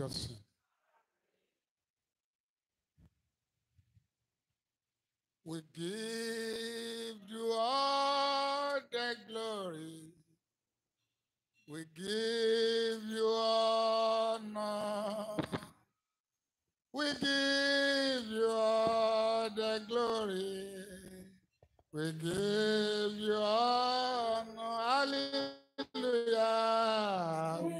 of sin. We give you all the glory. We give you honor. We give you all the glory. We give you honor. Hallelujah.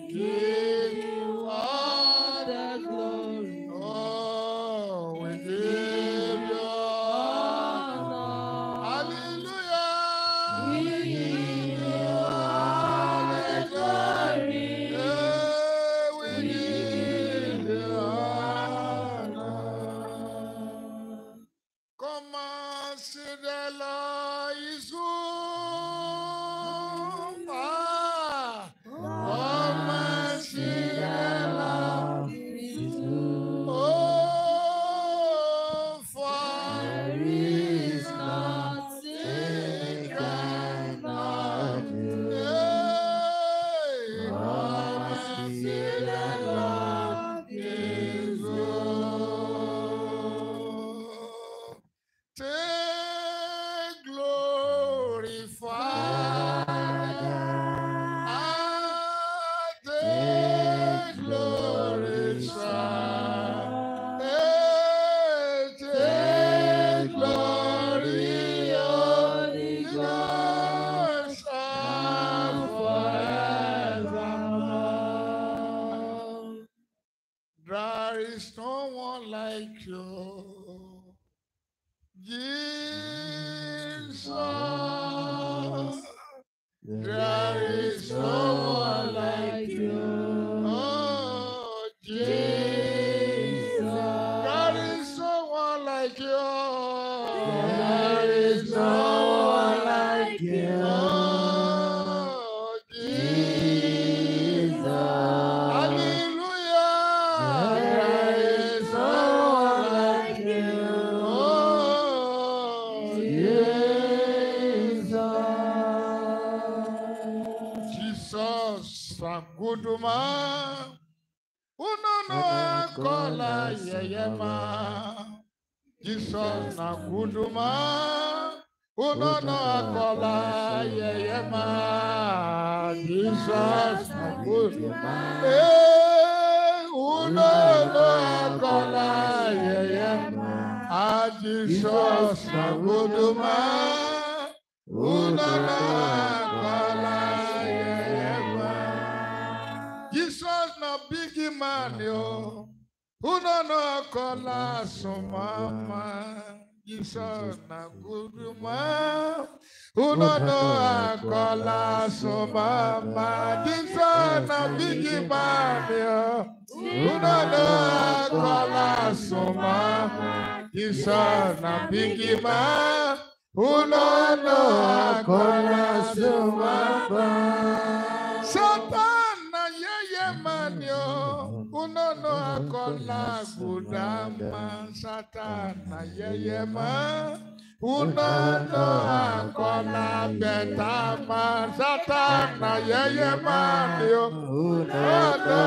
Onana akọla bẹta ma satana yẹyẹ ma ni o. Onana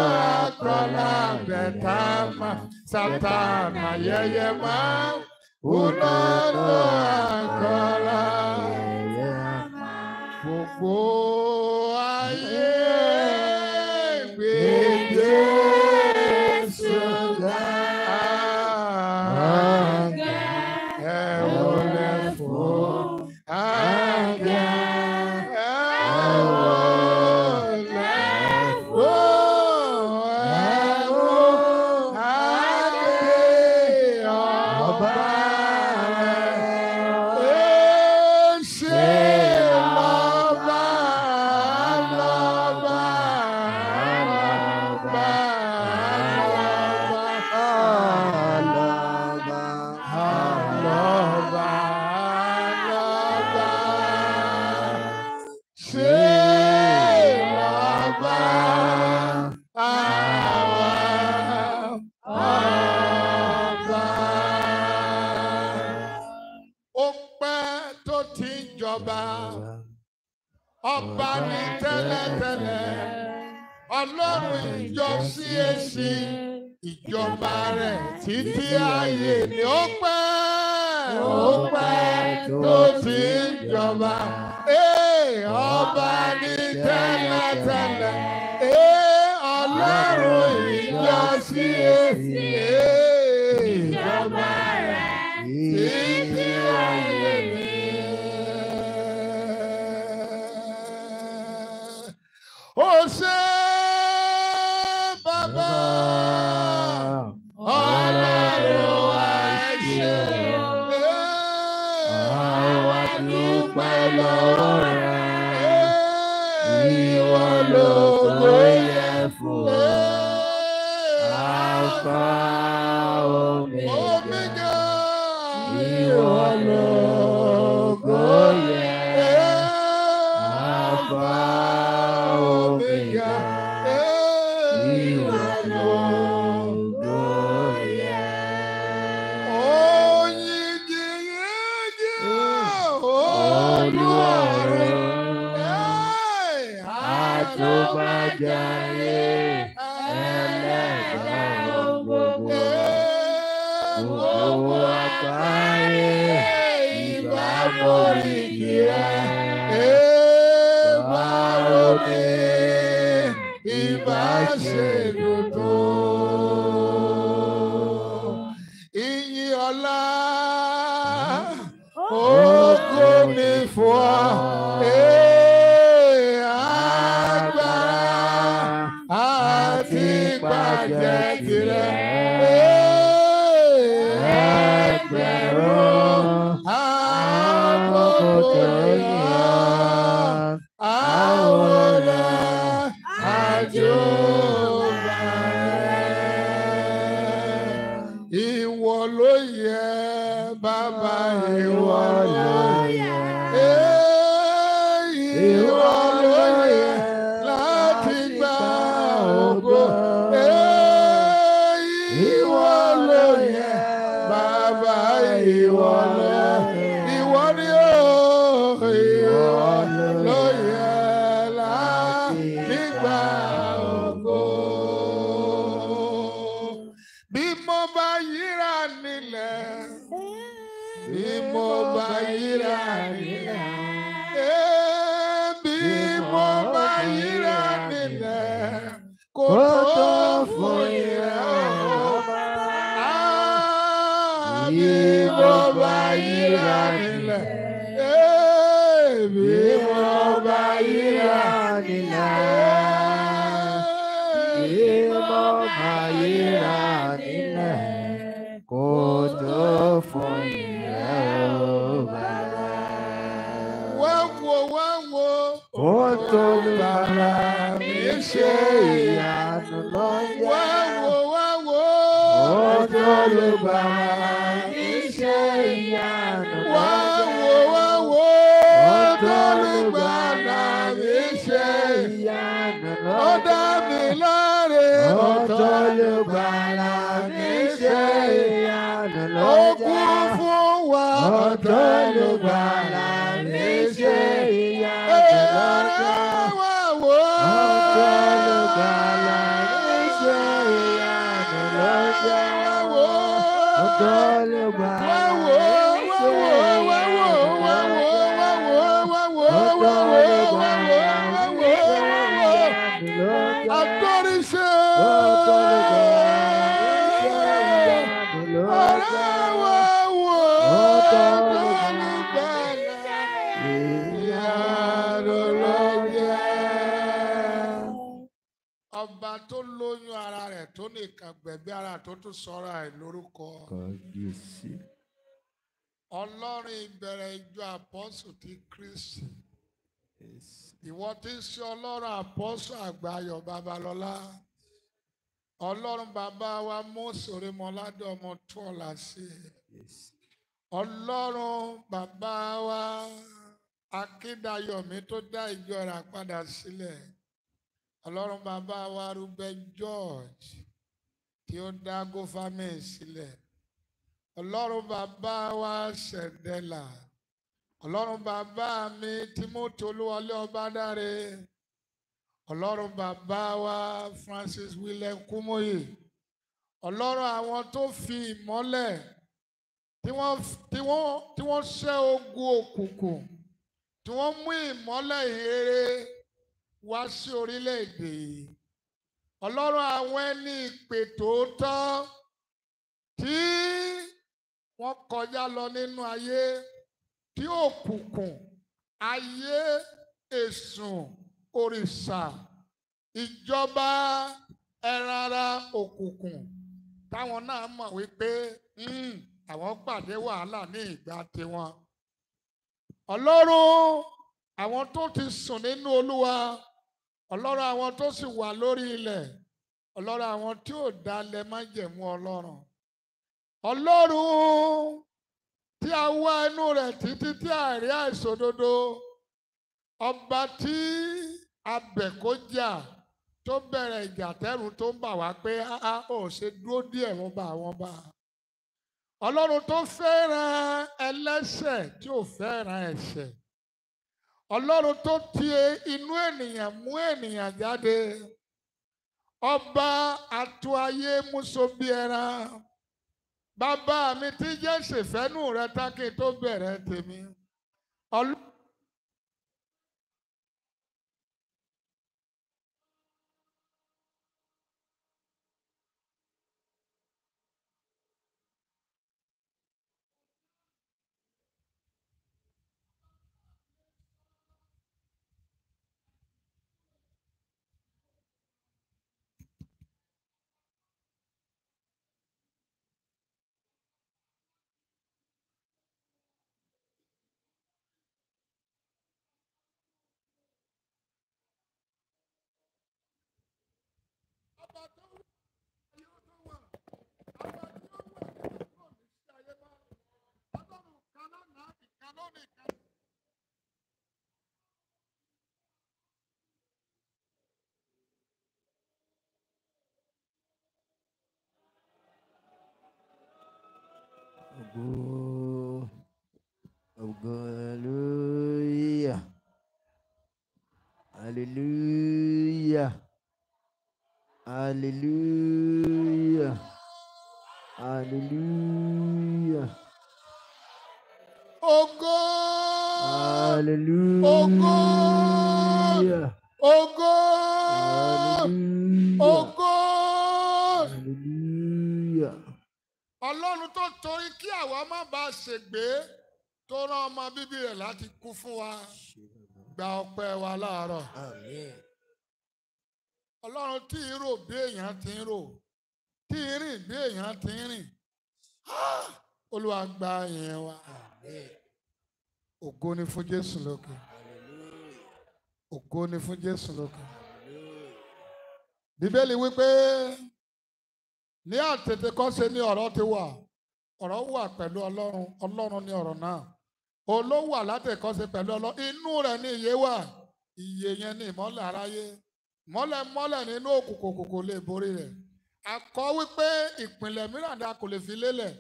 akọla bẹta ma satana yẹyẹ ma. Onana akọla yẹyẹ ma. Gbogbo. tẹ̀lẹ̀. Ọlọ́run ìjọ sí tó sọra ẹ̀ lórúkọ. kábíyèsí. ọlọ́run ìbẹ̀rẹ̀ ìjọ àpọ́sù ti kristi. ìwọ ti ń ṣe ọlọ́run àpọ́sù àgbáyọ̀ babalọ́lá. ọlọ́run bàbá wa mú sòrémọ́ládé ọmọ tó ọ̀la sí i. ọlọ́run bàbá wa akíndayọ̀mí tó dá ìjọ rà padà sílẹ̀. ọlọ́run bàbá wa rúbẹ́ george tí ó dá gófámẹ̀ sílẹ̀ ọlọ́run bàbá wa ṣẹ̀dẹ̀là ọlọ́run bàbá mi Timothy Olúwọlé Ọbádáre ọlọ́run bàbá wa Francis William Kúmóyè ọlọ́run àwọn tó fi ìmọ́lẹ̀ tí wọ́n tí wọ́n tí wọ́n ṣẹ́ ogun òkùnkùn tí wọ́n mú ìmọ́lẹ̀ ìrere wá sí orílẹ̀-èdè yìí ọlọ́run àwọn ẹni ìpè tòótọ́ tí wọ́n kọjá lọ nínú ayé tí òkùnkùn ayé èsùn òrìṣà ìjọba ẹran ara òkùnkùn táwọn náà mọ̀ wípé hmm, àwọn pàdé wàhálà ní ìgbà tiwọn ọlọ́run àwọn tó ti sùn nínú olúwa ọlọ́run àwọn tó sì wà lórí ilẹ̀ ọlọ́run àwọn tí ò dalẹ̀ má jẹ̀mú ọlọ́run ọlọ́run tí a wá ẹnu rẹ̀ títí tí a rí àìṣòdodo ọba tí abẹ̀kọjà tó bẹ̀rẹ̀ ìjà tó ń bà wá pé a ò ṣe dúró díẹ̀ wọ́n bá wọn bá ọlọ́run tó fẹ́ràn ẹlẹ́ṣẹ̀ tí ò fẹ́ràn ẹ̀ṣẹ̀ ọlọ́run tó ti inú ènìyàn mú ènìyàn jáde ọba àtúayé múso bí ẹran bàbá mi ti jẹ́ ṣèfẹ́nù rẹ tákì tó bẹ̀rẹ̀ tèmi ọlọ́run. Alléluia. Alléluia. Oh God! Ogo. Ogo. Alléluia. Ogo. Alléluia. Ọlọ́run tó torí kí àwa má bàa ṣègbé tó rán ọmọ bíbí rẹ̀ láti kú fún wa gba ọpẹ́ wa láàárọ̀. Amen. rò bí èèyàn ti ń rò tí rìn bí èèyàn ti ń rìn ah! olúwa gba yẹn wa ògo ni fún Jésù lókè ògo ni fún Jésù lókè bíbélì wípé ní àtètè kọ́ṣe ni ọ̀rọ̀ ti wà ọ̀rọ̀ wà pẹ̀lú ọlọ́run ọlọ́run ni ọ̀rọ̀ náà olówó àlátẹ̀kọ́ṣe pẹ̀lú ọlọ́run inú rẹ̀ ní iye wà iye yẹn ni ìmọ́lẹ̀ aráyé. mọ́lẹ̀mọ́lẹ̀ nínú òkùnkùn òkùnkùn lè borí rẹ̀ akọ wípé ìpìlẹ̀ mìíràn dá kò lè fi lélẹ̀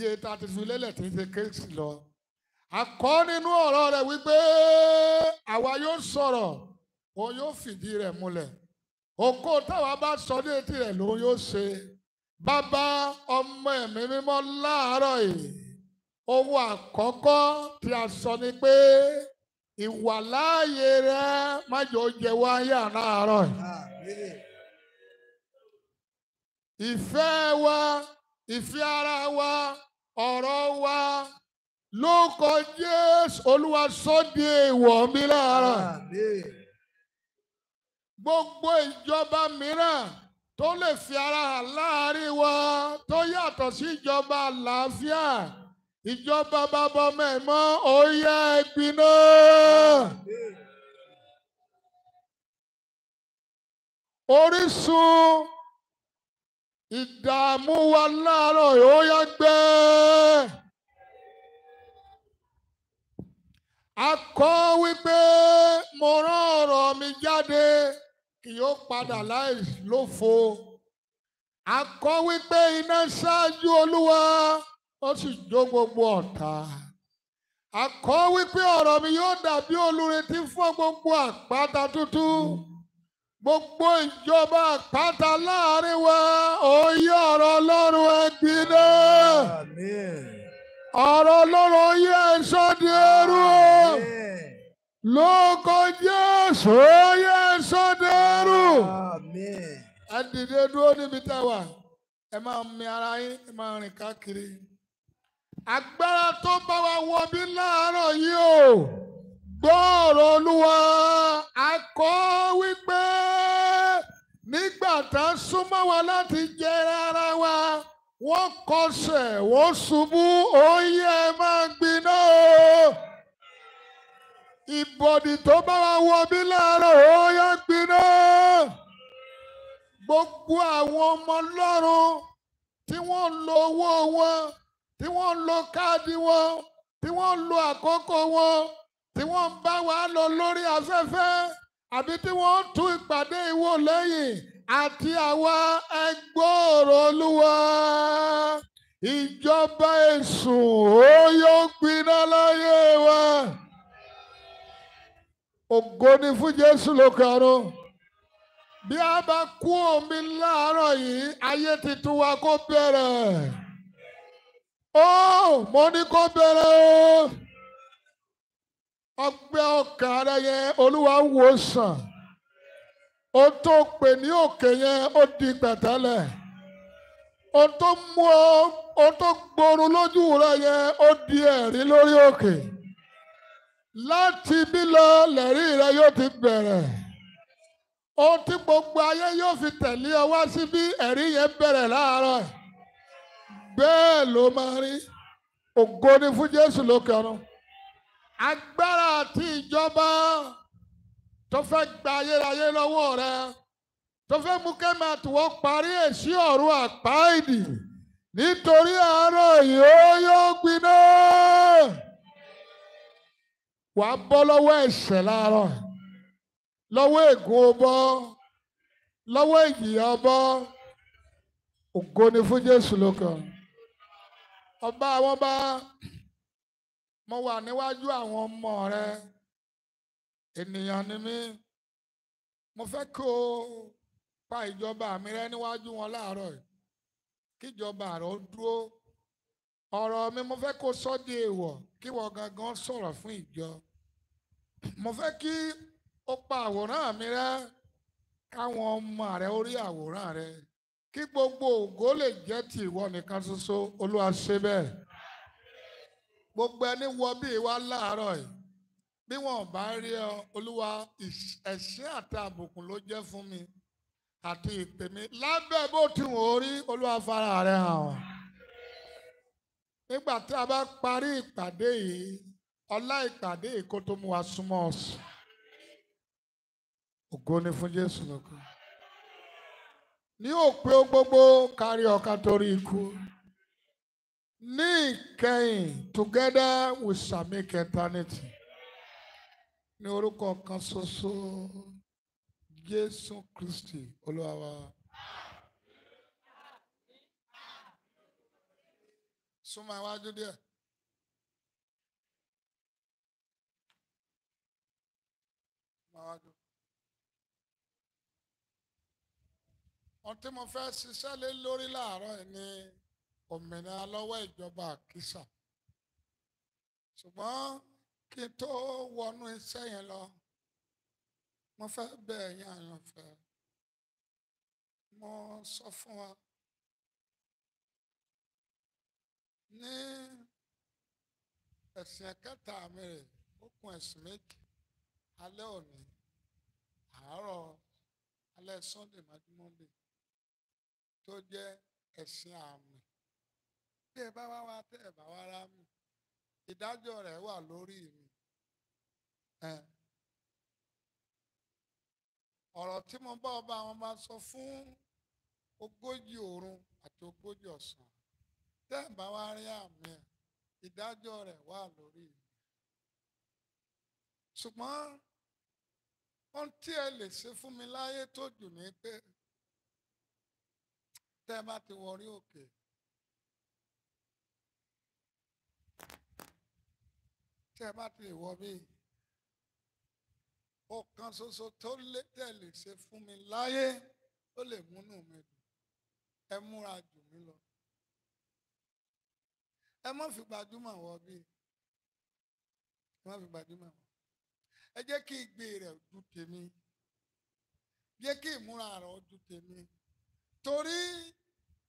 yé ta ti fi lélẹ̀ tí ń ṣe kéésì lọ akọ nínú ọ̀rọ̀ rẹ̀ wípé àwa yóò sọ̀rọ̀ òun yóò fìdí rẹ̀ múlẹ̀ òkò táwa bá sọ ní etí rẹ̀ lòun yóò ṣe bàbá ọmọ ẹ̀mí mímọ́ láàárọ̀ yìí owó àkọ́kọ́ tí a sọ ni pé. ìwàláàyè rẹ májò jẹ wá yà láàárọ̀ ah, wa ìfẹ́ ara wa ọ̀rọ̀ wa ló kọ Jésù Olúwa sọdí èèwọ̀ mi láàárọ̀ ah, gbogbo ìjọba mìíràn tó lè fi ara hàn láàárín wa tó yàtọ̀ sí ìjọba àlàáfíà ìjọba bàbá ọmọ ẹ̀ mọ́ oyè ẹ̀gbìnà. orísun ìdààmú wa láàárọ̀ yóò yá gbẹ́. a kọ wípé mo rán ọ̀rọ̀ mi jáde kì yóò padà láì lófo. a kọ wípé iná ṣáájú olúwa ó sì jó gbogbo ọ̀tá. Àkọ wípé ọ̀rọ̀ mi yóò dàbí olùrètí fún gbogbo àpáta tútù. Gbogbo ìjọba àpáta láàrin wa, òye ọ̀rọ̀ Ọlọ́run ẹgbẹ́ náà. Ọ̀rọ̀ Ọlọ́run oyè ẹ̀ṣọ́ di ẹrú o. Lóko Jésù oyè ẹ̀ṣọ́ di ẹrú. Ẹ dìde dúró níbi táwa. Ẹ máa mi ara yín, ẹ máa rìn káàkiri agbára tó bá wa wọ bí láàárọ̀ yìí o gbọ́ ọ̀rọ̀ olúwa a kọ́ wípé nígbà tá a súnmọ́ wa láti jẹ ara wa wọ́n kọsẹ̀ wọ́n ṣubú oyè máa gbiná o ìbọ̀dì tó bá wa wọ bí láàárọ̀ oyè gbiná gbogbo àwọn ọmọ ọlọ́run tí wọ́n lo owó wọn tí wọ́n ń lo káàdì wọn tí wọ́n ń lo àkókò wọn tí wọ́n ń bá wa lọ lórí afẹ́fẹ́ àbí tí wọ́n ń tú ìpàdé ìwò lẹ́yìn àti àwa ẹgbọ́ọ̀rọ̀ olúwa ìjọba èṣù ó yóò gbiná láyé wa. Ògo ni fún Jésù lókè ọ̀run bí a bá kú omi láàárọ̀ yìí ayé tuntun wa kó bẹ̀rẹ̀. Oh, mo ní kó bẹ̀rẹ̀ o ọgbẹ́ ọkàn rẹ yẹn olúwa wò sàn ó tó pè ní òkè yẹn ó di gbẹ̀tẹ́lẹ̀ ó tó mú ọ ó tó gbooru lójú rẹ yẹn ó di ẹ̀rí lórí òkè láti bí lọ lẹ́rí rẹ yóò ti bẹ̀rẹ̀ ohun tí gbogbo ayé yóò fi tẹ̀lé ọ wá síbí ẹ̀rí yẹn bẹ̀rẹ̀ láàárọ̀ bẹ́ẹ̀ ló máa rí ògo ni fún Jésù lókè ọ̀run agbára àti ìjọba tó fẹ́ gba ayérayé lọ́wọ́ rẹ tó fẹ́ mú kẹ́mi àtìwọ́ parí èsì ọ̀run àpáìdì nítorí àárọ̀ yóò yóò gbiná wàá bọ́ lọ́wọ́ ẹ̀ṣẹ̀ láàárọ̀ lọ́wọ́ ègún bọ́ lọ́wọ́ ìjìyà bọ́ ògo ni fún Jésù lókè ọ̀run. ọba àwọn bá mo wà níwájú àwọn ọmọ rẹ ènìyàn ni mí mo fẹ́ o pa ìjọba mi rẹ níwájú wọn láàárọ̀ yìí kíjọba rẹ ó dúró ọrọ mi mo fẹ́ kó sọ di èèwọ̀ kí wọ́n gangan sọrọ fún ìjọ mo fẹ kí o pa àwòrán mi rẹ káwọn ọmọ rẹ ori rí àwòrán rẹ. kí gbogbo ògo lè jẹ́ ti ìwọ nìkan ṣoṣo olúwa ṣe bẹ́ẹ̀ gbogbo ẹni wọ bí wá láàárọ̀ yìí bí wọn bá rí ọ olúwa ẹ̀ṣẹ̀ àti àbùkù ló jẹ́ fún mi àti ìpè mi lábẹ́ bó ti wọ́n rí olúwa fara rẹ̀ hàn nígbà tí a bá parí ìpàdé yìí ọlá ìpàdé yìí kó tó mú wa súnmọ́ ọ̀sùn ògo ni fún Jésù lókun ní òpin ohun gbogbo kárí ọ̀kan torí ikú ní ìkẹyìn together we shall make eternity ní orúkọ kan ṣoṣo Jésù Kristi Olúwa wa. súnmọ́ iwájú díẹ̀. ohun tí mo fẹ́ ṣiṣẹ́ lé lórí láàárọ̀ yìí ni òmìnira lọ́wọ́ ìjọba àkísà ṣùgbọ́n kí n tó wọnú iṣẹ́ yẹn lọ mo fẹ́ bẹ̀ ẹ̀yin àyànfẹ́ mo sọ fún wa ní ẹ̀sìn kẹta mi rè ó kun ẹ̀sìn méjì alẹ́ òní àárọ̀ alẹ́ sunday májúmọ́ lè. tó jẹ ẹ̀sìn àmì bí ẹ bá wá wá tẹ́ ẹ bá wá rá mi ìdájọ́ rẹ̀ wà lórí mi ọ̀rọ̀ tí mo bá ọba àwọn ọba sọ fún ogójì òrun àti ogójì ọ̀sán tẹ́ ẹ bá wá rí àmì ẹ̀ ìdájọ́ rẹ̀ wà lórí mi ṣùgbọ́n ohun tí ẹ lè ṣe fún mi láyé tó jù ní pé. tẹ́ ẹ bá ti wọrí òkè. tí ẹ bá ti lè wọ mí ọ̀kan ṣoṣo tó lé tẹ̀ lè ṣe fún mi láyé ó lè múnú mi dùn ẹ múra jù mí lọ ẹ má fi gbajúmọ̀ wọ bí ẹ má fi gbajúmọ̀ wọ ẹ jẹ́ kí igbe rẹ̀ ju tèmi jẹ́ kí ìmúra rẹ̀ ju tèmi torí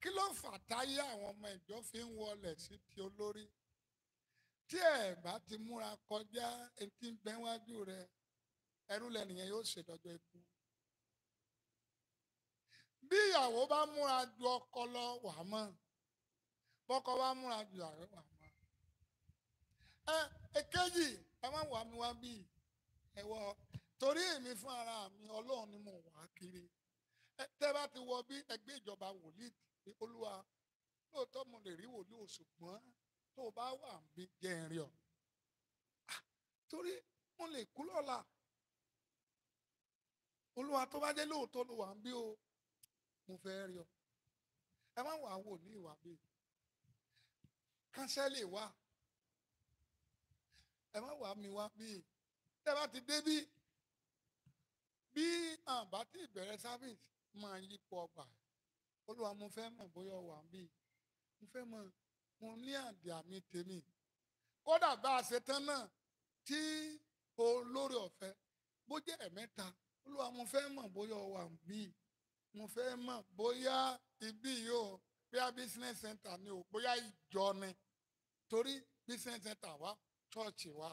kí ló fà táyé àwọn ọmọ ìjọ fi ń wọlé sí ti olórí tí ẹ bá ti múra kọjá etí bẹ́wájú rẹ ẹrú lẹ́nìyẹn yóò ṣèdọ́jọ́ ikú bí ìyàwó bá múra ju ọkọ lọ wà mọ́ bọ́kọ bá múra ju ìyàwó wà mọ́ ẹ èkejì ẹ má wà mí wá bí ẹwọ torí èmi fún ara mi Ọlọ́run ni mo wà kiri tẹ́ bá ti wọ bí ẹgbẹ́ ìjọba wòlíì ní olúwa lóòótọ́ mo lè rí wòlíì ṣùgbọ́n tó o bá wà mí jẹ́ ìrìn ọ̀ torí mo lè kú lọ́la olúwa tó bá jẹ́ lóòótọ́ ló wà ń bí o mo fẹ́ rí ọ ẹ má wà wò ní ìwà bíi kánsẹ́lì wà ẹ má wà mí wá bíi tẹ́ bá ti dé bí bí àǹbá ti bẹ̀rẹ̀ sáfíìsì máa yípo ọgbà olúwa mo fẹ́ mọ̀ bóyá ọwà ń bì mo fẹ́ mọ̀ mo ní àdè àmì tèmi kódà bá a ṣe tán náà tí olórí ọ̀fẹ́ bó jẹ́ ẹ̀mẹ́ta olúwa mo fẹ́ mọ̀ bóyá ọwà ń bì mo fẹ́ mọ̀ bóyá ibí yóò bóyá business center ni o bóyá ìjọ ni torí business center wa chọ́ọ̀chì wa.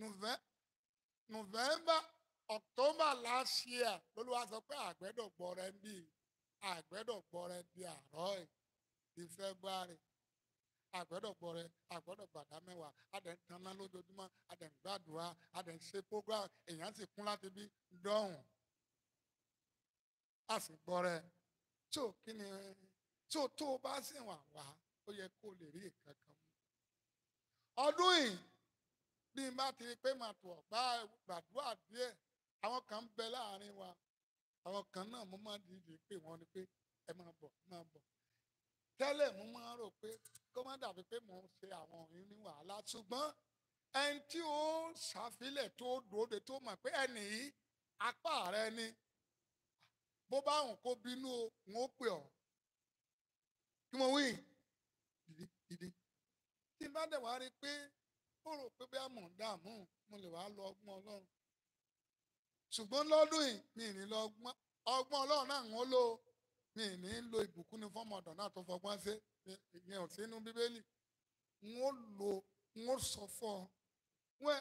November november october last year lolúwa sọ pé àgbẹ̀dọ̀ gbọ́rẹ̀ ń bí àgbẹ̀dọ̀ gbọ́rẹ̀ di àárọ̀ ẹ̀ di february àgbẹ̀dọ̀ gbọ́rẹ̀ àgbẹ̀dọ̀ gbàdá mẹ́wàá adẹ̀ ń tanná lójoojúmọ́ adẹ̀ ń gbàdúrà adẹ̀ ń ṣe program èèyàn sì kún láti bí dọ́hùn a sì gbọ́rẹ̀ tó kí ni tó tó bá sì wà wá ó yẹ kó lè rí nǹkan kan mú ọdún yìí bí n bá ti rí pé màtò ọ̀gbá gbàdúrà díẹ̀ àwọn kan ń bẹ láàrin wa àwọn kan náà mo máa dìde pé wọ́n ní pé ẹ máa bọ̀ ẹ máa bọ̀ tẹ́lẹ̀ mo máa rò pé kó má dàbí pé mò ń ṣe àwọn òyìn ní wàhálà ṣùgbọ́n ẹni tí ó ṣàfilẹ̀ tó dòde tó mọ̀ pé ẹnì yìí apá rẹ ni bó bá wọn kó bínú o wọn ó pè ọ́ kí mo wí dìde dìde tí n bá dẹ̀ wá rí i pé mo rò pé bí àmọ̀ dààmú mo lè wá lọ ọgbọ́n ọlọ́run ṣùgbọ́n lọ́dún yìí mi ní lọ ọgbọ́n ọlọ́run náà ń lò mi ní lo ìbùkún ní fọ́ọ̀mù ọ̀dọ̀ náà tó fọgbọ́n ṣe ìyẹn ò sínú bíbélì n ó lo sọ fún ọ wẹ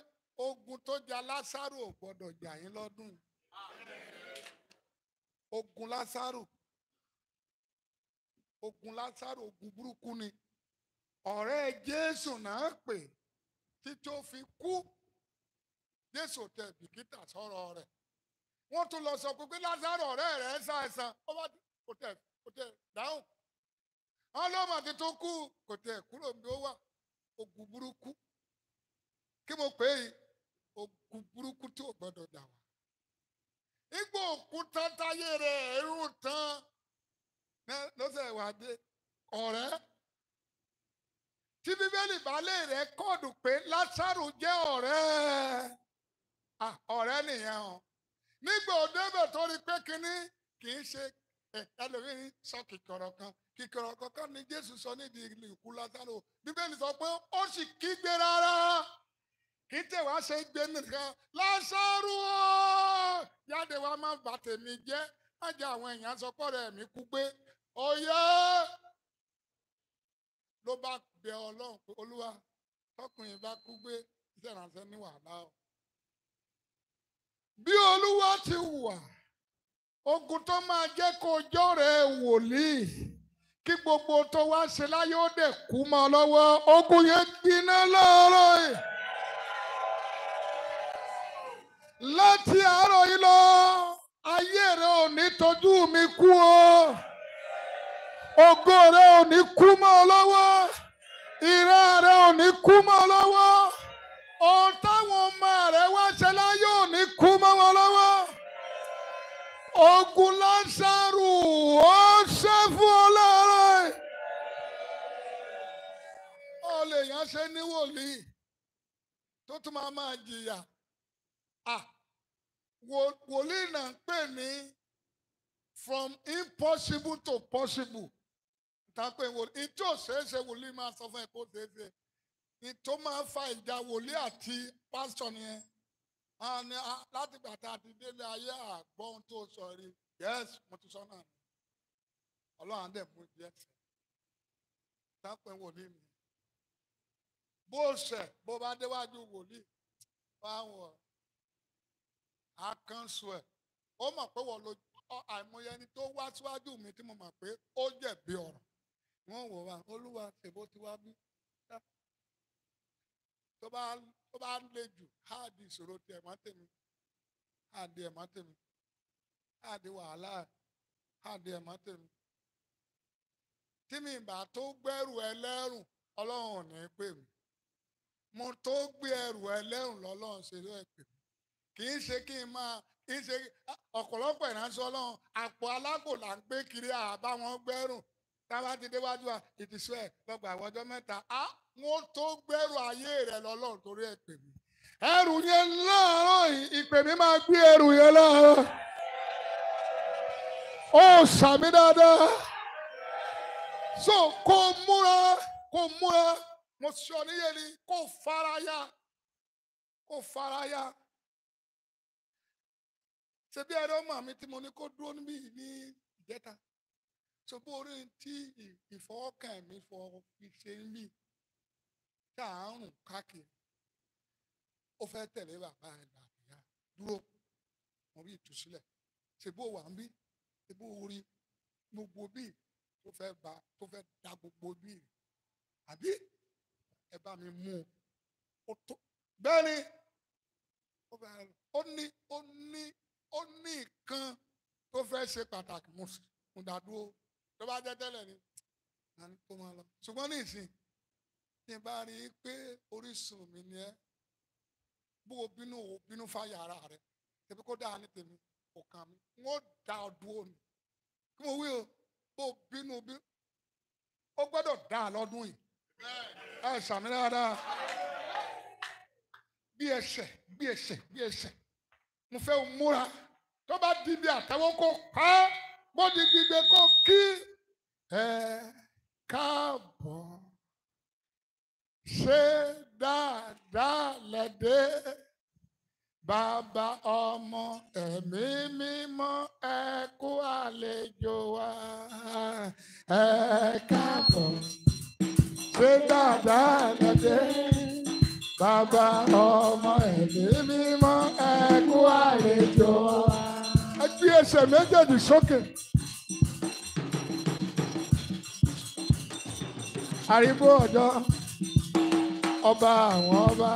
ogun tó jà lásàrò ò gbọ́dọ̀ jà yín lọ́dún yìí ogun lásàrò ogun lásàrò ogun burúkú ni ọ̀rẹ́ jésù náà pè é. tí tó fi kú jésù tẹ bìkítà sọrọ rẹ̀ wọ́n tún lọ sọ pé pé lázaro ọ̀rẹ́ rẹ̀ ṣàìsàn ó bá kò tẹ̀ kò tẹ̀ dáhùn wọ́n lọ́mọ ti tún kú kò kúrò níbi ó wà ogun burúkú kí mo pè é ogun burúkú tí wá igbó tí bíbélì balẹ̀ rẹ̀ kọ́ọ̀dù pé lásàrò jẹ́ ọ̀rẹ́ ọ̀rẹ́ nìyẹn o nígbà òdebẹ̀ tó rí pé kínní kì í ṣe ẹlòmíín sọ kìkọ̀rọ̀ kan kìkọ̀rọ̀ kankan ni jésù sọ nídìí ìkú lásàrò bíbélì sọ pé ó sì kígbe rárá kì í tẹ̀wá ṣe gbé nìkan lásàrò jáde wá má bà tèmi jẹ́ má àwọn èèyàn sọ pé ọ̀rẹ́ mi kú gbé ó ló bá bẹ ọlọ́run pé olúwa tọkùnrin bá kú gbé iṣẹ́ ìránṣẹ́ ní wàhálà o. bí olúwa ti wà ogun tó máa jẹ́ kó jọ́rẹ̀ wòlíì kí gbogbo tó wá ṣe láyé ó dẹ̀ kú mọ́ ọ lọ́wọ́ ogun yẹn gbiná lọ́rọ̀ yìí. láti àárọ̀ yìí lọ ayé rẹ ò ní tọ́jú mi kú o ògo rẹ ò ní kú mọ́ ọ lọ́wọ́ ìran rẹ ò ní kú mọ́ ọ lọ́wọ́ ohun táwọn ọmọ rẹ wá ṣe láyé ò ní kú mọ́ wọn lọ́wọ́ ogun Lásárù ó ṣe fún ọ lọ́rọ̀ ọ ṣe ní wòlíì tó tún máa máa jìyà wòlíì náà ń pè ní from impossible to possible tápẹ́ wòlíì ìtí ò ṣeé ṣe wòlíì máa sọ fún ẹ kó ṣeé ṣe ìtò máa fa ìjà wòlíì àti pásítọ̀ nìyẹn láti gbà tá a ti délé ayé àgbọ̀ ohun tó sọ rí yẹ́sì mo ti sọ náà ọlọ́run àdẹ̀ mú ìdí ẹ̀sẹ̀ tápẹ́ wòlíì mi bó ṣẹ̀ bó bá déwájú wòlíì báwọn akánṣu ẹ̀ ó mọ̀ pé wọ́n lo àìmọye ẹni tó wá síwájú mi tí mo mọ̀ pé ó jẹ̀bi ọ̀rọ̀ wọ́n wò wá olúwa ṣèbó ti wá bí tó bá tó bá le jù á di ìṣòro tiẹ̀ má tèmi á di ẹ̀ má tèmi á di wàhálà á di ẹ̀ má tèmi tí mi bá tó gbẹ́rù ẹlẹ́rùn ọlọ́run ò ní pè mí mo tó gbé ẹrù ẹlẹ́rùn lọ́lọ́run ṣe ló ẹ̀ pè mí kì í ṣe kí n máa kì í ṣe ọ̀pọ̀lọpọ̀ ìránṣẹ́ ọlọ́run àpò alákò là ń gbé kiri àbáwọn gbẹ́rùn táwa ti déwájú wa ìtìsú ẹ lọgbà àwọn ọjọ́ mẹ́ta á wọn tó gbẹrù ayé rẹ lọ́lọ́run torí ẹ pè mí ẹrù yẹn láàárọ̀ ìpè mí máa gbé ẹrù yẹn láàárọ̀ ó sàmì dáadáa so kó múra kó múra mo sọ níyẹ ni kó faraya kó faraya ṣebí ẹrọ màmí tí mo ní kó dúró níbí ní ìjẹta so bó orí tí ìfọwọ́kàn mi fọ fi ṣe ń mì tá à ń rùn káàkiri ó fẹ́ tẹ̀lé bàbá ẹ̀gbà ìyá dúró mo rí ìtúsílẹ̀ ṣèbó wà ń bí ṣèbó orí gbogbo bíi tó fẹ́ ba tó fẹ́ da gbogbo bíi àbí ẹ bá mi mú un bẹ́ẹ̀ ni ó ní ó ní ó ní nǹkan tó fẹ́ ṣe pàtàkì mo dá dúró tó bá ni à ń kó máa lọ ṣùgbọ́n ní ìsìn tí bá rí i pé orísun mi ni ẹ bó o bínú o bínú fáyà ara rẹ kó dáa ní tèmi kò kàn mí n ó da ọdún òní kí mo wí o bó o bínú ẹ dáadáa bí ẹsẹ̀ bí ẹsẹ̀ bí ẹsẹ̀ mo fẹ́ múra tó bá di ẹ káàbọ̀ ṣé dáadáa lẹ́dẹ́ bàbá ọmọ ẹ̀mí mímọ́ ẹ kú àlejò wa ẹ káàbọ̀ ṣé dáadáa lẹ́dẹ́ bàbá ọmọ ẹ̀mí mímọ́ ẹ kú àlejò wa. ẹ gbé ẹsẹ̀ méjèèjì sókè. Okay. àríbó ọ̀dọ́ ọba àwọn ọba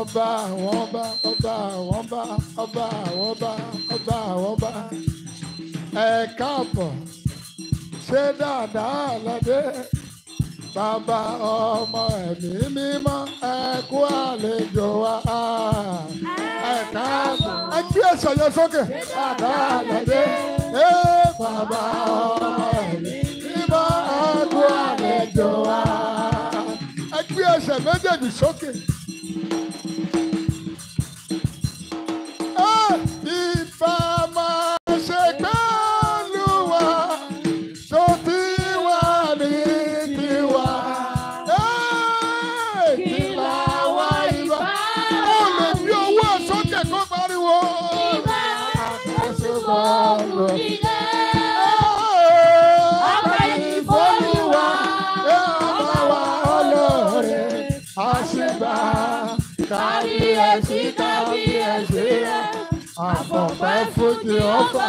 ọba àwọn ọba ọba àwọn ọba ọba àwọn ọba ọba àwọn ọba ẹ káàbọ̀ ṣé dáadáa lọ́dẹ bàbá ọmọ ẹ̀mí mímọ́ ẹ kú àlejò wa ẹ káàbọ̀ ẹ kí ẹ sọ̀yọ́ dáadáa lọ́dẹ bàbá ọmọ. méjèèjì sókè. ọ̀fà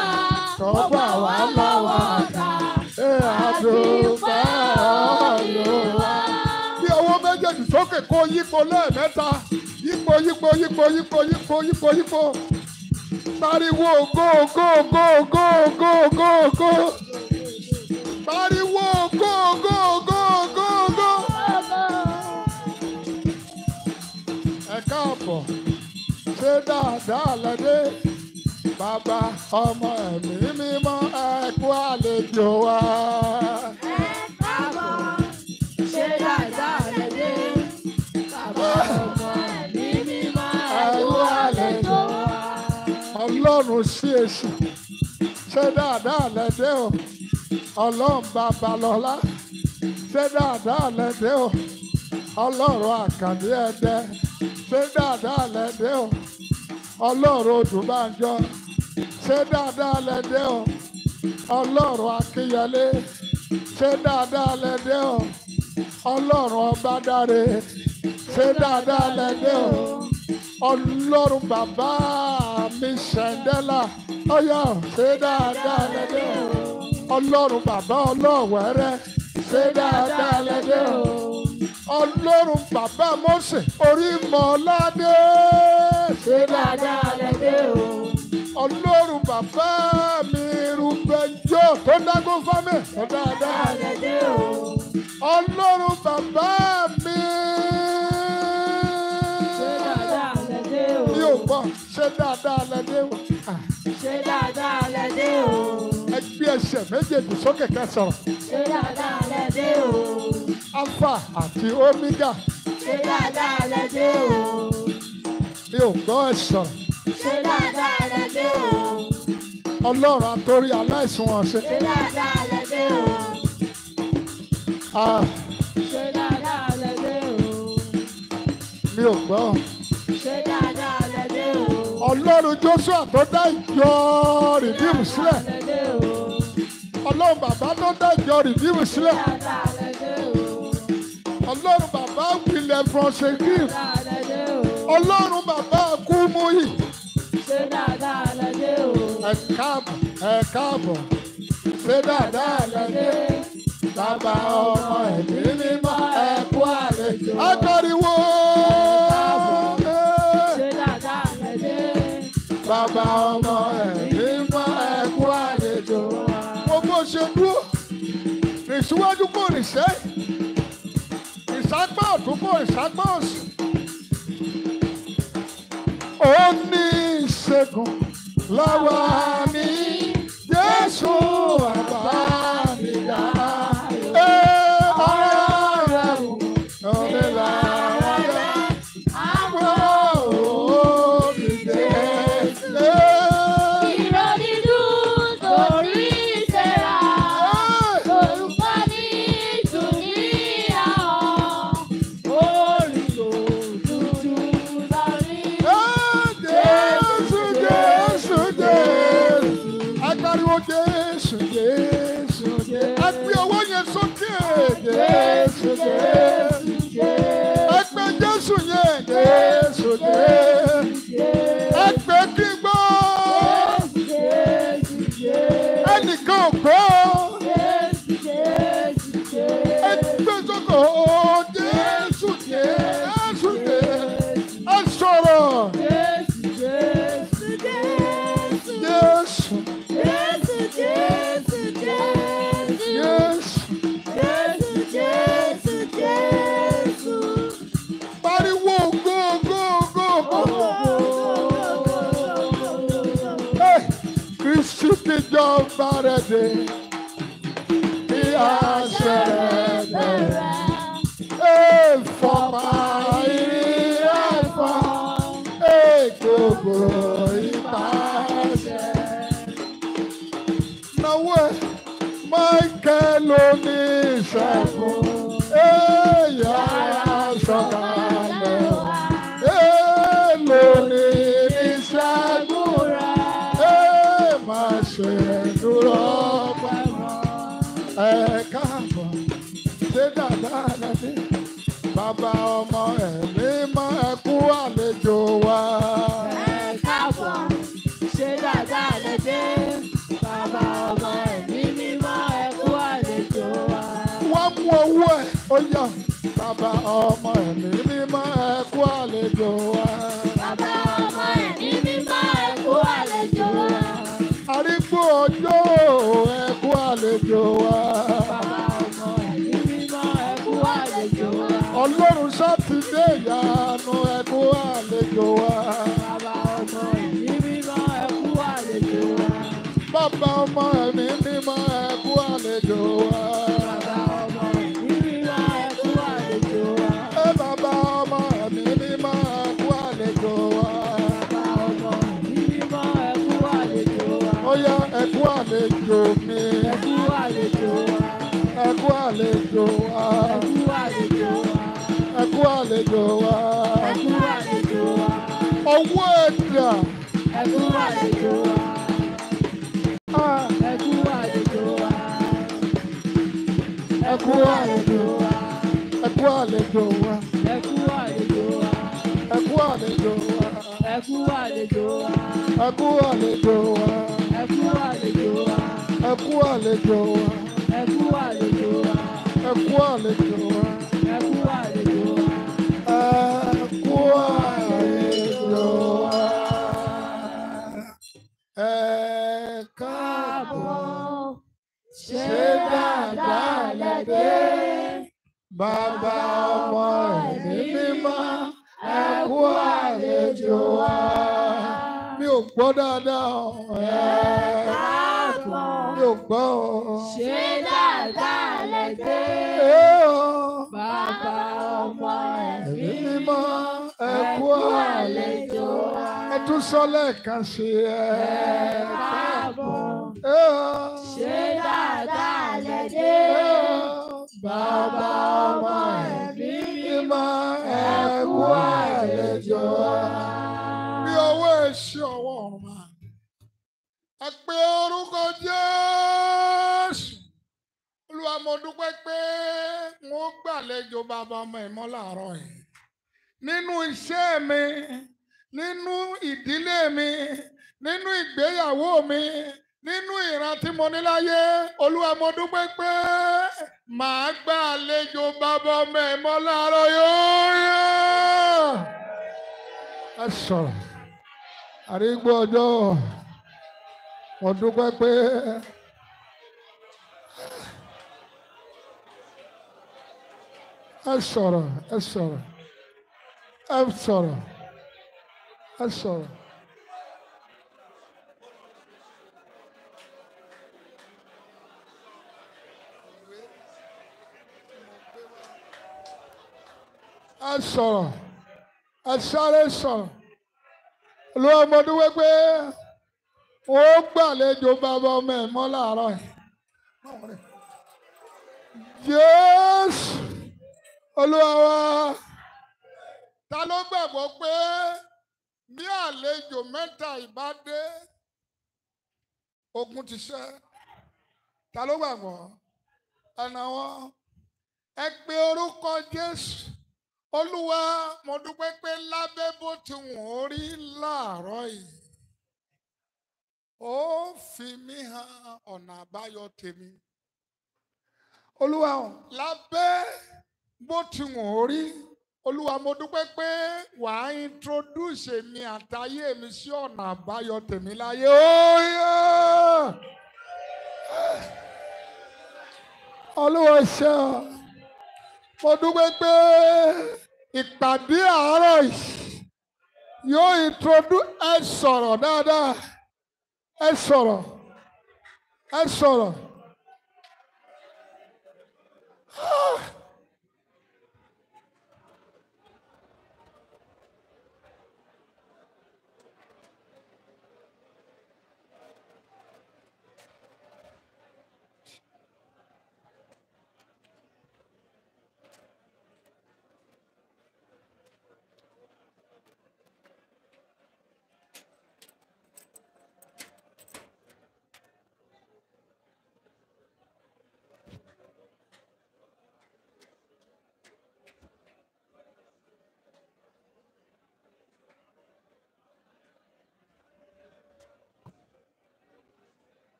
tọ́pà wà láwà ká ẹ àdúpẹ́ Olúwa. Bí ọwọ́ méjèèjì sókè kó yípo lẹ́ẹ̀mẹ́ta yípo yípo yípo yípo yípo yípo yípo. Pariwo go go go go go go go. Pariwo go go go go go. Ẹ káàbọ̀ ṣé dáadáa lẹ́dẹ́ bàbá ọmọ ẹ̀mí mímọ́ ẹ kú àlejò wa. ẹ káàbọ̀ ṣe dáadáa rẹ̀ dé bàbá ọmọ ẹ̀mí mímọ́ ẹ kú àlejò wa. ọlọ́run sí èṣù ṣe dáadáa rẹ̀ dé o ọlọ́run bàbá lọ́lá ṣe dáadáa rẹ̀ dé o ọlọ́run àkàndé ẹ̀dẹ́ ṣe dáadáa rẹ̀ dé o ọlọ́run odùnbànjọ ṣé dáadáa lẹ dé o ọlọ́run akínyẹlé ṣé dáadáa lẹ dé o ọlọ́run ọbádáre ṣé dáadáa lẹ dé o ọlọ́run bàbá mi ṣẹ̀ńdẹ́là ọyọ ṣé dáadáa lẹ dé o ọlọ́run bàbá ọlọ́wẹ̀rẹ́ ṣe dáadáa lẹ́dẹ́ o ọlọ́run bàbá mọ́sẹ̀ orí mọ́ládé ṣe dáadáa lẹ́dẹ́ o ọlọ́run bàbá mi rúgbẹ́jọ́ tó dágún fámẹ́ ṣe dáadáa lẹ́dẹ́ o ọlọ́run bàbá mi. Ṣé dáadáa lẹ́dẹ́ o? Ṣé dáadáa lẹ́dẹ́ o? Ah ẹ ẹsẹ̀ méjèèjì sókè kẹsàn. ṣé dáadáa lẹ dé o. alpha àti omega. ṣé dáadáa lẹ dé o. mi ò gbọ́ ẹ̀sán. ṣé dáadáa lẹ dé o. ọlọ́run àtòrí aláìsàn ọ̀sẹ̀. ṣé dáadáa lẹ dé o. ṣé dáadáa lẹ dé o. mi ò gbọ́. ṣé dáadáa lẹ dé o ọlọ́run Joshua tó dá ìjọ rìdíìmù sílẹ̀ ọlọ́run bàbá tó dá ìjọ rìdíìmù sílẹ̀ ọlọ́run bàbá William Francis Gill ọlọ́run bàbá Kúmúyì ẹ káàbọ̀ ẹ káàbọ̀ ṣé dáadáa lẹ́yìn bàbá ọmọ ẹ̀mí mímọ́ ẹ kú àlejò. akọriwo. bàbá ọmọ ẹ̀mí mọ́ ẹ̀kú àlejò. gbogbo ṣe dúró ìsíwájú kò rìn sẹ́yìn ìsápá ọ̀tún kò ìsápá òsì. ó ní ìṣègùn lọ́wọ́ mi Jésù àbá say ó yá bàbá ọmọ ẹ̀mí mímọ́ ẹ kú àlejò wa. bàbá ọmọ ẹ̀mí mímọ́ ẹ kú àlejò wa. arígbó ọjọ́ ẹ kú àlejò wa. bàbá ọmọ ẹ̀mí mímọ́ ẹ kú àlejò wa. ọlọ́run sátidé ìyanu ẹ kú àlejò wa. bàbá ọmọ ẹ̀mí mímọ́ ẹ kú àlejò wa. bàbá ọmọ ẹ̀mí mímọ́ ẹ kú àlejò wa. ẹkú àlejò mi ẹkú àlejò wa ẹkú àlejò wa ẹkú àlejò wa ẹkú àlejò wa ẹkú àlejò wa owó ẹ̀dá ẹkú àlejò wa ẹkú àlejò wa ẹkú àlejò ẹ kú àlejò wa. ẹ kú àlejò wa. ẹ kú àlejò wa. sọ lẹ́ẹ̀kan ṣe ẹ. ẹ káàbọ̀ ṣe dáadáa lẹ́dẹ́ bàbá ọmọ ẹ̀mí mímọ́ ẹ̀kú àlejò. bí owó èsì ọwọ́ ọ̀run máa ẹ pé orúkọ nínú iṣẹ́ mi nínú ìdílé mi nínú ìgbéyàwó mi nínú ìran tí mo ní láyé olúwa mo dúpẹ́ pé màá gba àlejò bàbá ọmọ ẹ̀ mọ́ láàárọ̀ yóò ẹ sọ̀rọ̀ àrígbó ọjọ́ mo dúpẹ́ pé ẹ sọ̀rọ̀ ẹ sọ̀rọ̀ ẹ sọ̀rọ̀. Olha só. A sọ̀rọ̀ a sáré sọ̀rọ̀ ló ọmọdé wípé ó gbàlejò bàbá ọmọ ẹ̀ mọ́ yes Olúwa wa ta ló gbàgbọ́ pé. ní àlejò mẹ́ta ìbá dé ogun ti ṣẹ́ ta ló gbàgbọ́ ẹ̀nà wọn ẹ pe orúkọ Jésù Olúwa mo dúpẹ́ pé lábẹ́ bó ti wọ̀n ó rí láàárọ̀ yìí ó fi mí hàn ọ̀nà àbáyọ tèmi Olúwa lábẹ́ bó ti wọ̀n ó rí. olúwa mo dúpẹ́ pé wà á introduce mi àtayé mi sí ọ̀nà àbáyọ tèmi láyé óyè olúwa ṣe ọ mo dúpẹ́ pé ìpàdé àárọ̀ yóò introduce ẹ sọ̀rọ̀ dáadáa ẹ sọ̀rọ̀ ẹ sọ̀rọ̀. Ah!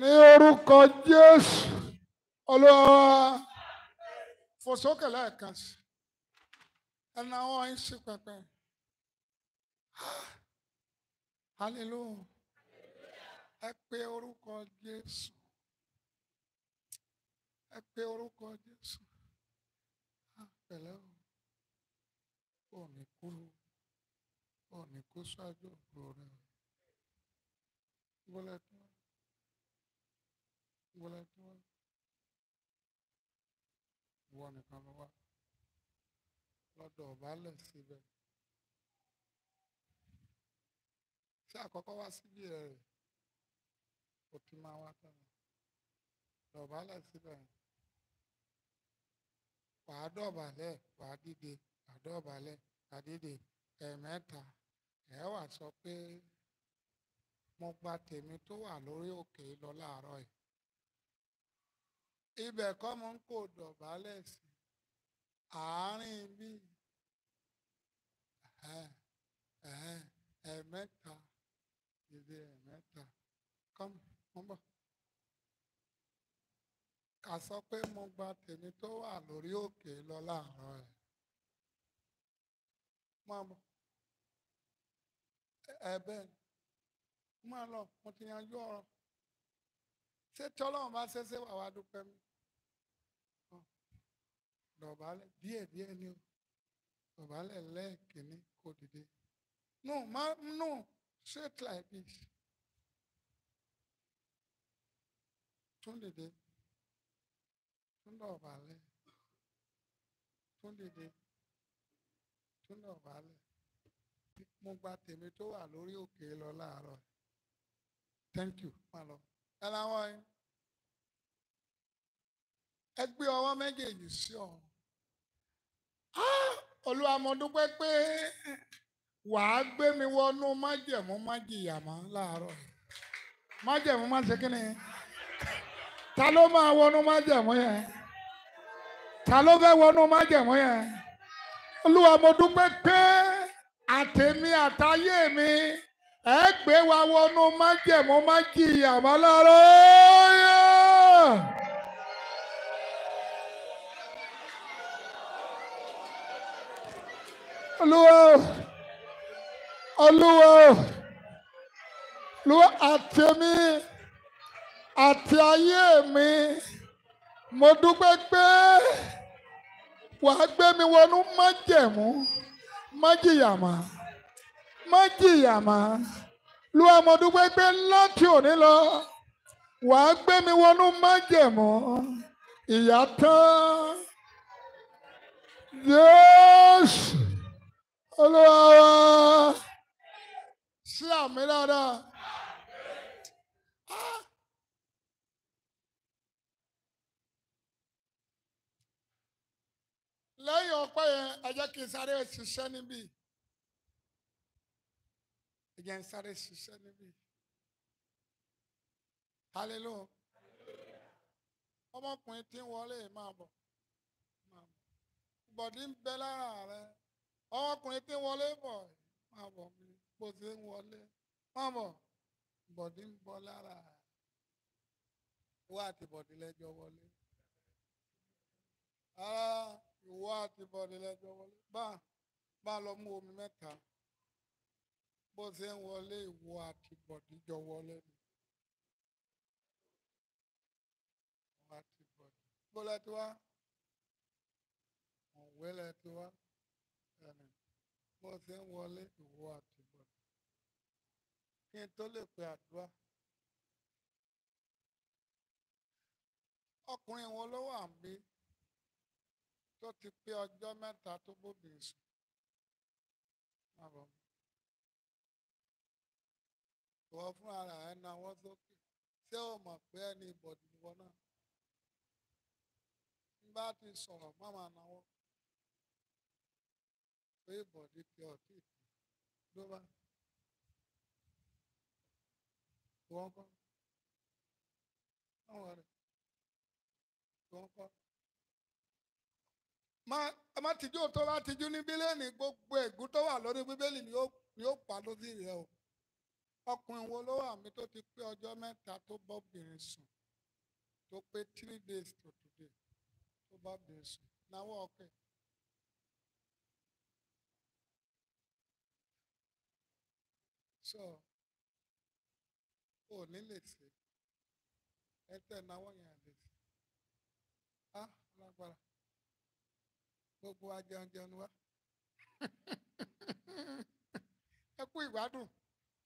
ní orúkọ Jésù olúwa fòsókè lẹ́ẹ̀kan sí ẹnà wọn ń sí pẹpẹ hallelujah ẹ pé orúkọ Jésù ẹ pé orúkọ Jésù ah, pẹ̀lẹ́ o ò ní kúrò ò ní kó ṣáájú òkúrò rẹ wọlé tán gbọ́lá tí wọ́n wọ nìkan ló wá lọ́dọ̀ ọ̀bálẹ̀ síbẹ̀ ṣé àkọ́kọ́ wá síbi ẹ̀ rẹ̀ kò ti máa wá tẹ̀lé dọ̀bálẹ̀ síbẹ̀ wàá dọ̀bálẹ̀ wàá dìde wàá dọ̀bálẹ̀ wàá dìde ẹ̀ẹ̀mẹ́ta ẹ̀ wà sọ pé mo gba tèmi ibẹ̀ kọ́ mọ̀ ń kò dọ̀bálẹ̀ sí àárín bí ẹ̀ẹ̀mẹ́ta ìdí ẹ̀ẹ̀mẹ́ta kọ́mọ mọ́ bọ̀. kà sọ pé mo gba tèmi tó wà lórí òkè lọ láàárọ̀ ẹ̀ mọ́ bọ̀ ẹ̀ bẹ́ẹ̀ mọ́ lọ mo ti yanjú ọ̀rọ̀ ṣé tọ́lọ́run bá ṣe wà wá dúpẹ́ mi. dọ̀bálẹ̀ díẹ̀ díẹ̀ ni o dọ̀bálẹ̀ lẹ́ẹ̀kínní kò dìde no ma no straight like this tún dìde tún dọ̀bálẹ̀ tún dìde tún dọ̀bálẹ̀ mo gba tèmi tó wà lórí òkè lọ láàárọ̀ thank you má lọ ẹ láwọn ẹ gbé ọwọ́ méjèèjì sí ọ̀run olúwa mo dúpẹ́ pé wàá gbé mi wọnú májẹ̀mú májìyà mọ́ láàárọ̀ májẹ̀mú má ṣe kíni ta ló máa wọnú májẹ̀mú yẹn ta ló fẹ́ wọnú májẹ̀mú yẹn olúwa mo dúpẹ́ pé àtèmi àtayé mi ẹ gbé wa wọnú májẹ̀mú májìyà mọ́ láàárọ̀ yẹn. olúwa olúwa olúwa àtẹ̀mí àti ayé mi mo dúpẹ́ pé wàá gbé mi wọnú májẹ̀mú májìyàmá májìyàmá olúwa mo dúpẹ́ pé láti òní lọ wàá gbé mi wọnú májẹ̀mú ìyá tán. Yes! olúwa wa ṣí àmì dáadáa. lẹ́yìn ọpẹ́ yẹn ẹ jẹ́ kí n sáré ṣiṣẹ́ níbí ẹ jẹ́ n sáré ṣiṣẹ́ níbí hallelujah ọmọkùnrin tí ń wọlé máa bọ̀ bọ̀dí ń bẹ lára rẹ̀ ọkùnrin tí wọlé bọ̀ máa bọ̀ mi bó ti ń wọlé máa bọ̀ bọ̀dí ń bọ̀ lára wá àti bọ̀dí lẹ́jọ́ wọlé ara ìwọ àti bọ̀dí lẹ́jọ́ wọlé bá bá lọ mú omi mẹ́ta bó ṣe ń wọlé ìwọ àti bọ̀dí jọ wọlé ni. bọ́lá tí wá òwe lẹ wá. wọ́n ti ń wọlé ìwọ àtìgbọ́ kí n tó lè pe àdúrà. ọkùnrin wọn ló wà ń bí tó ti pé ọjọ́ mẹ́ta tó sùn. ìwọ ẹ̀ náwó sókè ṣé o mọ̀ pé ẹni ìbọ̀dì náà. n pé bọ̀dé fi ọtí ìtì ló bá wọ́n kọ́ àwọn rẹ̀ wọ́n kọ́. má tijú tó bá tijú ní bílíọ̀nù gbogbo ègún tó wà lórí bíbélì ni ó pa lórí rẹ̀ o ọkùnrin wo ló wà mí tó ti pé ọjọ́ mẹ́ta tó bọ́bìnrin sùn tó pé three days to today tó bọ́bìnrin sùn náwó ọkẹ́. Okay. sọ ò ní lè ṣe ẹ tẹ náwó yẹn lè ṣe á lágbára gbogbo ajẹunjẹun wa ẹ kú ìgbádùn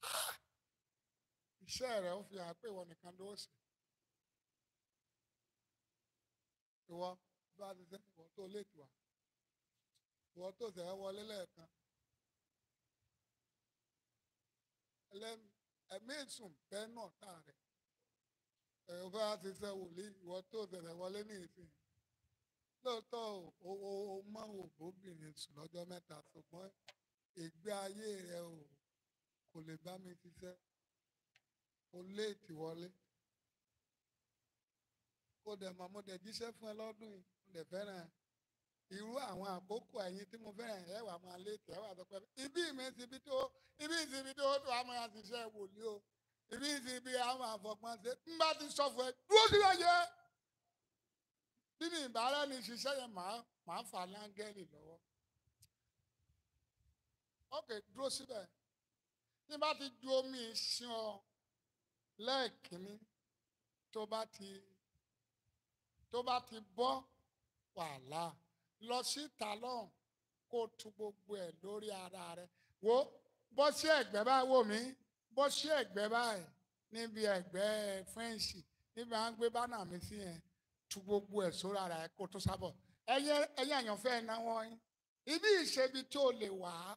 iṣẹ́ rẹ̀ ó fi hàn pé ìwọ nìkan ló ṣe ìwọ bá ti sẹ ìwọ tó lè tù wá ìwọ tó sẹ wọlé lẹ́ẹ̀kan. lẹ́nu ẹ̀mí ìsùn bẹ́ẹ̀ náà tà rẹ̀ ẹ̀rọ bá ti sẹ wòlíì ìwọ tó tẹ̀lẹ̀ wọlé ní ìsìn lóòótọ́ owó mọ́ òbóbìnrin sùn lọ́jọ́ mẹ́ta ṣùgbọ́n ìgbé ayé rẹ o kò lè bá mi ṣiṣẹ́ o léètì wọlé kó dẹ̀ mọ̀ mo dẹ̀ jíṣẹ́ fún ẹ lọ́dún yìí mo dẹ̀ fẹ́ràn ẹ irú àwọn àkókò ẹ̀yin tí mo fẹ́ràn ẹ̀ wà máa létí ẹ̀ wà ibi mi ti bi tó ibi ti bi tó tó a máa ṣiṣẹ́ wòlíì o ibi ti bi a máa ṣe n bá ti sọ̀fọ̀ ẹ̀ dúró sí ọ̀yẹ́ bí mi ìbára ni ṣiṣẹ́ yẹn máa máa fà láńgẹ́lì lọ́wọ́ ọkẹ́ dúró síbẹ̀ tí bá ti ju omi ìṣan ọ lẹ́ẹ̀kínní tó bá ti tó bá ti bọ́ wàhálà lọ síta lọ́hùn kó tu gbogbo ẹ̀ lórí ara rẹ wo bọ́ sí ẹ̀gbẹ́ báyìí wò mí bọ́ sí ẹ̀gbẹ́ báyìí níbi ẹ̀gbẹ́ fẹ́ǹsì níbi à ń gbé bánà mi sí yẹn tu gbogbo ẹ̀ sórí ara rẹ kó tó sábọ̀ ẹ̀yẹ ẹ̀yẹ àyànfẹ́ ẹ̀ náwó yín ibi ìṣebi tó lè wà á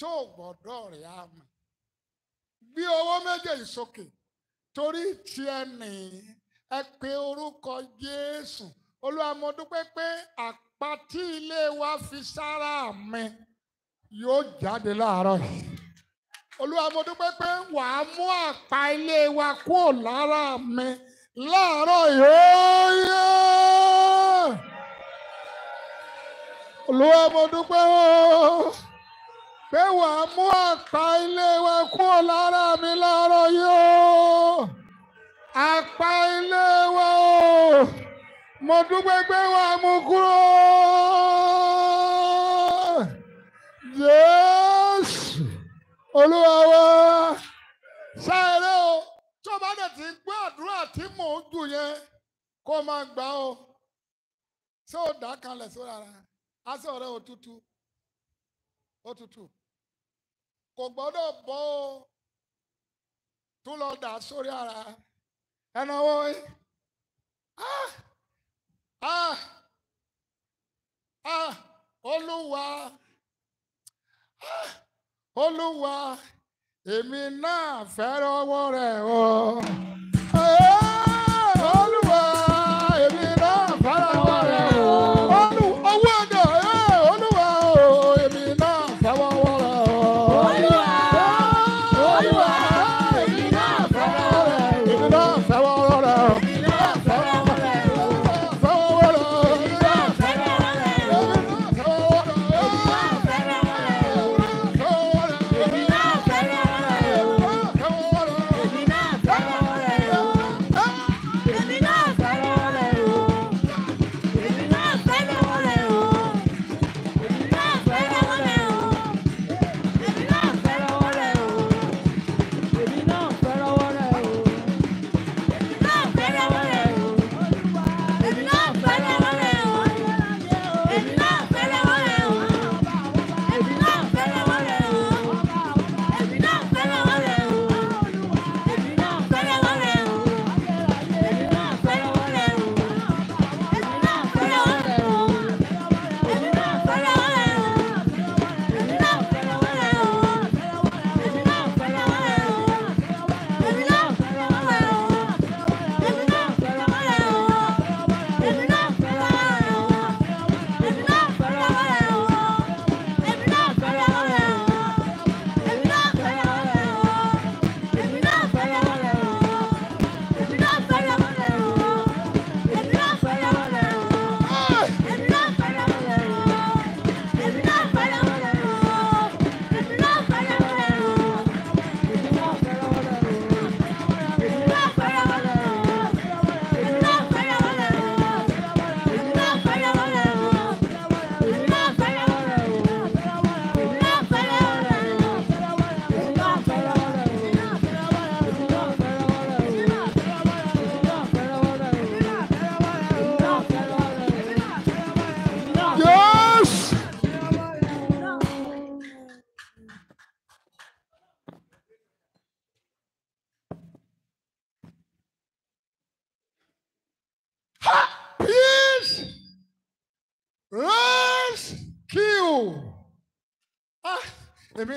tó gbọ́dọ̀ rẹ̀ á mọ̀ gbé owó méjèèjì sókè torí tí ẹ nì ẹ pé orúkọ Jésù Olúwa mo dúpẹ́ pé àpò pa tí ilé wa fi sára mi yóò jáde láàárọ̀ yìí olúwa mo dúpẹ́ pé wàá mú àpá ilé wa kúrò lára mi láàárọ̀ yóò olúwa mo dúpẹ́ o pé wàá mú àpá ilé wa kúrò lára mi láàárọ̀ yóò àpá ilé wa o. mo dúpẹ́ wa jésù olúwa wa sáré o tó ti tí mò ń jù yẹn ma gba gbà o ṣé o dá sórí ara aṣọ rẹ òtútù otutu. kò gbọ́dọ̀ bọ́ o tún dà sórí ara ẹnáwó ah. Ah! Ah! oluwa Ah! Olúwa! Èmi fẹ́ràn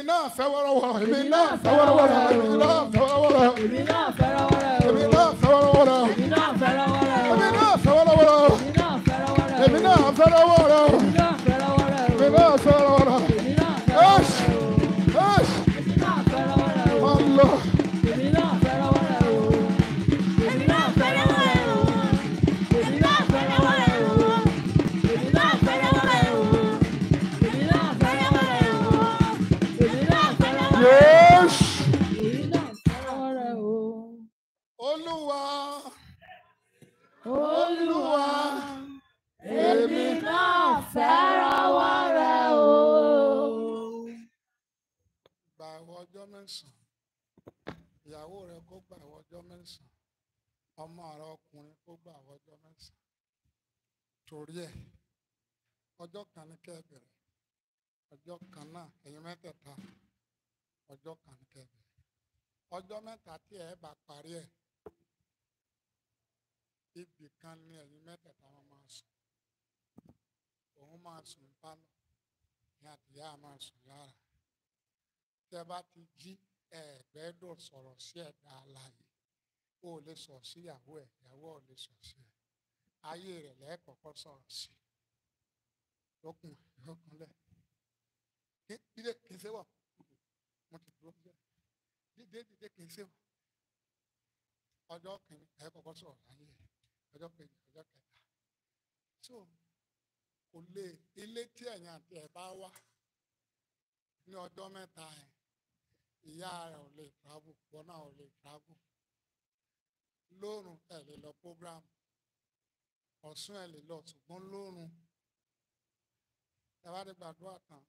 ورا ورا ورا ورا ورا ورا ọmọ rẹ ọkùnrin kó gbà wọjọ́ mẹ́sàn-án torí ẹ̀ ọjọ́ kan ní kẹ́ẹ̀bẹ̀rẹ̀ ọjọ́ kan náà ẹ̀yin mẹ́tẹ̀ẹ̀ta ọjọ́ kan ní kẹ́ẹ̀bẹ̀rẹ̀ ọjọ́ tí ẹ bá parí ẹ̀ ibì ní ẹ̀yin mẹ́tẹ̀ẹ̀ta wọn máa máa sùn ní àtìyá máa sùn bá ti jí sọ̀rọ̀ o lè sọ̀rọ̀ sí ìyàwó ẹ̀ ìyàwó ò lè sọ̀rọ̀ sí ẹ̀ ayé rẹ̀ lẹ́ẹ̀kọ̀ọ̀kan sọ̀rọ̀ sí lókun lókun lẹ̀ dídé kì í mo ti dúró dídé dídé so kò lè ilé tí ẹ̀yìn àti ẹ̀ bá wá ní ọjọ́ mẹ́ta ẹ̀ ìyá rẹ̀ ò lè travel wọn ò lóòrùn ẹ lè lọ program ọ̀sán ẹ lè lọ ṣùgbọ́n lóòrùn ẹ wá dé gbàdúrà tán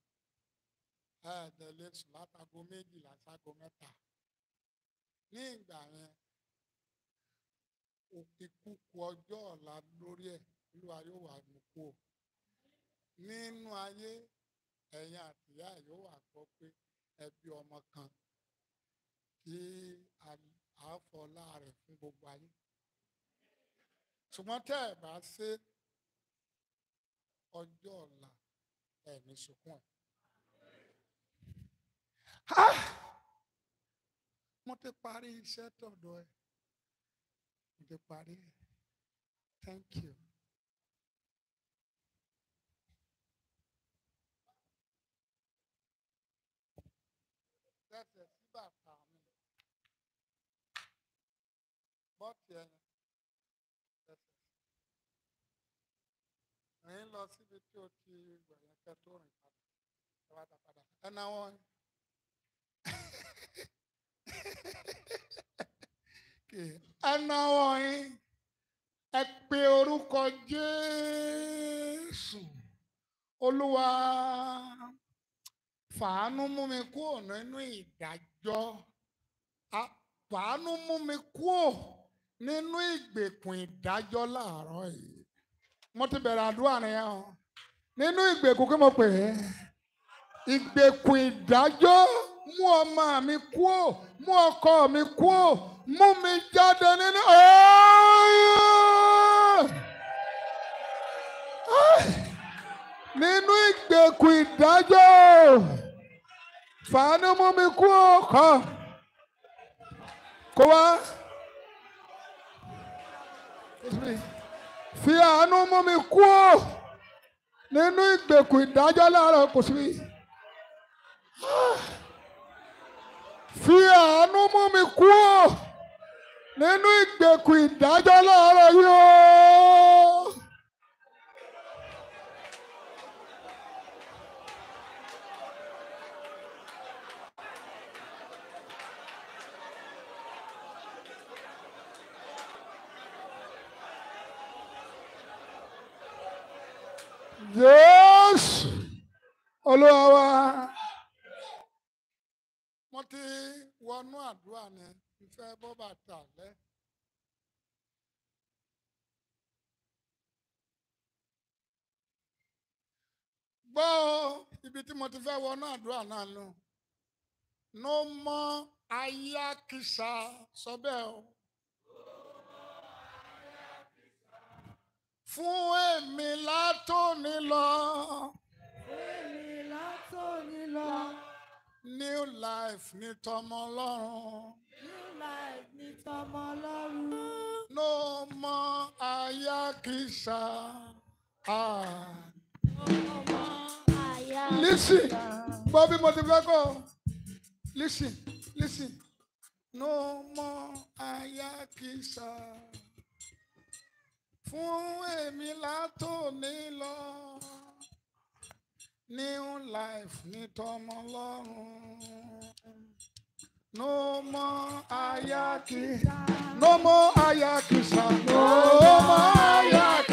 ẹ dẹ̀ lè sùn látago méjìlá ságo mẹ́ta ní ìgbà yẹn ìkúkú ọjọ́ ọ̀la lórí ẹ̀ olúwa yóò wà mú kú o nínú ayé ẹ̀yin àtìyá yóò wà gbọ́ pé ẹbí ọmọ kan tí a àáfọ láàrin fún gbogbo ayé ṣùgbọ́n tẹ́ ẹ̀ bá ṣe ọjọ́ ọ̀la ẹ̀mí sunkún ẹ̀. Ah! mo ti parí iṣẹ́ tọ̀dọ̀ ẹ̀ mo ti parí ẹ̀ thank you. rìn lọ síbi tí o ti gbọ̀yàn kẹ́ tó rìn padà ẹ wá ta padà ẹ na wọn. ẹ na wọn yín ẹ pe orúkọ Jésù Olúwa fàánú mú mi kúrò nínú ìdájọ́ fàánú mú mi kúrò nínú ìgbèkùn ìdájọ́ láàárọ̀ yìí mo ti bẹ̀rẹ̀ àdúrà nìyẹn o nínú ìgbèkùn kí mo pè é ìgbèkùn ìdájọ́ mú ọmọ mi kúò mú ọkọ mi kúò mú mi jáde nínú nínú ìgbèkùn ìdájọ́ fàánú mú mi kúò kọ kó wá fi àánú mú mi kúrò nínú ìgbèkùn ìdájọ́ láàárọ̀ kò sí. fi àánú mú mi kúrò nínú ìgbèkùn ìdájọ́ láàárọ̀ yóò. olúwa wa mo ti wọnú àdúrà ni ìfẹ́ bọ́ bàtà lẹ́. gbọ́ ibi tí mo ti fẹ́ wọnú àdúrà náà lọ no more ayákísà sọ bẹ́ẹ̀ o. fún èmi látòní lọ lónìlọ. New life ni tọmọ Ọlọ́run. New life ni tọmọ Ọlọ́run. No more ayakisa. Ah. No more ayakisa. Listen, gbọ́ bí mo ti fẹ́ kọ́. Listen, listen. No more ayakisa. Fún èmi látòní New life ní tọmọ lọ́rùn. No more ayaki, no more ayaki, no more ayaki.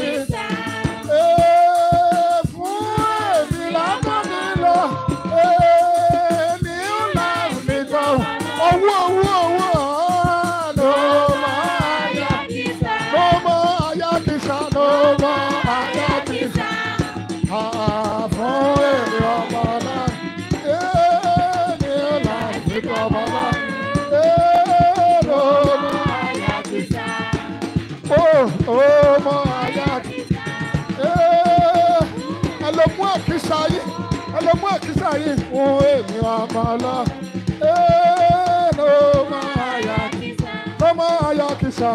yìí fún èmi ọmọ lọ. Ló máa yà kìsà. Ló máa yà kìsà.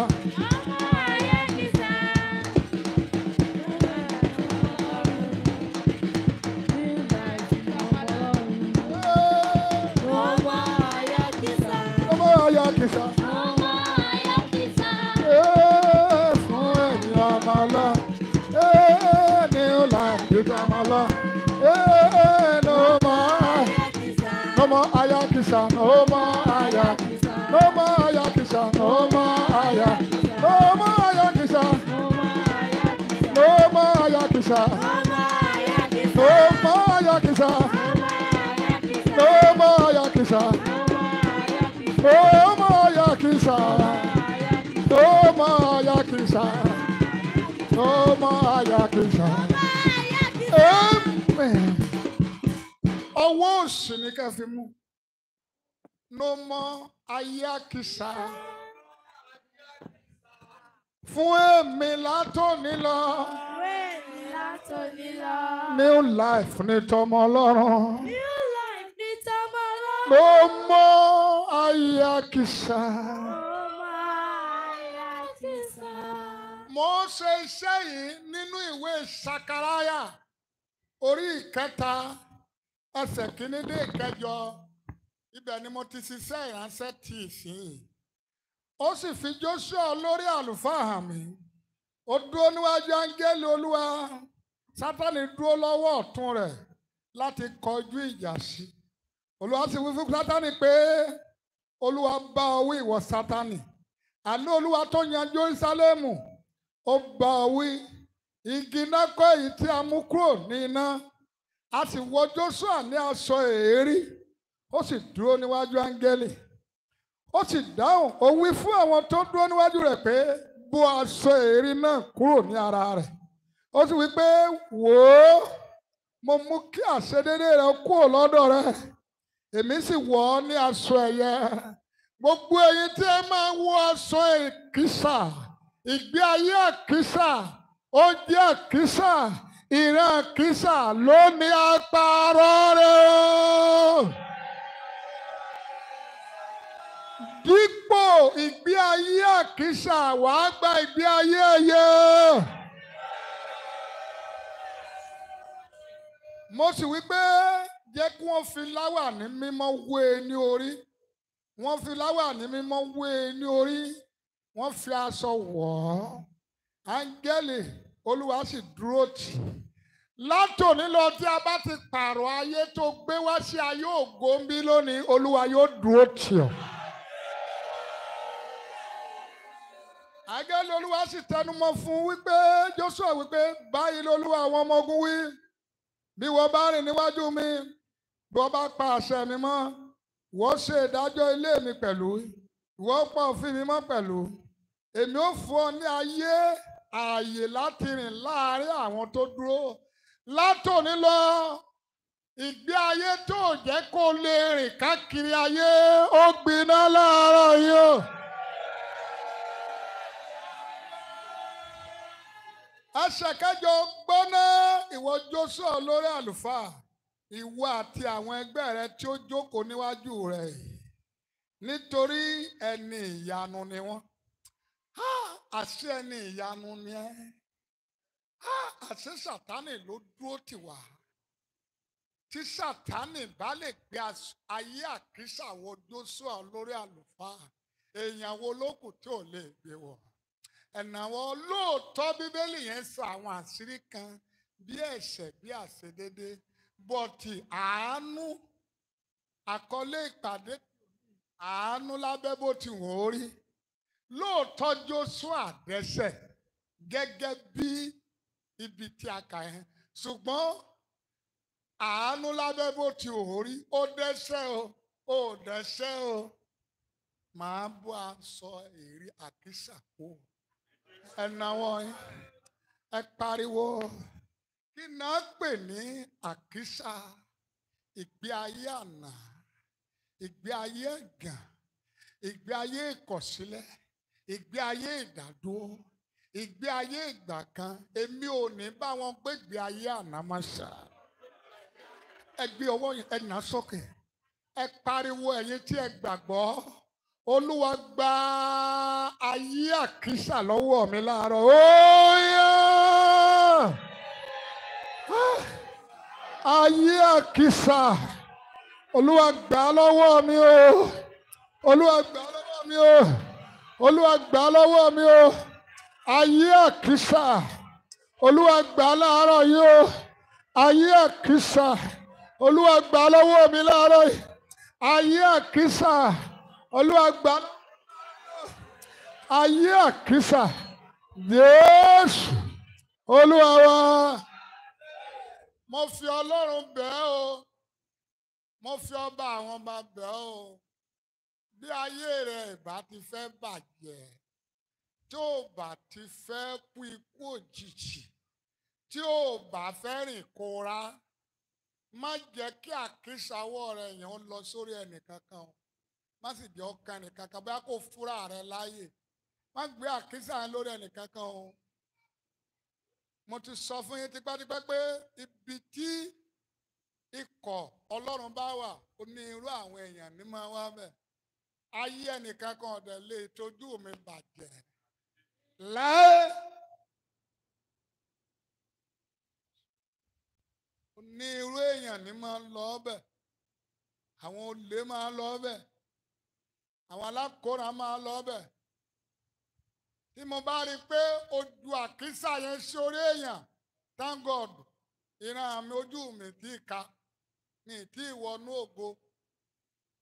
Ayakisha, no more Ayakisha, no more Ayakisha, no more Ayakisha, no more Ayakisha, no more Ayakisha, no more Ayakisha, no more Ayakisha, no more Ayakisha, no more Ayakisha, no more Ayakisha. Amen. Ọwọ́ òsì ni ká fi mú ayákísà fún èmi látòní lọ. fún èmi látòní lọ. new life ní tọmọ ọlọ́run. new life ní tọmọ ọlọ́run. ló mọ ayákísà. ló mọ mo ṣe iṣẹ́ yìí nínú ìwé sakaraya orí ìkẹta ẹsẹ̀ kìíní dé ìkẹjọ ibẹ̀ ni mo ti ṣiṣẹ́ ìránṣẹ́ tí ìsìn ó sì fi Joshua olórí àlùfáà hàn mí ó dúró níwájú áńgẹ́lì olúwa sátani dúró lọ́wọ́ ọ̀tún rẹ̀ láti kọjú ìjà sí olúwa sì wí fún sátani pé olúwa bá ọ wí ìwọ sátani àní olúwa tó yan Jerúsálẹ́mù ó bá ọ igi iná èyí tí a mú kúrò ní iná a sì wọ Joshua ní aṣọ èérí. E ó sì dúró níwájú áńgẹ́lì ó sì dáhùn ó wí fún àwọn tó dúró níwájú rẹ̀ pé bó aṣọ èérí náà kúrò ní ara rẹ̀ ó sì wí pé wò mo mú kí àṣedédé rẹ kúrò lọ́dọ̀ rẹ èmi sì wọ̀ ọ́ ní aṣọ ẹ̀yẹ gbogbo tí ẹ máa wọ aṣọ ìkísà ìgbé ayé àkísà oúnjẹ àkísà ìran àkísà apá dípò ìgbé ayé àkísà wàá gba ìgbé ayé ẹyẹ. mo sì wí pé jẹ́ kí wọ́n fi láwà ní mímọ́ wé e ní orí wọ́n fi láwà ní mímọ́ wé e ní orí wọ́n fi aṣọ wọ̀ ọ́ áńgẹ́lì olúwa sì dúró tì í látòní lọ tí a bá ti pààrọ̀ ayé tó gbé wá sí ayé ògo ń bí lónìí olúwa yóò dúró tì ọ́. àgẹ́ lolúwa sì tẹnumọ́ fún wípé Jóṣúà wípé báyìí lolúwa àwọn ọmọ ogun wí bí wọ́n bá rìn níwájú mi bí wọ́n bá pa àṣẹ mi mọ́ wọ́n ṣe ìdájọ́ ilé mi pẹ̀lú wọ́n pa òfin mi mọ́ pẹ̀lú èmi ó fún ọ ní ayé ààyè láti rìn láàárín àwọn tó dúró látòní lọ ìgbé ayé tó jẹ́ kó lè rìn káàkiri ayé ó gbiná láàárọ̀ yìí aṣàkájọ gbọ́ná ìwọ jósọ lórí àlùfáà ìwọ àti àwọn ẹgbẹ́ rẹ tí ó jókòó níwájú rẹ nítorí ẹni ìyanu ni wọ́n àṣẹ ẹni ìyanu ni ẹ àṣẹ sàtánì ló dúró tì wá tí sàtánì bá lè gbé ayé àkísà wọ jósọ lórí àlùfáà èèyàn wo ló tí ò lè gbé wọ ẹ̀nàwọ́ lóòótọ́ bíbélì yẹn sọ àwọn àṣírí kan bí ẹ̀ṣẹ̀ bí àṣedédé bọ̀tì àánú àkọlé ìpàdé àánú lábẹ́ bó ti wọ́n ó rí lóòótọ́ Jóṣúà dẹ́ṣẹ̀ gẹ́gẹ́ bí ibi tí a kà yẹn ṣùgbọ́n àánú lábẹ́ bó ti wọ́n ó rí ó dẹ́ṣẹ̀ o ó dẹ́ṣẹ̀ o màá bọ́ a sọ èrè àkísà kúrò ẹ nawọ́ yín ẹ pariwo kí náà pè ní àkísà ìgbé ayé àná ìgbé ayé ẹ̀gàn ìgbé ayé ìkọ̀sílẹ̀ ìgbé ayé ìdádúró ìgbé ayé ìgbà kan èmi ò ní bá wọn gbé ìgbé ayé àná máa ṣá ẹ gbé ọwọ́ ẹ nà sókè ẹ pariwo ẹ̀yin tí ẹ gbàgbọ́ olúwa gba ayé àkísà lọ́wọ́ mi láàárọ̀ óyá ah! ayé àkísà olúwa gbà lọ́wọ́ mi o olúwa gbà lọ́wọ́ mi o olúwa gbà lọ́wọ́ mi o ayé àkísà olúwa gbà láàárọ̀ yìí o ayé àkísà olúwa gbà lọ́wọ́ mi láàárọ̀ yìí ayé àkísà olúwa gbà ayé àkísà jésù olúwa wa mo fi ọlọ́run bẹ̀ ẹ́ o mo fi ọba àwọn ọba bẹ̀ ẹ́ o bí ayé rẹ ìbá ti fẹ́ bàjẹ́ tí ò bá ti fẹ́ kú ikú òjijì tí ò bá fẹ́ rìn kóra má jẹ́ kí àkísà ọwọ́ rẹ yẹn lọ sórí ẹnìkankan o má sì jẹ́ ọkàn nìkan kan bóyá kò fúra rẹ láàyè má gbé àkísà lórí ẹnìkan o mo ti sọ fún yín tipátipá pé ibi tí ikọ̀ ọlọ́run bá wà ó ní irú àwọn èèyàn ní máa wá bẹ̀ ayé ẹnìkan ọ̀dẹ̀ lè tójú mi bàjẹ́ láé. ní irú èèyàn ní máa ń lọ ọbẹ̀ àwọn olè máa ń lọ ọbẹ̀ àwọn alákòóràn máa lọ bẹ̀ tí mo bá rí i pé ojú àkísà yẹn orí èèyàn thank God ìran àmì ojú mi tí ka mi tí wọnú ògo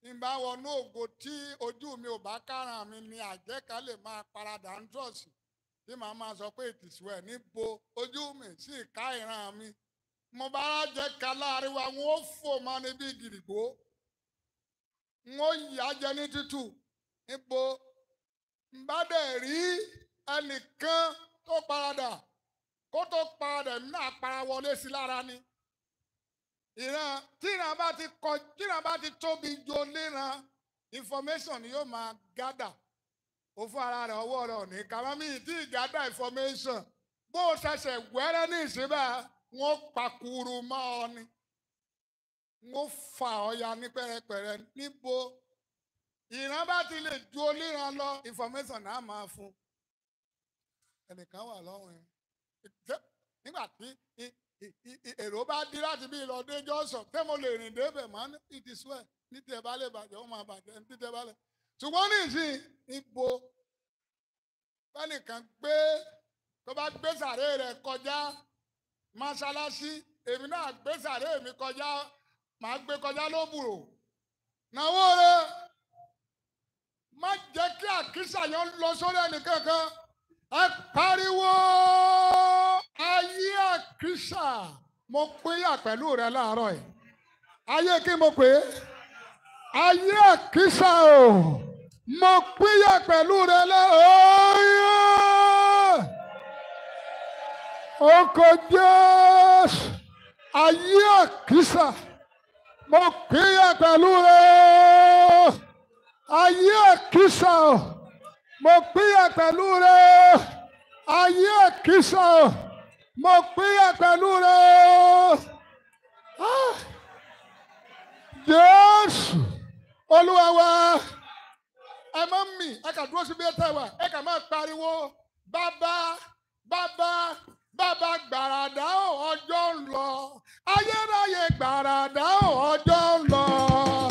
ìgbà wọnú ògo tí ojú mi ò bá káràn mi ni àjẹká lè máa paradà ń trọ̀sì tí màá máa sọ pé ìtìsú ẹ̀ níbo ojú mi sì ká ìran mi mo bá rájẹ ká láàrin wa wọn ó fò mọ́ níbi gìrìgbó. wọn yà jẹ ní tútù níbo rí ẹnìkan tó kó tó náà lára ni ìran tíra bá ti kọ tíran bá ti tóbi information ni yóò máa gada ara rẹ ọwọ́ rẹ̀ òní kàmá mi tí gada information bó o ní ọ ni. n ó fa ọ̀ya ní pẹ́rẹpẹ̀rẹ níbo ìran bá ti lè ju oníran lọ information náà máa fún ẹnìkan wà lọ́wọ́ ẹ nígbà tí èrò bá dí láti bí ìlọdé jọ́sọ̀ tẹ́ mo lè rìn débẹ̀ máa ní ìdísúẹ̀ ní tẹ́ bá lè bàjẹ́ ó máa bàjẹ́ ní tẹ́ bá lè ṣùgbọ́n nísìnyí níbo bẹ́nìkan gbé tó bá gbé sàré rẹ̀ kọjá mọ́ṣáláṣí èmi náà gbé sàré mi kọjá màá gbé kọjá lóbùrò náwó rẹ má jẹ́ kí àkísà yẹn lọ sórí ẹnìkankan ẹ pariwo ayé àkísà mo péyà pẹ̀lú rẹ láàárọ̀ yìí ayé kí mo pè é ayé àkísà o mo péyà pẹ̀lú rẹ láàárọ̀ yìí ó kọjá ayé àkísà mo kí yẹ pẹ̀lú rẹ ayé èkìsà o mo kí yẹ pẹ̀lú rẹ ayé èkìsà o mo kí yẹ pẹ̀lú rẹ ah! Jésù Olúwa wa ẹ má mì ẹ kà dúró síbi ẹ tẹ wà ẹ kà má pariwo bàbá bàbá bàbá gbàràdà ọjọ́ ń lọ ayérayé gbàràdà ọjọ́ ń lọ.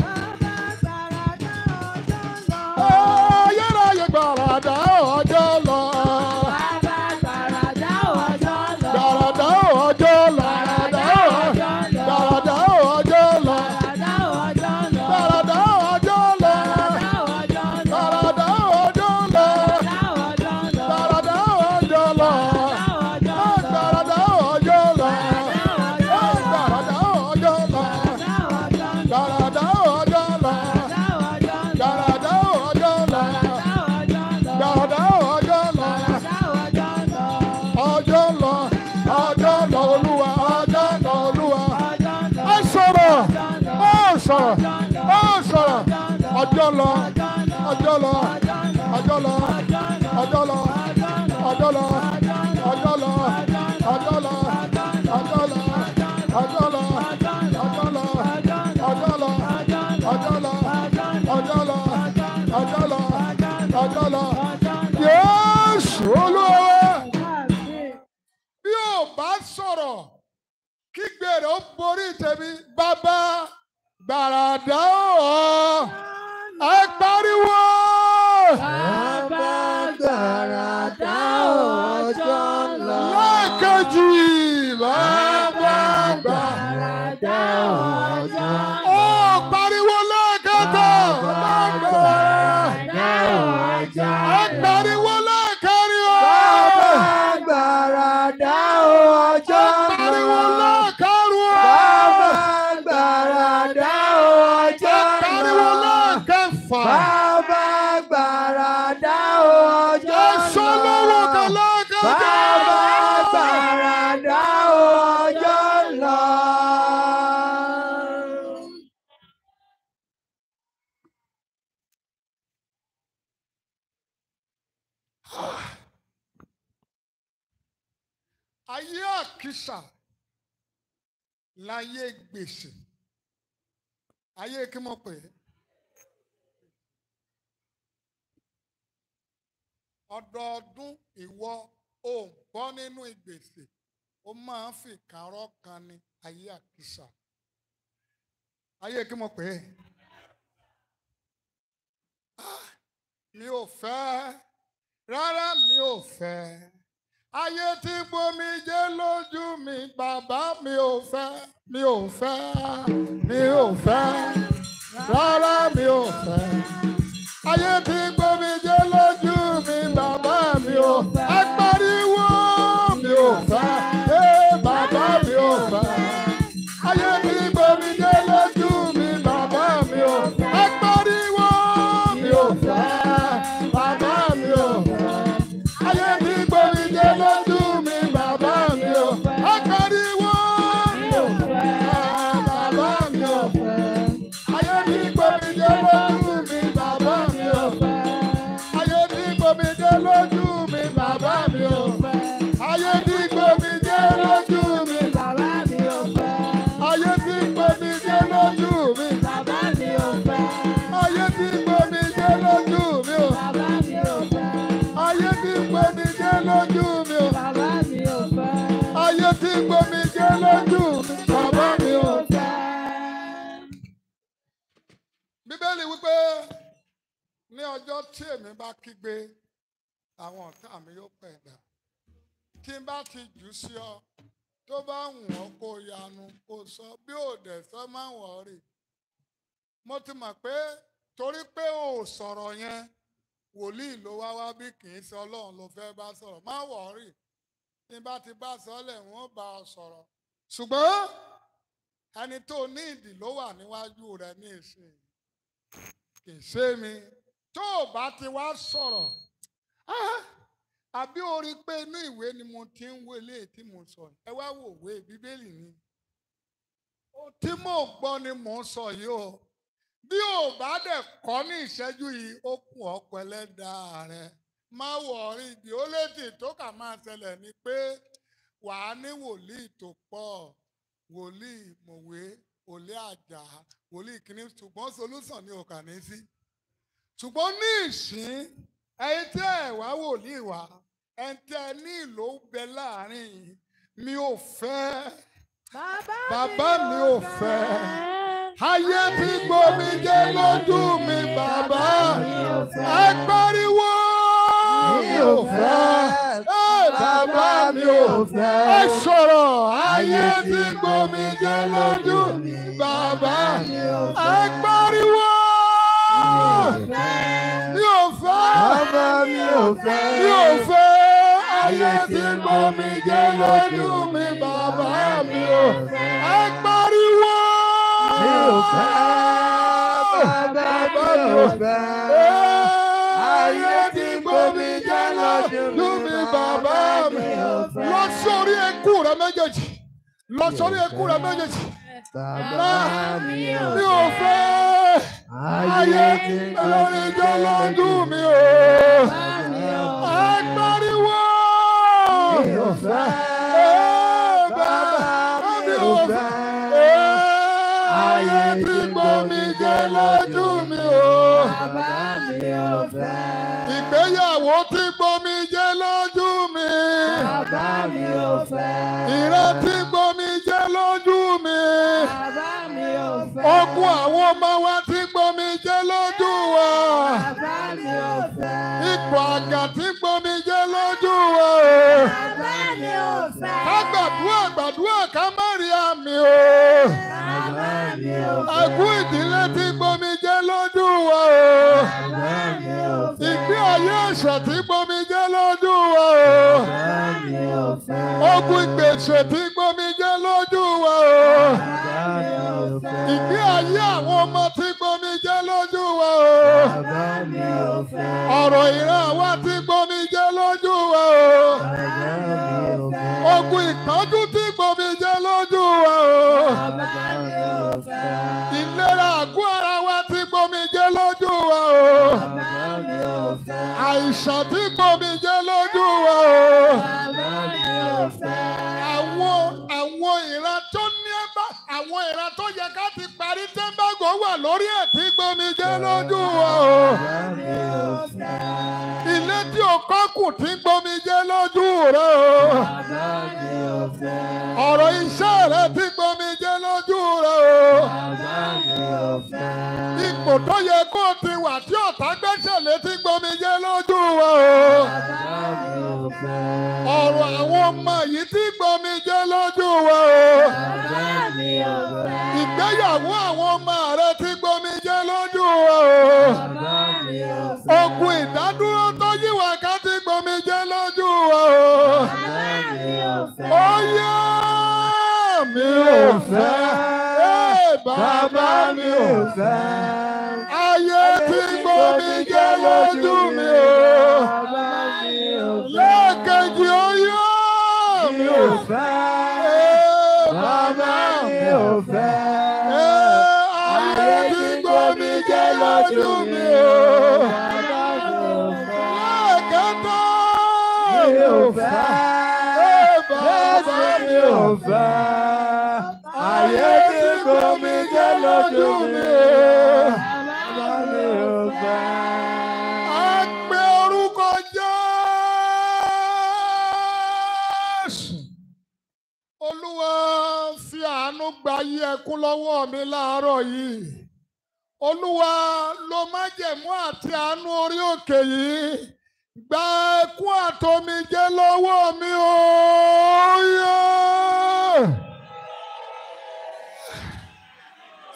bàbá gbàràdà ọjọ́ ń lọ. ayérayé gbàràdà. ọjọ́ lọ ọjọ́ lọ ọjọ́ lọ ọjọ́ lọ ọjọ́ lọ ọjọ́ lọ ọjọ́ lọ ọjọ́ lọ ọjọ́ lọ ọjọ́ lọ ọjọ́ lọ ọjọ́ lọ ọjọ́ lọ ọjọ́ lọ ọjọ́ lọ Jésù olówó bí ò bá sọ̀rọ̀ kígbe rẹ̀ ó borí tèmi bàbá gbàràdà ó. láyé gbèsè ayé kí mo pè é ọdọọdún ìwọ ò bọ́ nínú ìgbèsè ó máa ń fi kàárọ̀ kan ní ayé àkísà ayé kí mo pè é ah, mi ò fẹ́ rárá mi ò fẹ́. Ayé ti gbomi jẹ́ lójú mi, bàbá mi ò fẹ́, mi ò fẹ́, mi ò fẹ́, rárá mi ò fẹ́. Ayé ti gbomi jẹ́ lójú mi, bàbá mi ò fẹ́. ọjọ́ tí èmi bá kígbe àwọn ọ̀tá mi yóò pẹ̀dà tí n bá ti jù sí ọ tó bá wù ọ́ kó yanu kó sọ bí ò dẹ̀ sọ má wọ̀ rè mo ti mọ̀ pé torí pé ò sọ̀rọ̀ yẹn wòlíì ló wá wá bí kì í ṣe ọlọ́run ló fẹ́ bá sọ̀rọ̀ má wọ̀ rè tí n bá ti bá sọ́lẹ̀ wọ́n bá ọ sọ̀rọ̀ ṣùgbọ́n ẹni tó ní ìdí ló wà níwájú rẹ ní ìsìn kì í ṣe mi tó o bá ti wá sọ̀rọ̀ àbí orin pé inú ìwé ni mo ti ń wo eléyìí tí mo sọ ẹ wá wo ìwé bíbélì ni ohun tí mò gbọ́ ni mò ń sọ yìí o bí o bá dẹ̀ kọ́ ní ìṣẹ́jú yìí ó kún ọ̀pọ̀ ẹlẹ́dàá rẹ má wọ̀ ọ́rí ìdí ó létí tó kà máa ṣẹlẹ̀ ni pé wàá ní wòlíì tó pọ̀ wòlíì mọ̀wé wòlíì àjà wòlíì kìíní ṣùgbọ́n solúsàn ni ò kà ní sí ṣùgbọ́n ní ìsín ẹ̀yin tẹ́ ẹ̀ wá wòlíì wá ẹ̀yin tẹ́ ẹ ní ìlò bẹ láàrin mi ò fẹ́ bàbá mi ò fẹ́ ayé ti gbomi jẹ́ lójú mi bàbá ẹ mi ò fẹ́ bàbá mi ò fẹ́ ẹ sọ̀rọ̀ ayé ti gbomi jẹ́ lójú mi bàbá ẹ pariwo. mi ò fẹ́. Mi ò fẹ́. Ayé tí mo mi jẹ́ lójú mi bàbá mi ò fẹ́. Ẹ pariwo. Mi ò fẹ́. Bàbá mi ò fẹ́. Ayé tí mo mi jẹ́ lójú mi bàbá mi ò fẹ́. Lọ sórí ẹkú rẹ méjèèjì. Lọ sórí ẹkú rẹ méjèèjì. Bàbá ah, mi ò fẹ́. Ayé tí mo mi jẹ́ lójú mi ò fẹ́. lójú mi o. Bàbá mi ò fẹ́. Ìgbéyàwó tí gbomi jẹ́ lójú mi. Bàbá mi ò fẹ́. Ìrètí gbomi jẹ́ lójú mi. Bàbá mi ò fẹ́. Okun àwọn ọmọ wa tí gbomi jẹ́ lójú wa. Bàbá mi ò fẹ́. Ipò àgà tí gbomi jẹ́ lójú wa. Bàbá mi ò fẹ́. Àgbàdua àgbàdua ká má rí àmì o. Àkú ìdílé tí gbomi jẹ́ lọ́dún wa o. Ìgbé ayé ẹ̀ṣẹ̀ tí gbomi jẹ́ lọ́dún wa o. Ogun ìgbèsè tí gbomi jẹ́ lọ́dún wa o. Ìgbé ayé àwọn ọmọ tí gbomi jẹ́ lọ́dún wa o. Ọ̀rọ̀ ìran àwa tí gbomi jẹ́ lọ́dún wa o. Ogun ìtọ́jú tí omi jẹ́ lójú wa o. Ìlera àgọ́ ara wa ti gbomi jẹ́ lójú wa o. Àìsàn ti gbomi jẹ́ lójú wa o. Àwọn àwọn ìran bá àwọn ìran tó yẹ ká ti parí tẹ́ḿbàgò wà lórí ẹ̀ tí gbomijẹ́ lójú wa o. ilé tí o kọ́ kù tí gbomijẹ́ lójú rẹ o. ọ̀rọ̀ iṣẹ́ rẹ tí gbomijẹ́ lójú rẹ o. ipò tó yẹ kó o ti wà tí ọ̀tá gbẹ́sẹ̀ lé tí gbomijẹ́ lójú wa o. ọ̀rọ̀ àwọn ọmọ yìí tí gbomijẹ́ lójú wa o. Ìgbéyàwó àwọn ọmọ rẹ ti gbomi jẹ́ lójú o. Okùn ìdádúró tó yíwà ká ti gbomi jẹ́ lójú o. Ó yá mi ò fẹ́. Bàbá mi ò fẹ́. Ayé ti gbomi jẹ́ lójú mi o. Lẹ́ẹ̀kejì ó yá mi ò fẹ́. fẹ́. Ayé tí gbòmí jẹ́ lójú mi o. Kẹ́tọ́. Mi ò fẹ́. gba yí ẹkún lọ́wọ́ mi láàárọ̀ yìí olúwa ló májẹ̀mú àti àánú orí òkè yìí gba ẹkún àtòmijé lọ́wọ́ mi ooo.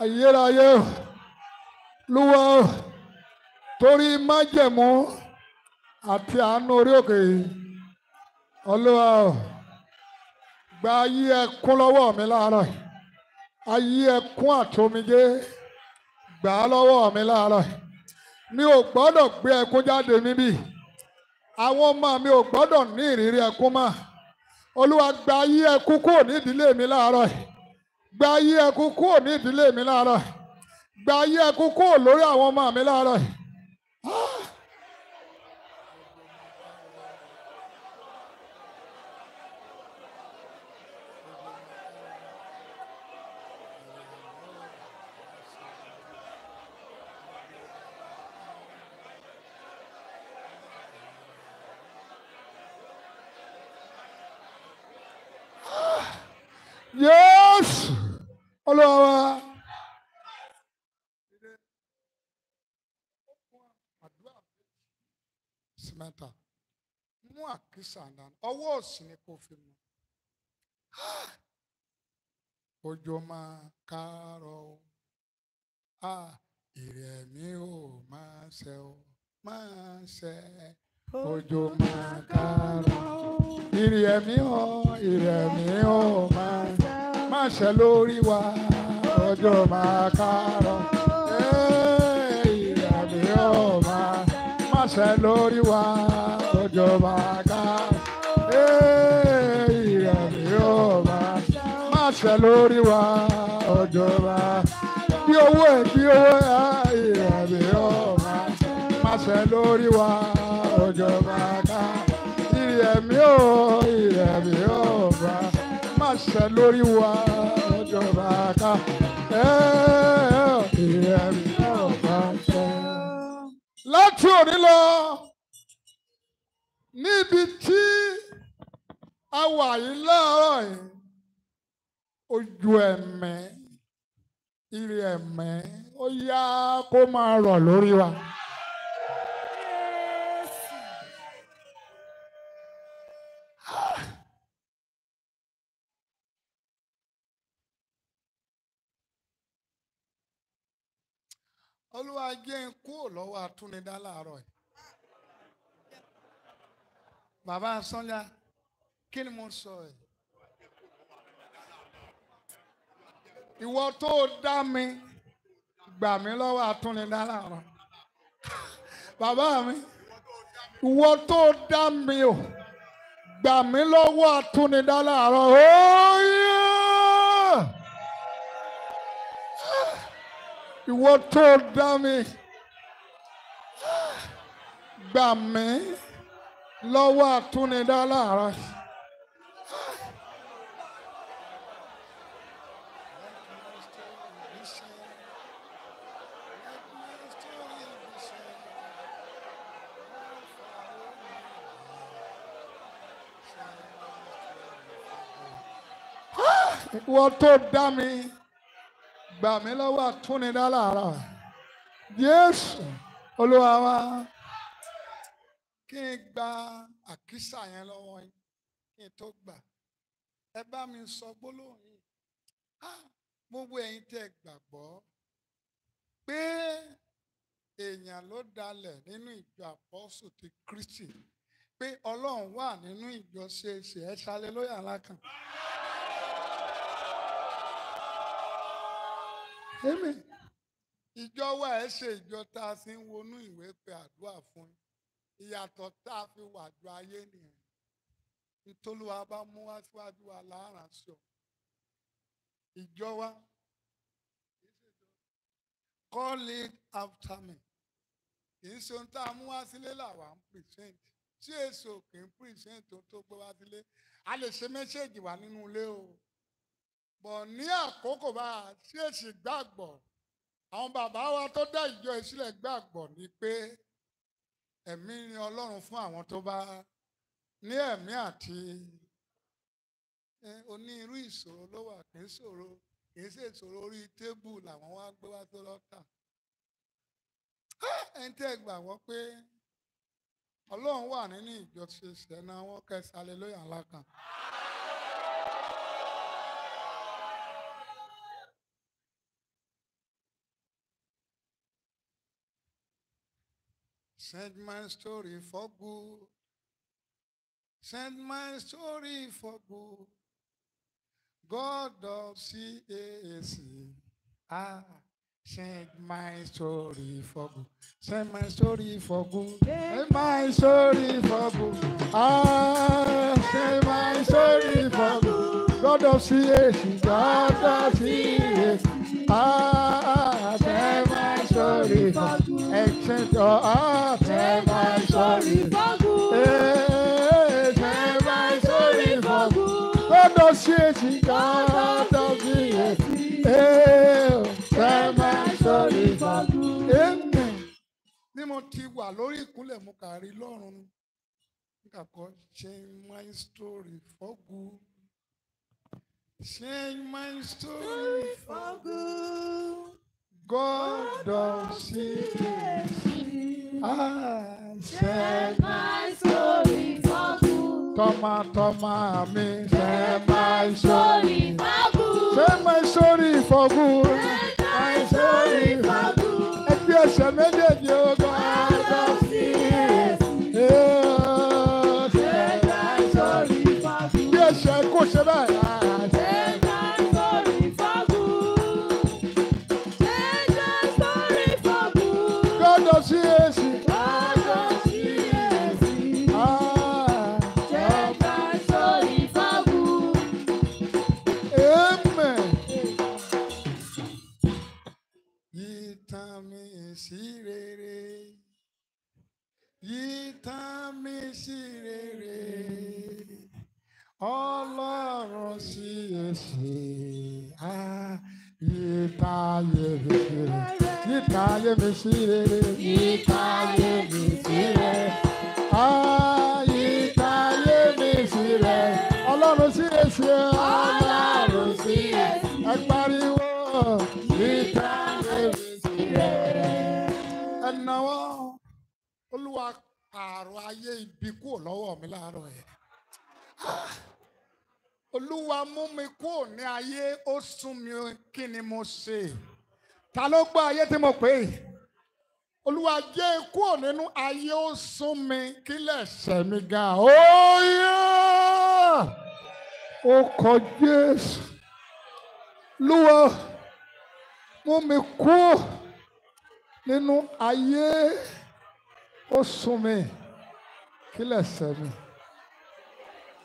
ayérayé lúwa torí májẹ̀mú àti àánú orí òkè yìí olúwa gba ayé ẹkún lọ́wọ́ mi láàárọ̀ yìí. ayé ẹkún àtomijé gbà á lọ́wọ́ mi láàárọ̀ mi ò gbọ́dọ̀ gbé ẹkún jáde níbí àwọn ọmọ mi ò gbọ́dọ̀ ní ìrírí ẹkún mọ́ olúwa gba ayé ẹkún kúrò mi láàárọ̀ gba ayé ẹkún kúrò mi láàárọ̀ gba ayé ẹkún kúrò lórí àwọn ọmọ mi láàárọ̀ Maranatha mú àkísà dání ọwọ́ òsì ni kò fi mú òjò máa kárọ̀ o ìrẹ̀ mi ò máa ṣe o máa ṣe Ojo máa kárọ̀ ìrẹ̀ mi ò ìrẹ̀ mi ò máa ṣe lórí wa Ojo máa kárọ̀ ìrẹ̀ mi ò aláṣẹ lórí wa tó jọba ká ìrẹ̀ mi ò bá máṣẹ lórí wa tó jọba bí owó ẹ̀ bí owó ẹ̀ ìrẹ̀ mi ò bá máṣẹ lórí wa tó jọba ká ìrẹ̀ mi ò ìrẹ̀ mi ò bá lórí wa tó jọba ká ìrẹ̀ láti òní lọ níbi tí a wà yìí láàárọ̀ yìí ojú ẹ̀mẹ́ ire ẹ̀mẹ́ ó yá kó máa rọ̀ lórí wa. máa jẹ́ ń kúrò lọ́wọ́ atúnidá láàárọ̀ yìí. Bàbá Sọ́njà, kí ni mo sọ yìí? Ìwọ tó dá mi gbà mí lọ́wọ́ atúnidá láàárọ̀. Bàbá mi, ìwọ tó dá mi o gbà mí lọ́wọ́ atúnidá láàárọ̀. Oh, yeah! ìwọ tó dá mi gbà mí lọ́wọ́ àtúnidá láàárọ̀. Ìwọ tó dá mi gbà mí lọ́wọ́ àtúnidá láàárọ̀ Jésù Olúwa wa kí n gba àkísà yẹn lọ́wọ́ yín kí n tó gbà ẹ bá mi sọ gbólóhùn yìí gbogbo ẹ̀yin tẹ́ gbàgbọ́ pé èèyàn ló dalẹ̀ nínú ìjọ àpọ́sù ti Kristi pé Ọlọ́run wà nínú ìjọ ṣeéṣe ẹ ṣàlẹ́ lóyà ńlá kan. Èmi ìjọ wa ẹ ṣe ìjọ tá a sì ń wọnú ìwé pé àdúrà fún ìyàtọ̀ tá a fi wà ju ayé nìyẹn. Ìtolúwa bá mú wá síwájú wa láàrán sọ. Ìjọ wa call it after me. Kì í ṣe ohun tá a mú wá sílé làwa ń present. Tí èso kì í present tó tó gbé wá sílé. A lè ṣe mẹ́ṣẹ́ẹ̀jì wá nínú ilé o bọ̀ ní àkókò bá a ṣèèṣì gbàgbọ́ àwọn bàbá wa tó dá ìjọ ìsílẹ̀ gbàgbọ́ ni pé ẹ̀mí ni ọlọ́run fún àwọn tó bá ní ẹ̀mí àti onírú ìṣòro ló wà kì í ṣòro kì í ṣe ìṣòro orí tébù làwọn wá gbé wá tó lọ́tà ẹni tẹ́ gbà wọ́n pé ọlọ́run wà nínú ìjọ ṣe ṣẹ̀ náà wọ́n ńlá kan. Send my story for good. Send my story for good. God of CAC. Ah, send my story for good. Send my story for good. Send my story for good. Ah, send my story for good. God of CAC. God of CAC. Ah, send my story for good. Send your heart and my sorry for good. Send my sorry for good. Oh, no, she, she can't help me. Send my sorry for good. Amen. Ní mo ti wà lórí ìkúnlẹ̀ mo kà rí lọ́rùn nígbà kan change my story for good. Change my story for good. God of secrecy, I set my soul in Baku. Tọ́mà tọ́mà mi. Set my soul for Baku. Set my soul for Baku. Set my soul in Baku. Ẹgbẹ́ ẹsẹ̀ méjèèjì ogun. sí rere ọlọ́run sí èsì ìtayé mi sí rere ìtayé mi sí rere ìtayé mi sí rere ìtayé mi sí rere ọlọ́run sí èsì ọlọ́run sí èsì ẹ pariwo ìtayé mi sí rere ẹ náwó olúwa àrùn ayé ibi kúrò lọ́wọ́ mi láàárọ̀ yẹn. Ah! Olúwa mú mi kúrò ní ayé ó sún mi kí ni mo ṣe. Ta ló gbọ́ ayé tí mo pè é? Olúwa jẹ́ kúrò nínú ayé ó sún mi kí lẹ̀ṣẹ̀ mi ga. Óyá! Ó kọ Jésù. Olúwa mú mi kúrò nínú ayé ó sún mi kí lẹ̀ṣẹ̀ mi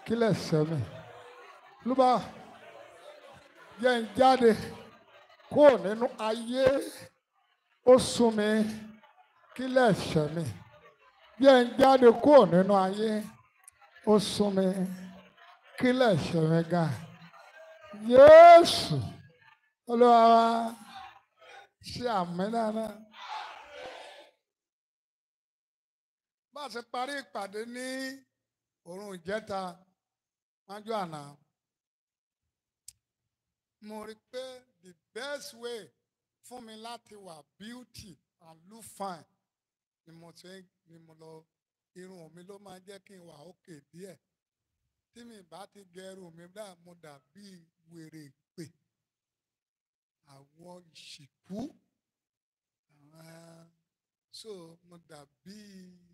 kí lẹ̀ṣẹ̀ mi lúbà jẹ́ ń jáde kúrò nínú ayé ó sún mi kí lẹ̀ṣẹ̀ mi jẹ́ ń jáde kúrò nínú ayé ó sún mi kí lẹ̀ṣẹ̀ mi ga Jésù olúwa ṣe àmì dáadáa. bá a ṣe parí ìpàdé ní òrùn ìjẹta májú àná mo rí i pé the best way fún mi láti wà beauty and look fine ni mo ṣe ni mo lọ irun mi ló máa jẹ́ kí n wà òkè díẹ̀ tí mi bá ti gẹrun mi bá mo dà bíi wèrè pè àwọn ìsìnkú so mo dà bíi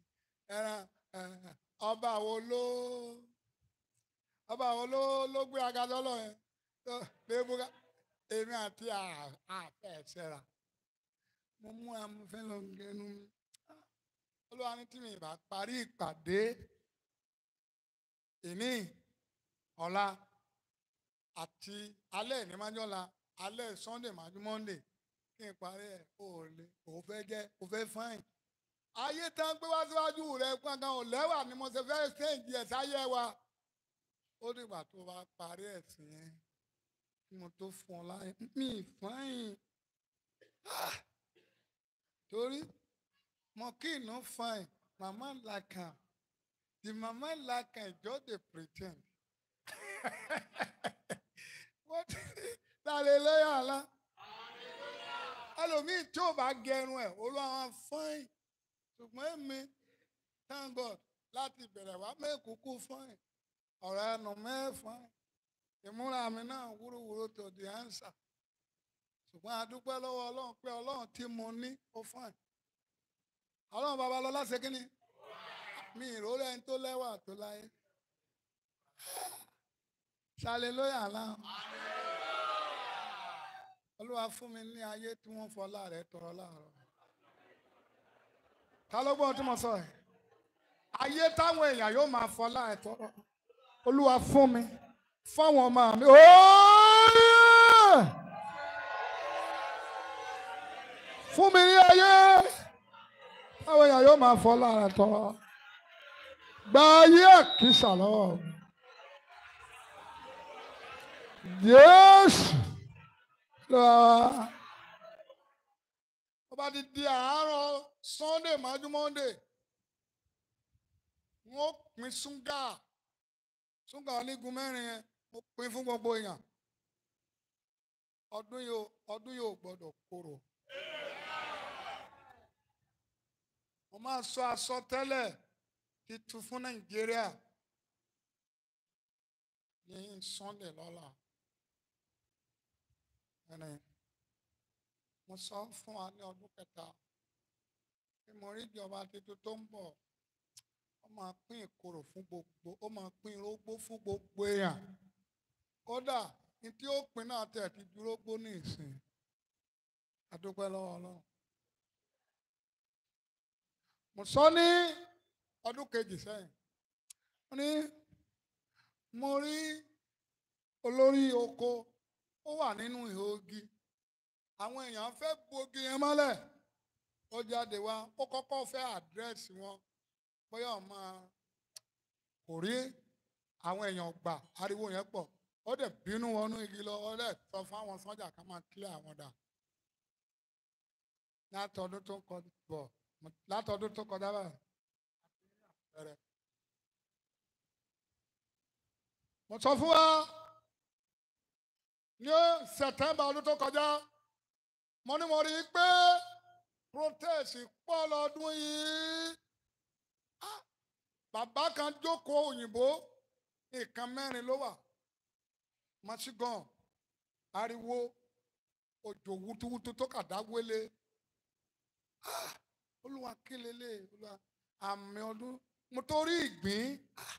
ẹran eh, ọba wo ló ọba wo ló ló gbé agadọ́ lọ yẹn lébúra èmi àti àfẹ́ ṣẹra mo mú amúfẹ́ lọ gẹnu mi olúwa ní tí mi ìbá parí ìpàdé ìní ọ̀la àti alẹ́ ní májọ́la alẹ́ sunday májú monday kí n parí ẹ̀ o ò lè o fẹ́ fine ayé tá ń gbé wá síwájú rẹ gbọ̀ngàn ò ni mo ṣe fẹ́ ṣéǹjì ẹ̀ sáyé wa ó dìgbà tó bá parí ẹ̀sìn yẹn mo tó fún ọ láyé mi fáyìn ah! torí mo kí inú fáyìn màmá làkàn the màmá làkàn just dey pretend what hallelujah la ẹlòmíì tí ò bá gẹrun ẹ olú àwọn fáyìn ṣùgbọ́n èmi thank God láti bẹ̀rẹ̀ wá mẹ́kúkú fine ọ̀rọ̀ ẹnu mẹ́fọ́n ìmúra mi náà wúrúwúrú tó di ánsà ṣùgbọ́n a dúpẹ́ lọ́wọ́ ọlọ́run pé ọlọ́run tí mo ní ó fine ọlọ́run bàbá lọ láṣẹ kí ni mi ìrora ẹni tó lẹ́wà tó láyé ṣàlélóyà láwọn olúwa fún mi ní ayé tí wọ́n fọlá rẹ̀ tọrọ láàárọ̀ ta ló gbọ́ ohun tí mo sọ ẹ̀ ayé táwọn èèyàn yóò máa fọlá ẹ̀ tọrọ olúwa fún mi fáwọn ọmọ mi fún mi ní ayé táwọn èèyàn yóò máa fọlá ẹ̀ gba ayé àkísà lọ́wọ́ Jésù lọ́wọ́. bá ti di àárọ̀ sunday májú monday wọ́n pín ṣúgà ṣúgà onígun mẹ́rin yẹn mo pín fún gbogbo èèyàn ọdún yìí ọdún yìí ò gbọ́dọ̀ mo máa sọ mo sọ fún wa ní ọdún kẹta pé mo rí ìjọba tuntun tó ń bọ̀ ó máa pín ìkorò fún gbogbo ó máa pín irógbó fún gbogbo èèyàn kódà ní tí ó pín náà tẹ̀ ti dúró gbó ní ìsìn àdúpẹ́ lọ́wọ́ ọlọ́run. mo sọ ní ọdún kejì sẹ́yìn mo ní mo rí olórí oko ó wà nínú ìhòògì. àwọn èèyàn fẹ́ bogi yẹn mọ́lẹ̀ ó jáde wá ó kọ́kọ́ fẹ́ àdírẹ́sì wọn bóyá ọmọ kò rí àwọn èèyàn gbà ariwo yẹn pọ̀ ó dẹ̀ bínú wọnú igi lọ ó dẹ̀ sọ fáwọn sọ́jà ká máa kílẹ̀ àwọn dà látọdún tó kọjá bọ̀ látọdún tó kọjá báyìí bẹ̀rẹ̀. mo sọ fún wa ní sẹ̀tẹ́mbà ọdún tó kọjá. mo ní mo rí i pé protest pọ̀ lọ́dún yìí ah, bàbá kan jókòó òyìnbó nǹkan mẹ́rin ló wà mọ́sígàn ariwo òjò wútúwútú tó kàdá wélé ah, olúwa kílélẹ̀ olúwa àmì ọdún mo tó rí ìgbín ah,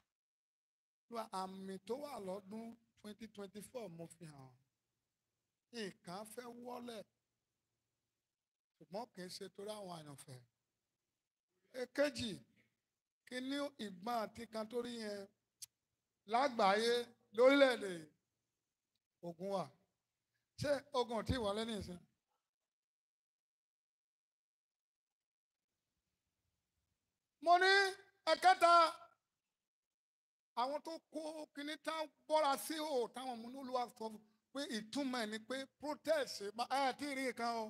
olúwa àmì tó wà lọ́dún twenty twenty four mo fi hàn nǹkan fẹ́ wọ́lẹ̀ ṣùgbọ́n kì í ṣe torí àwọn àyànfẹ́. èkejì kí ní ìgbọ́n àti kan tó rí yẹn lágbàáyé lórílẹ̀‐èdè ogun wà ṣé ogun tí wọlé ní ìsìn. mo ní ẹ̀kẹta àwọn tó kó kinní tán bọ́ra sí o táwọn ọmọ olúwa sọ pé ìtumọ̀ ẹ̀ ni pé protest ẹ̀ tí ì rí nǹkan o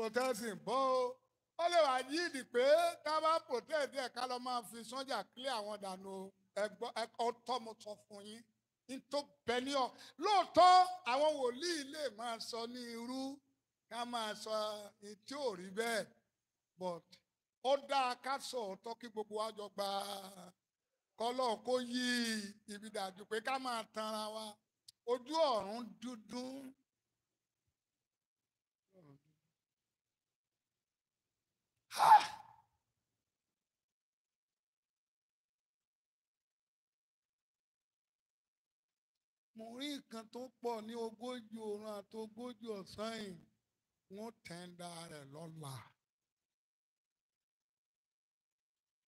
protection bọ́ o ó lè wá yí ìdí pé ká bá protect ẹ̀ ká lọ máa fi sọ́jà clear àwọn dànù ẹ̀kọ́ tọ́mọ sọ fún yín tó bẹ ní ọ lóòótọ́ àwọn wòlíì lè máa sọ ní irú ká máa sọ ní ò rí bẹ́ẹ̀ but ó dáa ká sọ ọ̀tọ̀ kí gbogbo wa jọ gba kọ́lọ̀ kó yí ibi dàjú pé ká máa tanra wa ojú ọ̀run dúdú mo rí nǹkan tó pọ̀ ní ogójì òrun àti ogójì ọ̀sán yìí wọ́n tẹ̀ǹda rẹ̀ lọ́la.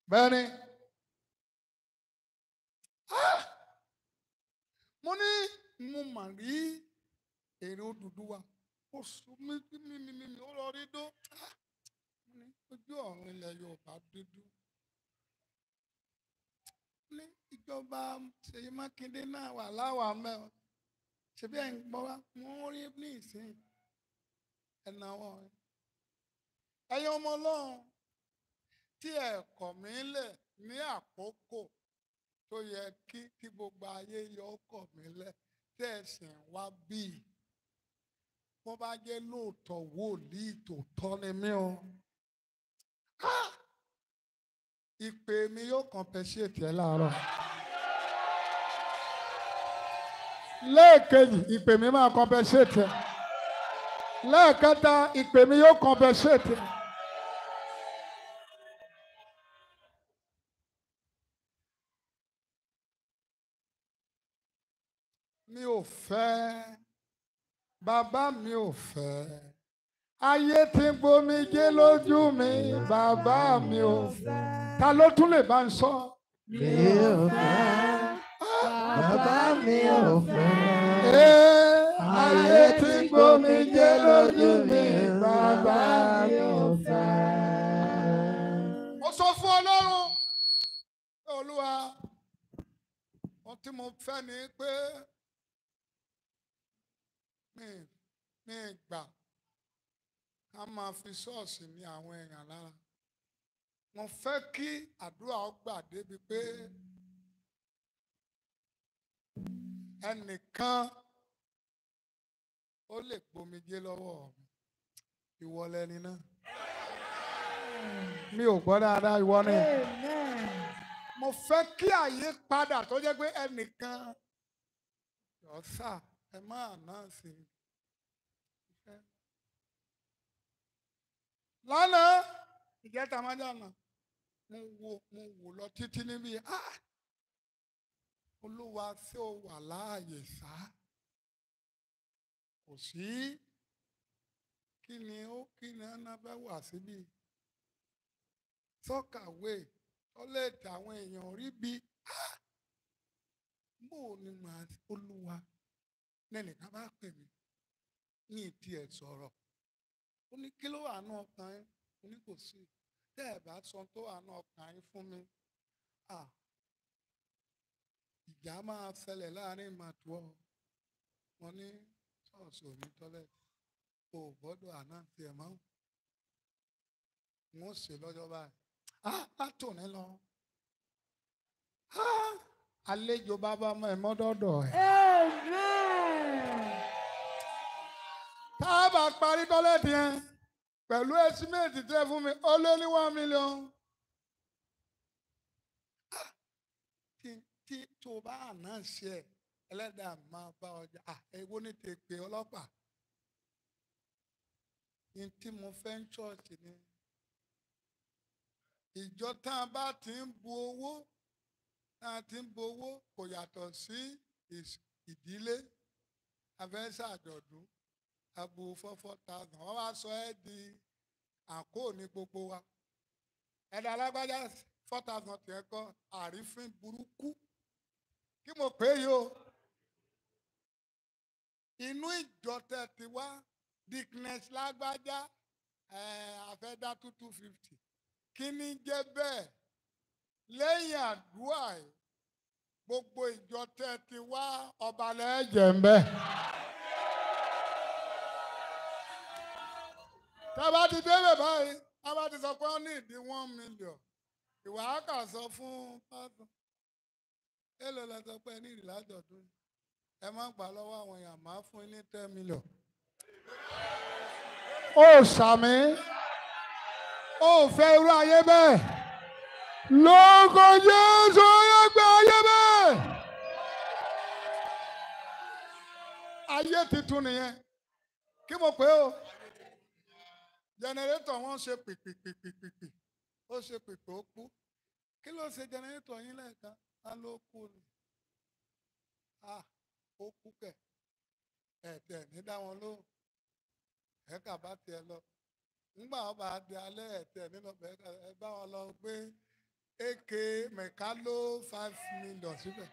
bẹ́ẹ̀ni ah! mo ní mo mà rí èrè Odùduwà ó sọ mí mímímí ó lọ rí dó. Ah! ojú ọ̀run ilẹ̀ Yorùbá dúdú ní ìjọba Ṣèyí Mákindé náà wà láwà mẹ́rin ṣebí ẹ̀ ń gbọ́ wá wọ́n rí ní ìsìn ẹ̀nà wọn. ẹ̀yin ọmọ ọlọ́run tí ẹ̀kọ́ mi lẹ̀ ní àkókò tó yẹ kí kí gbogbo ayé yọ ọkọ̀ mi lẹ̀ tẹ̀sìn wá bíi bó bá jẹ́ lóòótọ́ wòlíì tòótọ́ ni mí o. ìpè mi yóò compensate ẹ láàárọ̀. lẹ́ẹ̀kejì ìpè mi máa compensate ẹ. lẹ́ẹ̀kẹta ìpè mi yóò compensate ẹ. mi ò fẹ́ bàbá mi ò fẹ́ ayé ti ń gbomi jẹ́ lójú mi bàbá mi o ta ló tún lè bá ń sọ. mi ò fẹ́ bàbá mi ò fẹ́ ayé ti gbomi jẹ́ lójú mi bàbá mi ò fẹ́. mo sọ fún ọlọ́run olúwa ohun tí mo fẹ́ ni pé mi mi gbà ká máa fi ṣọ́ọ̀ṣì ní àwọn èèyàn lára wọ́n fẹ́ kí àdúrà ọgbà débi pé ẹnìkan ó lè gbomijé lọ́wọ́ ìwọlẹ̀ ni náà mi ò gbọ́ dáadáa ìwọ ni mo fẹ́ kí àyípadà tó jẹ́ pé ẹnìkan yọ̀ọ́sà ẹ máa náà sí i. lánàá ìjẹta májá náà mo wo mo wò lọ títí níbi ah olúwa tí ó wà láàyè sá kò sí kí ni ó kí ni ọ̀nà bẹ́ẹ̀ wà síbi sọ́kàwé tọ́lẹ̀tì àwọn èèyàn rí bi bó o ní màá olúwa lẹ́nìkan bá pè mí ní ìdí ẹ̀ sọ̀rọ̀. ó ní kí ló wà nù ọkàn yín ó ní kò sí tẹ́ ẹ̀ bá sọ tó wà nù ọkàn yín fún mi à ìjà máa ṣẹlẹ̀ láàrin màtúọ̀ wọn ní ṣọ́ọ̀ṣì òní tọ́lẹ̀ gbọ́dọ̀ àná tiẹ̀ mọ́ wọn ṣe lọ́jọ́ báyìí á látòní lọ á àlejò bàbá ọmọ ẹ̀ mọ́dọ́dọ̀ ẹ̀. amen tá a bá parí tọ́lẹ̀tì yẹn pẹ̀lú ẹsímẹ́ẹ̀tì tẹ́ fún mi ó lé ní one million. tí ah, tó bá àná ṣe ẹ ẹlẹ́dàá máa bá ọjà ewo ah, ní ti pè ọlọ́pàá. ní tí mo fẹ́ ń ṣọ́ọ̀ṣì ni ìjọ tá a bá ti ń bu owó tá a ti ń bu owó kò yàtọ̀ sí ìdílé a fẹ́ ṣàjọ̀dún agbo four four thousand wọ́n wá sọ ẹ́ di àǹkó ní gbogbo wa ẹ̀dá alágbájá four thousand tiẹ̀ kọ́ àrífín burúkú kí mo pè é yìí o inú ìjọ tẹ̀ ti wá dickness lágbájá ẹ̀ àfẹ́dá two two fifty kí ni jẹ́ bẹ́ẹ̀ lẹ́yìn àdúrà gbogbo ìjọ ti wá ọba lẹ́jẹ̀ ń bẹ́ẹ̀. tábà ti débẹ̀ báyìí tábà ti sọ pé ó ní ìdí one million ìwà ákà sọ fún pásọ èlò lọ sọ pé ní ìlàjọdún ẹ má gbà lọ́wọ́ àwọn èèyàn máa fún ní ten million. ó sàmì ó fẹ́ irú ayé bẹ́ẹ̀ lóko Jésù yóò gba ayé bẹ́ẹ̀. ayé tuntun nìyẹn kí mo pè é o jẹnẹrétọ̀ wọn ṣe pìpìpìpìpì ó ṣe pìpì ó kú kí ló ṣe jẹnẹrétọ̀ yín lẹ́ẹ̀kan á ló kú ni à ah, ó kú kẹ̀ ẹ̀tẹ̀ ní dá wọn lóhùn ẹ̀ka bá tiẹ̀ lọ nígbà wọn bá di alẹ́ ẹ̀tẹ̀ nínú ẹ̀ka ẹ bá wọn lọ gbé èké mẹ̀káló five million síbẹ̀.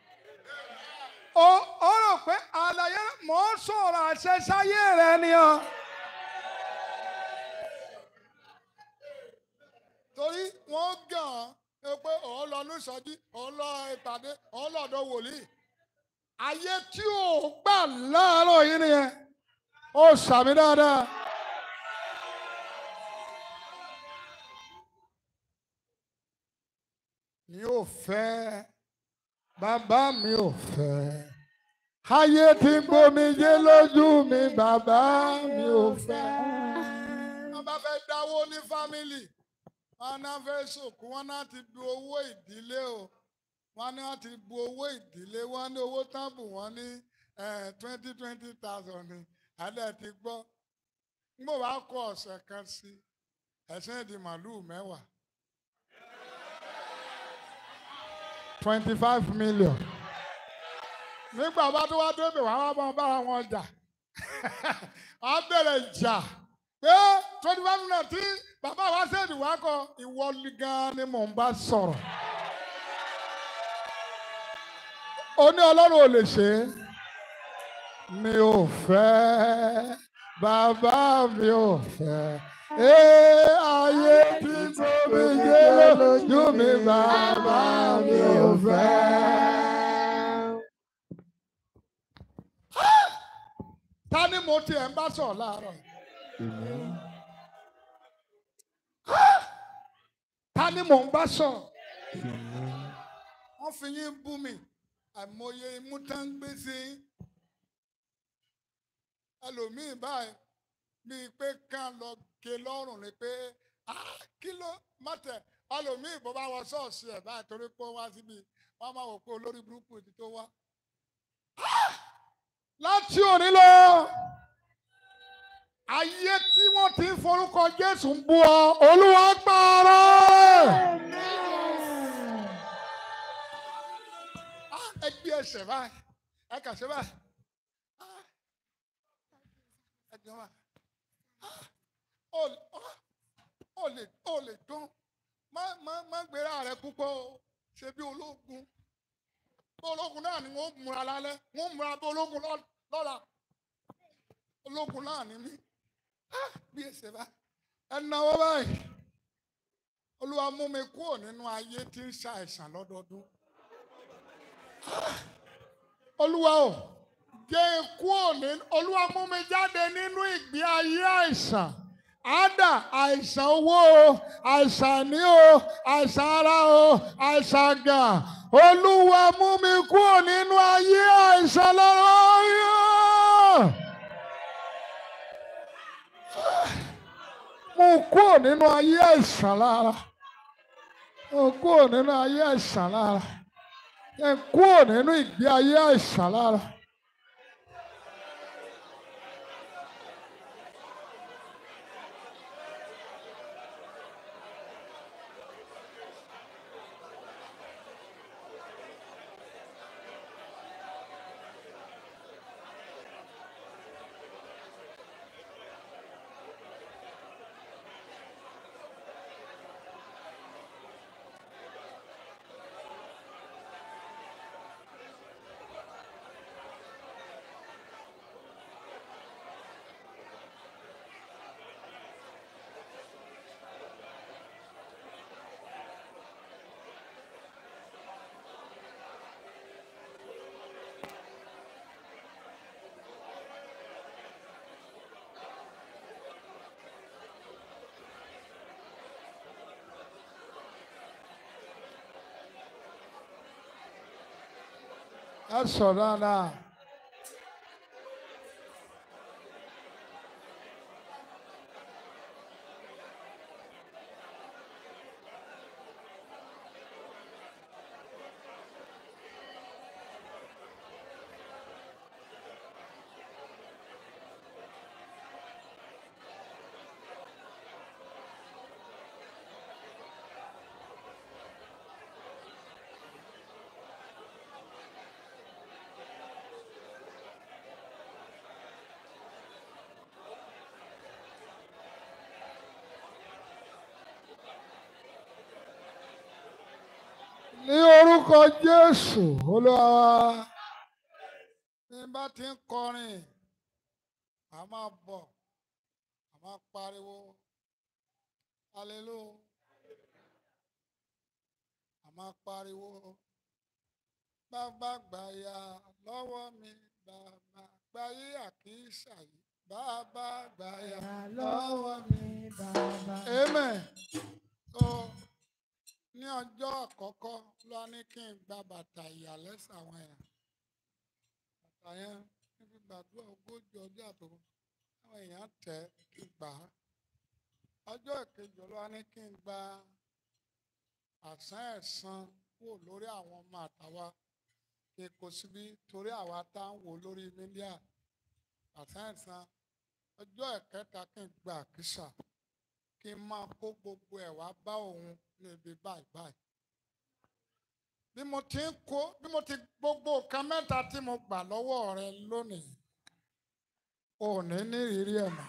ó rò pé àlàyé mò ń sọ̀rọ̀ àṣẹ sáyé rẹ ni o. torí wọ́n gàn án pé òun lọ ní ìsọjí òun lọ ìpàdé òun lọ́dọ̀ wòlíì. ayé tí ò gbà láàárọ̀ yìí nìyẹn ó sàmì dáadáa. mi ò fẹ́ bàbá mi ò fẹ́ ayé tí ń gbomi jẹ́ lójú mi bàbá mi ò fẹ́. wọ́n fẹ́ dáwó ní fámìlì wọn náà fẹ́ sòkú wọn náà ti bu owó ìdílé o wọn náà ti bu owó ìdílé wọn ní owó tán wọn ní twenty twenty thousand ni ti gbọ́ mo wá kọ ọ̀sẹ̀ kan sí ẹ̀sìn ìdí màlúù mẹ́wàá twenty five million nígbà bá tó wá débè wá bá wọn bára wọn jà wọn bẹ̀rẹ̀ jà pé twenty one minutes tí bàbá wa ṣèdí wá kọ ìwọ gan ni mò ń bá sọ̀rọ̀. ó ní ọlọ́run ò lè ṣe é mi ò fẹ́ bàbá mi ò fẹ́ ee ayé tí tóbi yé lójú mi bàbá mi ò fẹ́. ta ni mo tiẹ̀ ń bá sọ̀rọ̀ láàárọ̀ yìí ta ni mò ń bá sọ̀rọ̀ wọ́n fi yín bú mi àìmọye imú tá ń gbé sí ẹlòmíì báyìí bíi pé kán lọ gé lọ́rùn ni pé kí ló má tẹ̀ ẹlòmíì bó bá wọ ṣọ́ọ̀ṣì ẹ̀ báyìí torí pé wá síbi wọ́n máa wò pé olórí burúkú ti tó wá. láti òní lọ ayé tí wọ́n ti ń forúkọ Jésù ń bú ọ Olúwa gbàrà. Ah, ẹ gbé ẹsẹ̀ báyìí ẹ kà sí báyìí ah, ẹ jọ wá ó ah, lè ó lè dán má má má gbéra rẹ púpọ̀ o ṣe bí ológun bí ológun náà ni wọ́n múra lálẹ́ wọ́n múra bí ológun lọ́la ológun náà ni mí bí èsè bá ẹnáwó báyìí olúwa mú mi kúrò nínú ayé tí ń ṣàìsàn lọ́dọọdún olúwa o jẹ́ e kúrò nínú olúwa mú mi jáde nínú ìgbé ayé àìsàn àdà àìsàn owó o àìsàn ní o àìsàn ara o àìsàn gà olúwa mú mi kúrò nínú ayé àìsàn lọ́wọ́ yóò. mú kúrò nínú ayé àìsàn lára mú kúrò nínú ayé àìsàn lára kúrò nínú ìgbé ayé àìsàn lára. That's Sorana. orúkọ Jésù olúwa ní bá ti ń kọrin a máa bọ̀ a máa pariwo hallelujah a máa pariwo bàbá gbàyà lọ́wọ́ mi bàbá gbàyé àkíyèsà yìí bàbá gbàyà lọ́wọ́ mi bàbá. amen. So, ní ọjọ́ àkọ́kọ́ lọ ní kí n gba bàtà ìyàlẹ́sẹ̀ àwọn èèyàn bàtà yẹn ní fi gbàdúrà ogójì ọjọ́ àtòkù àwọn èèyàn tẹ̀ kí gbà á ọjọ́ ìkejì lọ ní kí n gba àsán ẹ̀san wò lórí àwọn ọmọ àtàwa kí kò síbi torí àwa tá ń wò lórí mídíà àsán ẹ̀san ọjọ́ ìkẹta kí n gba àkísà kí n máa kó gbogbo ẹ̀ wá bá òun níbi báyìí báyìí. bí mo ti ń kó bí mo ti gbogbo nǹkan mẹ́ta tí mo gbà lọ́wọ́ rẹ lónìí ò ní nírìírí ẹ̀ mọ́.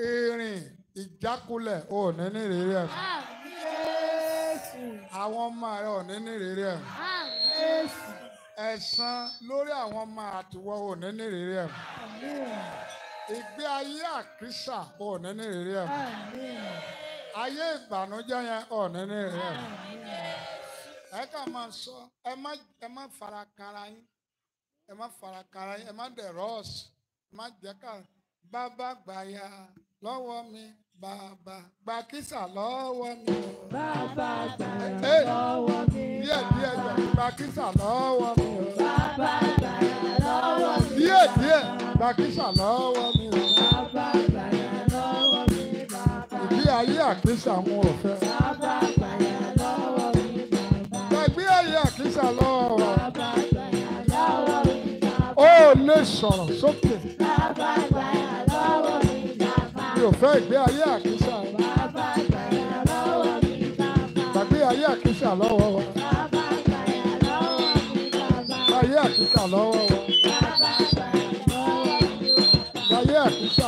àmín ìjákulẹ̀ ò ní nírìírí ẹ̀ mọ́. àwọn ọmọ rẹ ò ní nírìírí ẹ̀ mọ́. àmín lórí àwọn ọmọ àtiwọ́ ò ní nírìírí ẹ̀ mọ́. ìgbé ayé àkísà ọ̀nà ní ìrírí ẹ̀ ayé ìbànújẹ́ yẹn ọ̀nà ní ìrírí ẹ̀ ẹ kà máa sọ ẹ má ẹ má fara kara yín ẹ má fara kara yín ẹ má dẹ̀ rọ́ọ̀sì ẹ má jẹ́ ká bàbá mi bàbá gba kísà lọwọ mi. bàbá gbàyà lọwọ mi bàbá díẹ̀ mi. bàbá gbàyà mi bàbá gbàkísà lọ́wọ́ mi o. bàbá gbàyà lọ́wọ́ mi bàbá. ìdí ayé àkísà wọn ò fẹ́. bàbá gbàyà lọ́wọ́ mi bàbá. gbàgbé ayé àkísà lọ́wọ́. bàbá gbàyà lọ́wọ́ mi bàbá. ó lè sọ̀rọ̀ sókè. bàbá gbàyà lọ́wọ́ mi bàbá. mi ò fẹ́ ìgbé ayé àkísà. ayé àkísà lọ́wọ́ wa. ayé àkísà lọ́wọ́ wa.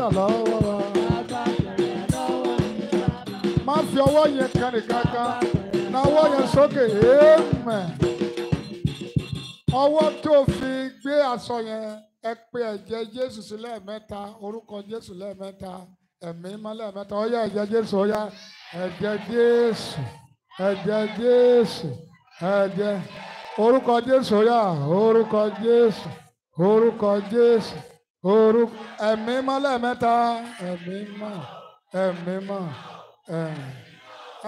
gbàjà wa. má fi ọwọ́ yẹn kan nìkan kan náwó yẹn sókè èèmẹ̀. ọwọ́ tó fi gbé aṣọ yẹn ẹ pé ẹ̀jẹ̀ Jésù sí lẹ́ẹ̀mẹ́ta orúkọ Jésù lẹ́ẹ̀mẹ́ta ẹ̀mí mọ́ lẹ́ẹ̀mẹ́ta ó ẹ̀jẹ̀ Jésù ó ẹ̀jẹ̀ Jésù ẹ̀jẹ̀ Jésù ẹ̀jẹ̀ orúkọ Jésù ó orúkọ Jésù orúkọ Jésù orúkọ ẹ̀mí mọ́ lẹ́ẹ̀mẹ́ta ẹ̀mí mọ́ ẹ̀mí mọ́ ẹ̀mí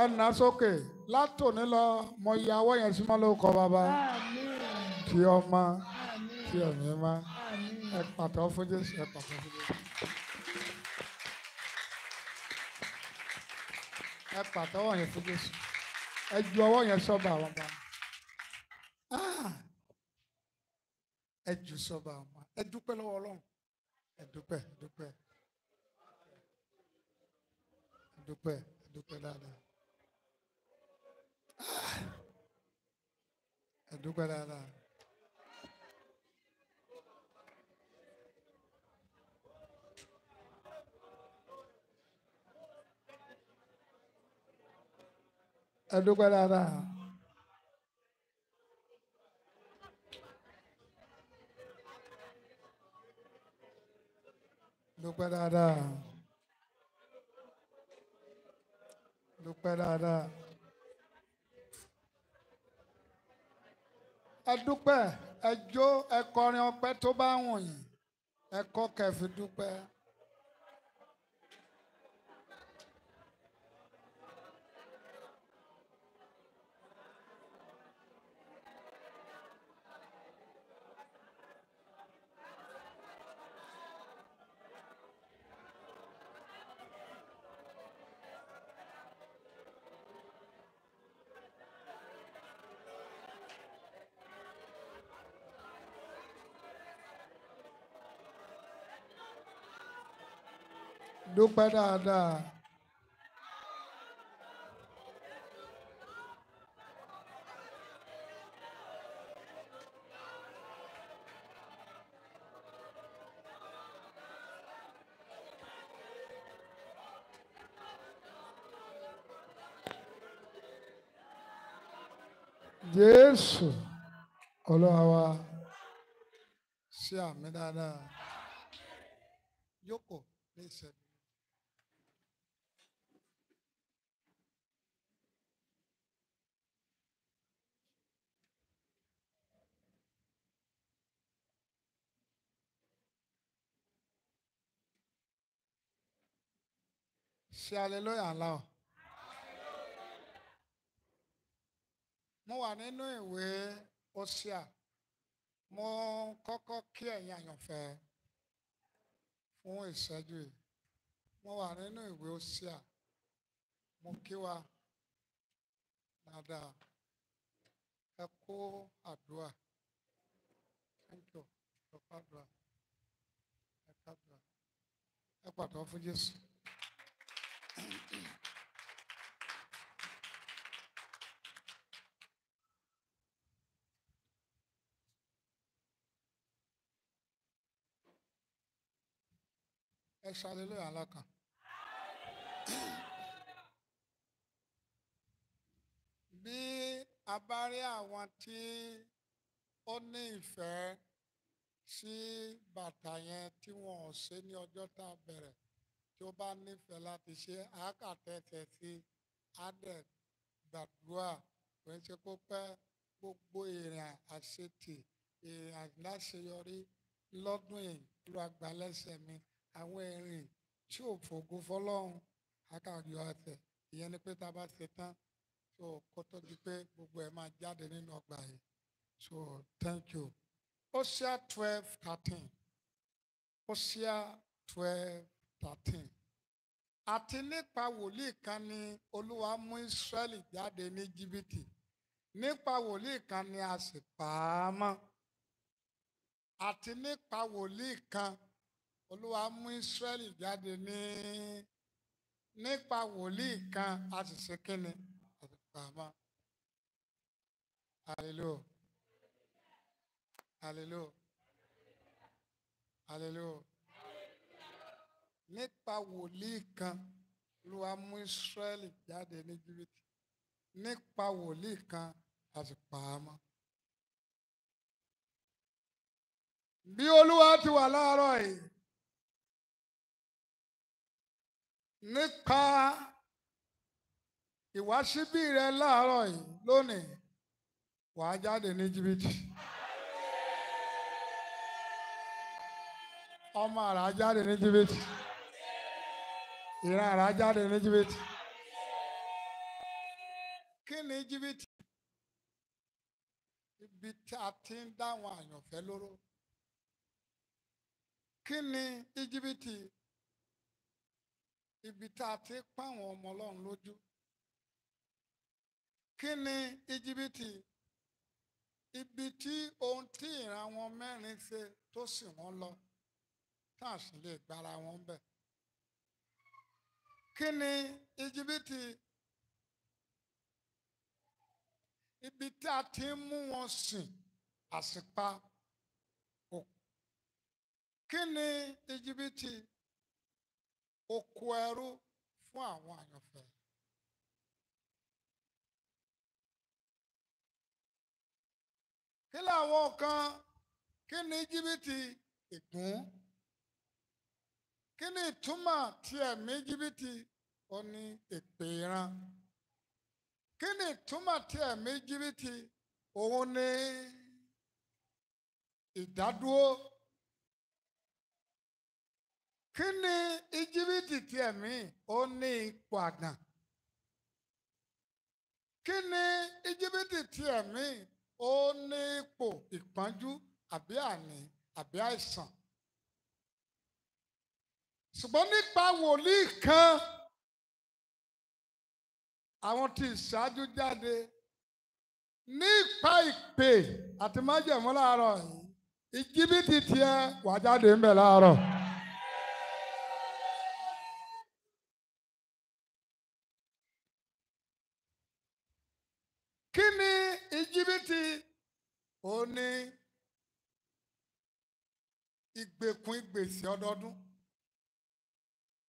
ẹ̀nà sókè látòní lọ mo ya ọwọ́ yẹn sí mọ́ lórúkọ bàbá ti ọmọ ti ẹ̀mí mọ́ ẹ pàtó fún Jésù ẹ pàtó fún Jésù. ẹ pàtó ọwọ́ yẹn fún Jésù ẹ ju ọwọ́ yẹn sọ́ba àwọn ọmọ ah! ẹ jù sọ́ba àwọn ẹ dúpẹ́ lọ́wọ́ Ọlọ́run. dupe ẹ̀dúpẹ́ ẹ̀dúpẹ́ Dupe dúpẹ́ dáadáa dúpẹ́ dáadáa ẹ dúpẹ́ ẹ jó ẹ kọrin ọpẹ́ tó bá wọ̀nyí ẹ kọ́ kẹ́ dúpẹ́. dúpẹ́ dáadáa. Jésù Olúwa wa ṣe àmì dáadáa. Yókò ní ìṣẹ́gun. ṣe hallelujah ńlá o. mo wà nínú ìwé Hóṣíà mo kọ́kọ́ kí ẹ̀yin àyànfẹ́ fún ìṣẹ́jú yìí mo wà nínú ìwé Hóṣíà mo kí wa dáadáa ẹ kó àdúrà thank you ẹ kó àdúrà ẹ ká àdúrà ẹ pàtó fún Jésù ẹ ṣàlélóyà ńlá kan. bí a bá rí àwọn tí ó ní ìfẹ́ sí bàtà yẹn tí wọn ṣe ní ọjọ́ tá a bẹ̀rẹ̀ tí ó bá nífẹ̀ẹ́ láti ṣe àákàtẹ́sẹ̀ sí adẹ̀ gbàdúrà kò ń ṣe kó pẹ́ gbogbo ìrìn àṣetì ìrìn àláṣeyọrí lọ́dún yìí ló agbálẹ́sẹ̀ mi àwọn ìrìn tí ò fògo fọlọ́run àkàyọ ẹsẹ̀ ìyẹn ni pé tá a bá ṣe tán so kó tó di pé gbogbo ẹ̀ máa jáde nínú ọgbà yìí so thank you. Hosea twelve thirteen Hosea twelve thirteen àti nípa wòlíì kan ni olúwa mú Ísírẹ́lì jáde ní jìbìtì nípa wòlíì kan ni a sì pa á mọ́ àti nípa wòlíì kan olúwa mú Ísírẹ́lì jáde ní nípa wòlíì kan a sì ṣe kínni a sì pa á mọ́ hallelujah hallelujah hallelujah. nípa wòlíì kan Olúwa mú Ísírẹ́lì jáde ní Íjíbítì nípa wòlíì kan a sì pa á mọ́. bí Olúwa ti wà láàárọ̀ yìí nípa ìwáṣíbí rẹ láàárọ̀ yìí lónìí wàá jáde ní jìbìtì. ọmọ àrà jáde ní jìbìtì. ìran àrà jáde ní jìbìtì kí ni jìbìtì ibi tí a ti ń dáwọn àyànfẹ́ lóró kí ni íjíbítì ibi tá a ti páwọn ọmọ ọlọ́run lójú kí ni íjíbítì ibi tí ohun tí ìran wọn mẹ́rin ṣe tó sì wọ́n lọ tá a sì lè gbára wọn bẹ̀ kí ni íjíbítì ibi tí a ti ń mú wọn sìn àsìpa òkú kí ni íjíbítì oko ẹrú fún àwọn àyànfẹ́. kí làwọn kan kí ni íjíbítì ègún ìtumọ̀ ti ẹ̀mí íjíbítì ó ní èpè ìran kí ni ìtumọ̀ tí ẹ̀mí jìbìtì òun ní ìdádúró kí ni íjíbítì tí ẹ̀mí ó ní ipò àgàn kí ni tí ẹ̀mí ó ní ipò ìpọ́njú àbí àní àbí àìsàn ṣùgbọ́n nípa wòlíì kan. àwọn tí ìṣáájú jáde nípa ìpè àti májẹ̀mú láàárọ̀ yìí ìjìbìtì tiẹ̀ wà jáde ń bẹ̀ láàárọ̀. kí ni ìjìbìtì ó ní ìgbèkùn ìgbèsè ọdọọdún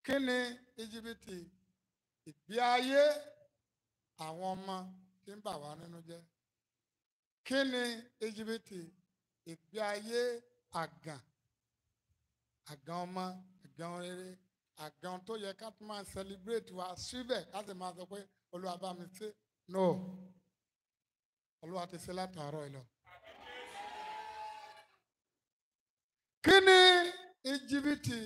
kí ni ìjìbìtì ìgbé ayé àwọn ọmọ tí ń bà wá nínú jẹ́ kí ni íjíbítì ìgbé ayé àgàn àgàn ọmọ àgàn rere àgàn tó yẹ ká tún máa celebrate wa síbẹ̀ ká sì máa sọ pé olúwa bá mi ṣe no olúwa ti ṣe látàárọ̀ ìlọ. kí ni íjíbítì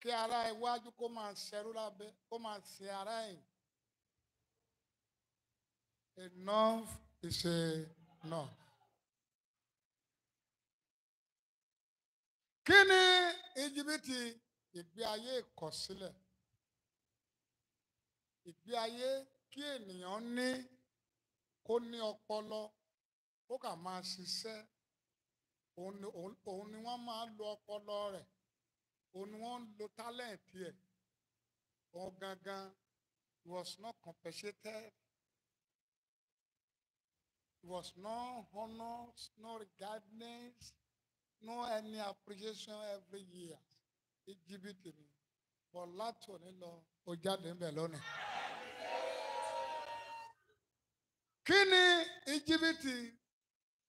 kí ara iwájú kó máa ṣerú lábẹ́ kó máa sin ara ẹ̀yìn enough is enough. kí ni ìjìbìtì ìgbé ayé ìkọ̀sílẹ̀ ìgbé ayé kí ènìyàn ní kó ní ọpọlọ kó kà máa ṣiṣẹ́ òun ni wọ́n máa lo ọpọlọ rẹ̀ òun ni wọ́n lo talent ẹ̀ òun was not compensated was no honors, no regardless, no any appreciation every year. It ni. it to me o jáde ńbẹ̀ lónìí. Kí ni Íjíbítì?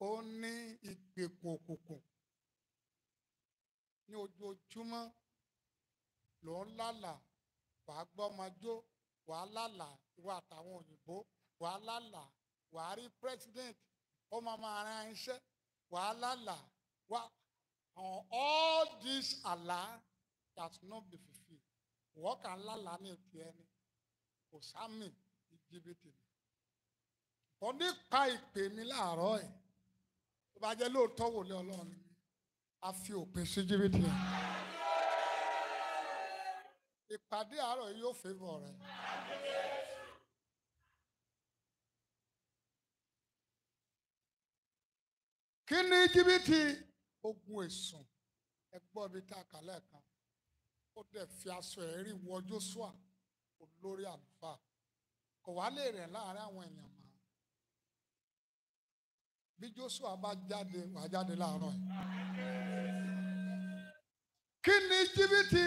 Ó ní ìgbèkùn òkùnkùn. Ní ojoojúmọ́ ló ń lálàá, wàá gbọ́ ọmọ jó, wàá lálàá, ìwà àtàwọn òyìnbó, wàá lálàá wàá rí president ó máa máa rán iṣẹ́ wàá lálà wá on all this Allah that no be fulfilled wọ́n kà ń lálà ní ètò ẹni kò sámì ìjìbìtì ni kò nípa ìpè mi láàárọ̀ ẹ̀ tó bá jẹ́ lóòótọ́ wò lé ọlọ́run ni a fi òpin sí jìbìtì rẹ̀ ìpàdé àárọ̀ yóò fẹ́ bọ̀ rẹ̀. kí ni jìbìtì ogun ẹ̀sùn ẹgbọ́n mi tá a kà lẹ́ẹ̀kan ó dẹ̀ fi aṣọ ẹ̀rí wọ Jóṣúà olórí àlùfáà kò wá lè rẹ̀ láàárín àwọn èèyàn mọ́ bí Jóṣúà bá jáde wàá jáde láàárọ̀ yìí kí ni jìbìtì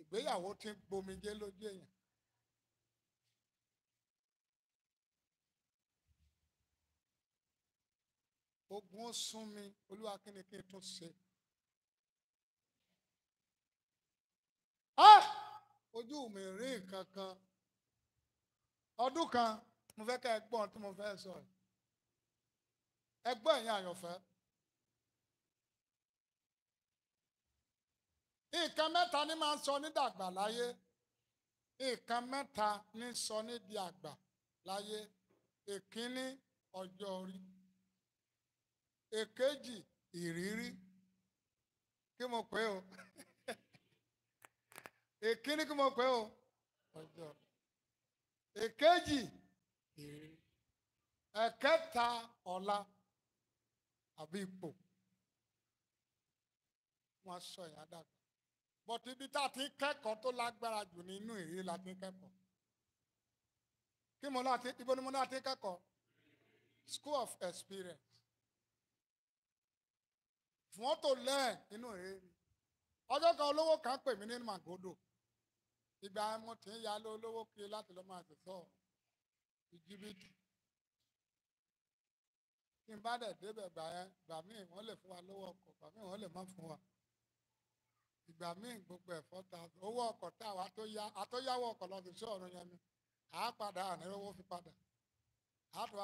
ìgbéyàwó ti ń gbomijé lójú èèyàn ogun ó sún mi olúwa kí ni kí n tún ṣe. Ah! ojú mi rí nǹkan kan ọdún kan mo fẹ́ ká ẹ tí mo fẹ́ sọ ẹ gbọ́ ẹ̀yin àyànfẹ́. nǹkan mẹ́ta ni máa ń sọ ní dàgbà láyé nǹkan mẹ́ta ni sọ ní di àgbà láyé èkínní ọjọ́ orí. Ekeji, ìrírí kí mo pè o èkíní kí mo pè o ọjọ́ èkejì ìrírí ẹ̀kẹta ọlá àbí ipò wọn sọ tó lágbára jù ní inú ìrírí la ti kẹ́kọ̀ọ́ kí mo náà school of experience. want to learn inú ìrírí ọjọ́ kan olówó kan pè mí ní màgòdò ìgbà mo ti ń ya olówó kí láti lọ́ máa tẹ̀sọ́ sọ kí n bá dẹ̀ débẹ̀ gbà yẹn gbà míì wọ́n lè fún wa lówó ọkọ̀ gbà míì wọ́n lè má fún wa ìgbà míì gbogbo ta owó ọkọ̀ tá àwa tó yá ọkọ̀ lọ sí ọ̀run yẹn ni à á padà owó fi padà á tó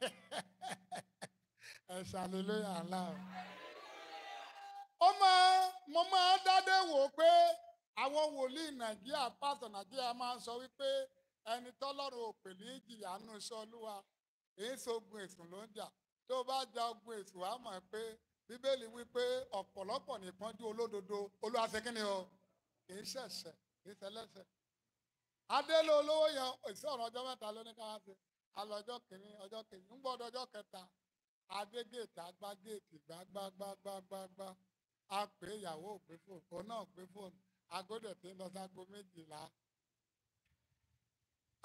ẹ ṣàlélẹ́ àlá. ó máa mo máa dádé wò pé àwọn wòlíì nàìjíríà pásítọ̀ nàìjíríà máa sọ wípé ẹni tọ́lọ́run ò pè ní ìjìyà nù iṣẹ́ olúwa èyí sógun èsùn ló ń jà tó bá ja ogun èsùn wàá mọ̀ pé bíbélì wípé ọ̀pọ̀lọpọ̀ nìpọ́njú olódodo olúwa ṣe kíni o kì í ṣẹ̀ṣẹ̀ kì í ṣẹlẹ́ṣẹ̀ adé olówó yẹn èsì ọ̀rọ̀ ọjọ́ mẹ́ta ló ní káwá ṣe alọ́jọ́ kìíní ọjọ́ kìíní ń gbọ́dọ̀ ọjọ́ kẹta agbègbè ìtagbágbé ìtìgbágbágbágbágbá a pè ìyàwó ògbé fóònù òun náà gbé fóònù agbódò tí ń lọ ságo méjìlá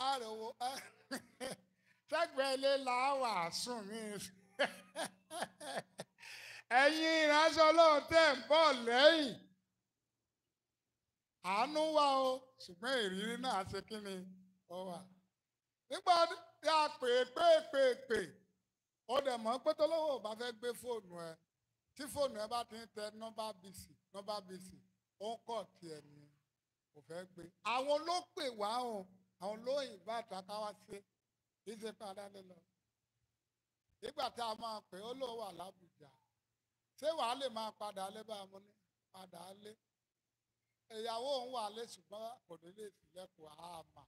àròwò sẹ́gbẹ̀ẹ́ la. làwà sùn mí ẹ̀yin ìránṣẹ́ ọlọ́run tẹ̀ ń bọ̀ lẹ́yìn àánú wà o ṣùgbọ́n ìrírí náà ṣe kí ni ó wà nígbà tí a pè pè pè ó dẹ̀ mọ̀ pé tọ́lọ́wọ́ ò bá fẹ́ gbé fóònù ẹ tí fóònù ẹ bá ti ń tẹ nọ́mbà bìsì nọ́mbà bìsì ó ń kọ̀ tiẹ̀ ni kò fẹ́ gbé. àwọn ló pè wá o àwọn ló ìbá àtàkà wá sí ìṣe padà lọ. ìgbà tá a máa pè ó ló wà lábùjá ṣé wàá lè máa padà lé bá a mú ní padà lé ìyàwó òun wà lé ṣùgbọ́n kò ní lè sílẹ̀kùn àmà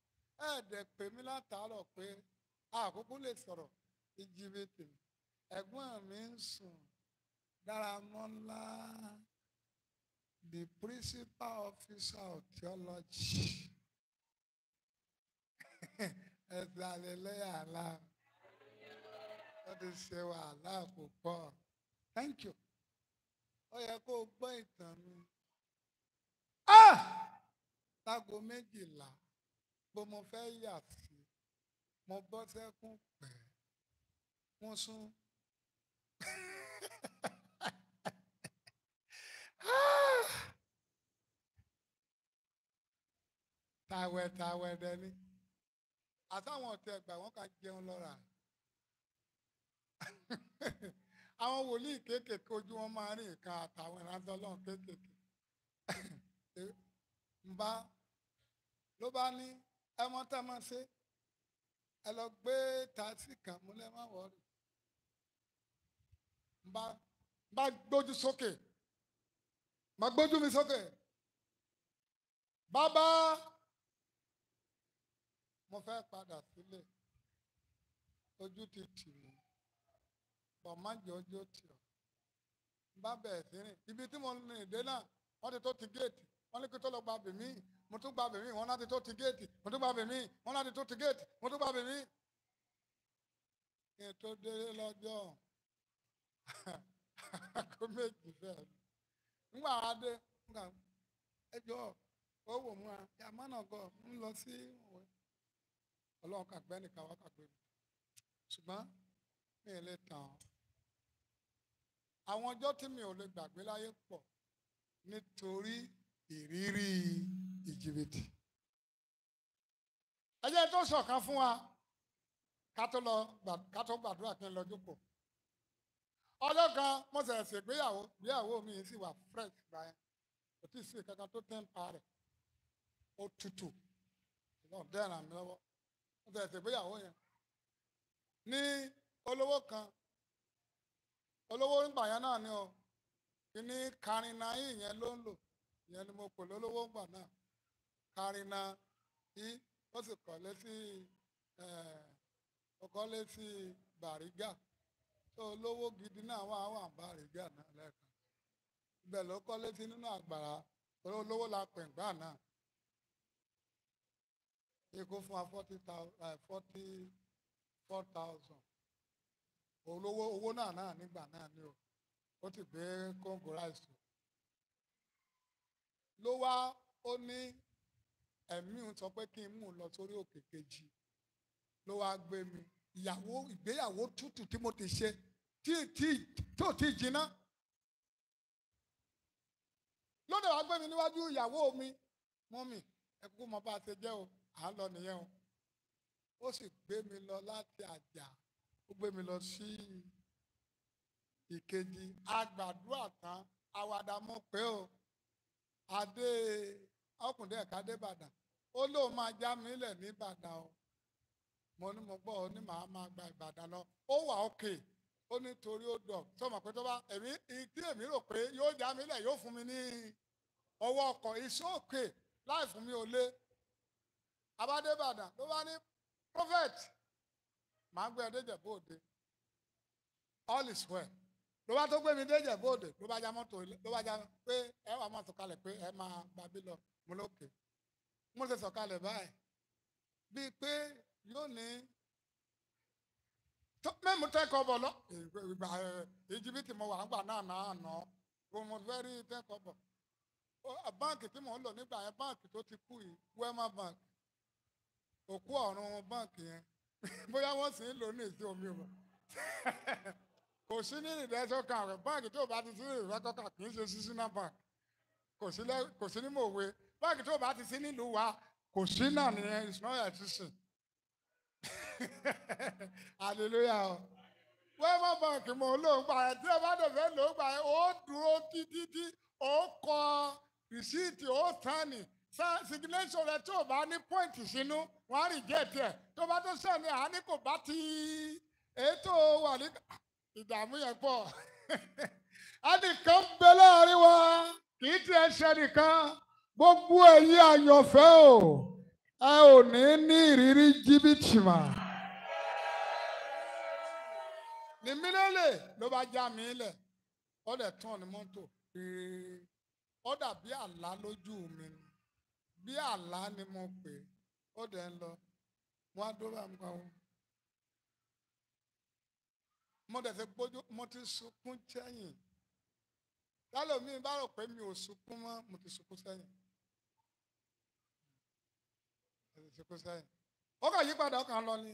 ẹ̀ẹ́dẹ̀ pèmí látàárọ̀ pé àkókò lè sọ̀rọ̀ íjíbítì ẹ̀gbọ́n mi ń sùn Dáramọ́lá the principal officer of theology ẹ̀sìn àlẹ́lẹ́yà àlá ó ti ṣe wàhálà púpọ̀ thank you ó yẹ kó o gbọ́ ìtàn mi tágo ah! méjìlá bó mo fẹ́ yà sí mo bọ́ sẹ́kún wọ́n sún. tàwẹ̀ tàwẹ̀ dẹ́ni àtàwọn ọ̀tẹ̀ ẹgbà wọn kà jẹun lọ́ra àwọn wòlíì kéékèèké ojú wọn máa rí nǹkan àtàwọn ìrántí ọlọ́run kéékèèké nba ló bá ní ẹ mọ tá a máa ṣe ẹ lọ gbé tàásì kan múlẹ̀ má wọrí bá bá gbójú sókè má gbójú mi sókè bàbá mo fẹ́ padà sílé ojú ti tì mí bọ̀ má jẹ́ ojú ó tì ọ́ bá bẹ̀rẹ̀ sí rìn ibi tí mo rìn dé náà wọ́n ti tó ti géètì wọ́n ní kí tó lọ gba bèmí mo tún gba bèmí wọ́n láti tó ti géètì mo tún gba bèmí wọ́n láti tó ti géètì mo tún gba bèmí. kí n tó délé lọ́jọ́ ọ̀hún. kó méjì bẹ́ẹ̀ nígbà wa dé nígbà ẹjọ́ ó wò mú wa yàmọ́ náà gọ̀ ń lọ sí òwe ọlọ́run kàgbẹ́ nìkan wá kàgbẹ́ mi ṣùgbọ́n mi ò lè tàn án àwọn ọjọ́ tí mi ò lè gbàgbé láyé pọ̀ nítorí ìrírí ìjìbìtì ẹ tó sọ̀kan fún wa ká gbàdúrà kí n lọ jókòó. ọjọ́ kan mo ìgbéyàwó mi sì wà fresh gbà yẹn sí kankan tó tẹ́ ń pa rẹ̀ ó tutù ṣùgbọ́n bẹ́ẹ̀ ràn olówó kan olówó ńgbà yẹn náà ni o ní karina yìí yẹn ló ń lò yẹn ni mo pè lólówó ńgbà náà karina yìí ó sì tó olówó gidi náà wà wà bá àrègbè àná lẹ́ẹ̀kan ibẹ̀ ló kọ́ létí nínú la pè ń gbà náà ikú fún wa forty eh, four thousand olówó owó náà náà nígbà náà o ó ti gbé kóńgò ló wá ní ẹ̀mí sọ pé kí n mú un lọ sórí òkè kejì ló wá tí mo ti tí tó tí jiná lóde wàá gbé mi níwájú ìyàwó mi mọ́mì ẹ bá a ṣe jẹ́ o à ń lọ nìyẹn o ó sì gbé mi lọ láti àjà ó gbé mi lọ sí ìkejì agbàdúrà tán àwàdà mọ pé o adé ọkùnrin dé Ìbàdàn ó lóun o mo ní mo gbọ́ ọ gba Ìbàdàn lọ ó wà ókè. ó ní torí ó dọ̀ tó mọ̀ pé tó bá èmi tí èmi rò pé yóò já mi lẹ̀ yóò fún mi ní ọwọ́ ọkọ̀ iṣẹ́ láì fún mi ò lé abádébàdàn ló bá ní prophet màá gbé ẹ déjẹ bóde all is well ló bá tó gbé mi déjẹ bóde ló bá já mọ́tò ló bá já pé ẹ wà mọ́tò kalẹ̀ pé ẹ máa babi lọ mo lókè mo ṣe sọ̀kalẹ̀ báyìí bíi pé yóò ní memu tẹ́kọ̀ bọ lọ ìgbà mo wà náà náà mo rí tí mò ń nígbà yẹn ti kú yìí wema bank òkú ọ̀run báǹkì yẹn bóyá wọ́n sì ń lò ní ìsí omi o kò sí ní ìdẹ́sọ̀ kan rẹ̀ tó bá ti sí ìrẹ́kọ̀ kan kì í ṣe kò sí ní mòwe tó ti sí nílùú wa kò sí náà nìyẹn ìsúná ẹ̀ hallelujah wẹ́ẹ̀mọ̀ bọ̀ǹkì mọ̀ olóhùn gbà ẹ̀ tí ẹ bá lò ó gbà dúró títí ó kọ rìsíìtì ó tánì signation rẹ tí ò bá ní pọ́ìntì sínú á tó bá tó àání kò bá ètò wà ní ìdààmú yẹn pọ̀ bẹ láàrin wa kì í gbogbo ló bá já mi lẹ̀ ó dẹ̀ tán ní mọ́tò ó dà bí àlá lójú mi bí àlá ni mo pè ó dẹ̀ ń lọ mo á dúró àmì kan mo dẹ̀ ti gbójú mo ti sunkún sẹ́yìn tálòmí bá rò pé mi ò sunkún mọ́ mo ti sunkún sẹ́yìn mo ti sunkún sẹ́yìn ó kàn yípadà lọ ni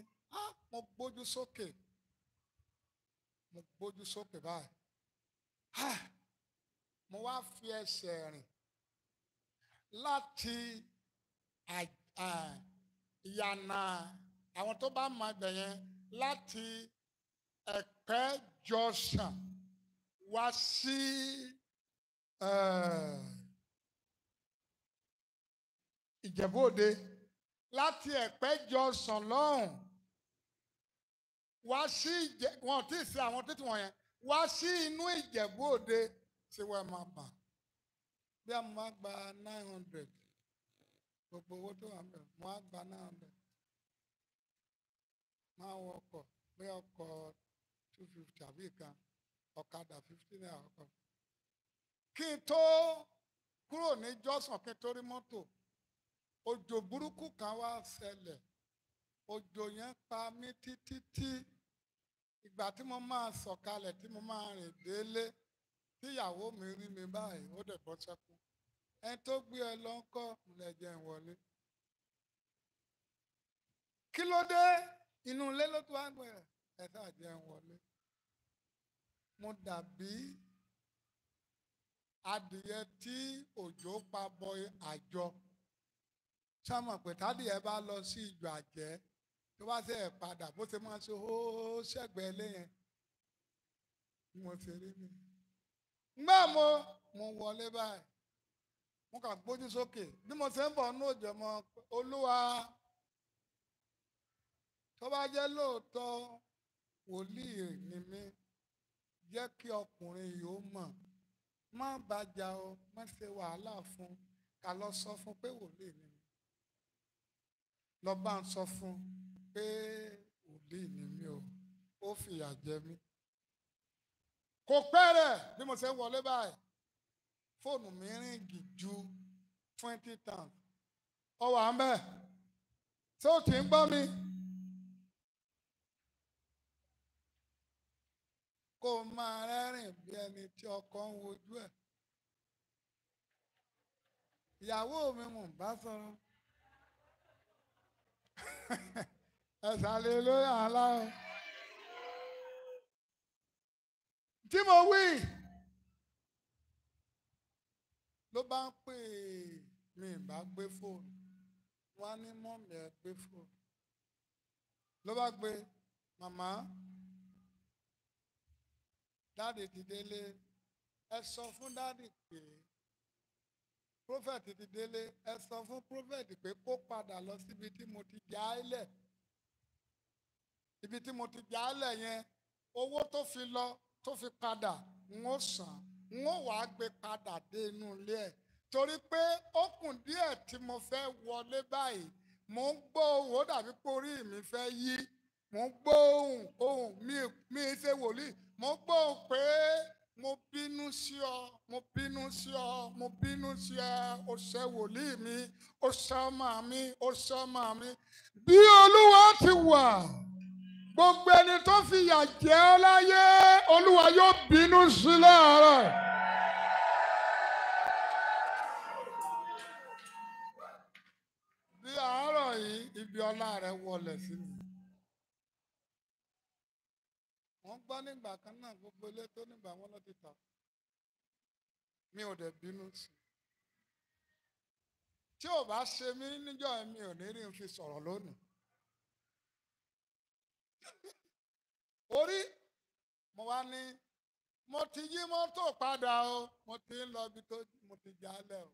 mo gbójú sókè. So mo gbójú sókè báyìí ha ah! mo wá fi ẹsẹ̀ rìn láti ìyànà àwọn tó bá mọ ibẹ̀ yẹn láti ẹ̀pẹ́ jọ̀sán wá sí ìjẹ̀bú òde láti ẹ̀pẹ́ jọ̀sán lọ́hùn wá sí ìjẹ wọn tí ì ṣe àwọn títí wọn yẹn wá sí inú ìjẹ̀bú òde tí wọ́n máa bà bí a máa gba nine hundred gbogbo owó tó wà ń bẹ̀ mo á gba nine hundred máa wọ ọkọ̀ pé ọkọ̀ two fifty àbí kan ọ̀kadà fifty naira ọkọ̀ kí n tó kúrò ní jọ́sàn kí n tó rí mọ́tò òjò burúkú kan wá ṣẹlẹ̀ òjò yẹn pa mí títí tí ìgbà tí mo máa sọ̀kalẹ̀ tí mo máa rìn délé tíyàwó mi rí mi báyìí ó dẹ̀ bọ́ sẹ́kún ẹni tó gbé ẹ lọ ń kọ́ ìlẹ̀jẹ̀ ìwọlé. kí ló dé inú ilé ló tó wá gbẹ̀rẹ̀ ẹ sáà jẹ́ ìwọlé. mo dàbí adìyẹ tí òjò pa bọ àjọ. sọ́mọ̀ pé tádìyẹ bá lọ sí ìjọ àjẹ́ tó bá ṣe ẹ̀ padà bó ṣe máa ṣe ó ṣẹ̀gbẹ́ lẹ́yìn ni mo ṣe rí mi. ngbà mo mo wọlé báyìí mo kà gbójú sókè bí mo ṣe ń bọ̀ ní òjò mọ́ olúwa tó bá jẹ́ lóòótọ́ wòlíì ni mí jẹ́ kí ọkùnrin yìí mọ̀ má bàjá o má ṣe wàhálà fún ká lọ sọ fún pé wòlíì ni mí lọ bá ń sọ fún un pé òlì ni mí o ó fìyà jẹ mí kò pẹ́ rẹ̀ bí mo ṣe ń wọlé báyìí fóònù mi rìn gì ju twenty tan ọwọ́ à ń bẹ̀ ṣé o kì í gbọ́ mi kó o máa rẹ́rìn bí ẹni tí ọkọ ń wojú ẹ̀ ìyàwó mi mò ń bá sọ̀rọ̀. ẹ̀sà aleluya ńlá o. tí mo wí ló bá ń pè mí bá gbé fóònù wá ní mọ́mì ẹ̀ gbé fóònù ló bá gbé màmá dáàdì ti délé ẹ sọ fún dáàdì pé prophet ti délé ẹ sọ fún prophet pé kó padà lọ síbi tí mo ti já ilẹ̀ ibi tí mo ti gbà á lẹ̀ yẹn owó tó fi lọ tó fi padà n ó san n ó wàá gbé padà dé inú ilé ẹ̀ torí pé ó kùn díẹ̀ tí mo fẹ́ wọlé báyìí mo ń gbọ́ owó dàbí pé mi fẹ́ yí mo ń gbọ́ ohùn ohùn mi mi ṣe wòlíì mo ń gbọ́ ohùn pé mo bínú sí ọ mo bínú sí ọ mo bínú sí ẹ o ṣe wòlíì mi o ṣe ọmọ mi o ṣe ọmọ mi bí olúwa ti wà. Wow. gbogbo ẹni tó fìyà jẹ ọ́ láyé olúwa yóò bínú sí láàárọ̀. bí àárọ̀ yìí ibi ọlá rẹ̀ wọlé sí mi. wọ́n gbọ́ nígbà kan náà gbogbo ilé tó nígbà wọn lọ́ ti tà mi ò dẹ̀ bínú sí i. tí ò bá ṣe mí níjọ́ mi ò ní rí n fi sọ̀rọ̀ lónìí. orí mo wá ní mo ti yí mọ́tò padà o mo ti ń lọ ibi tó mo ti jálẹ̀ o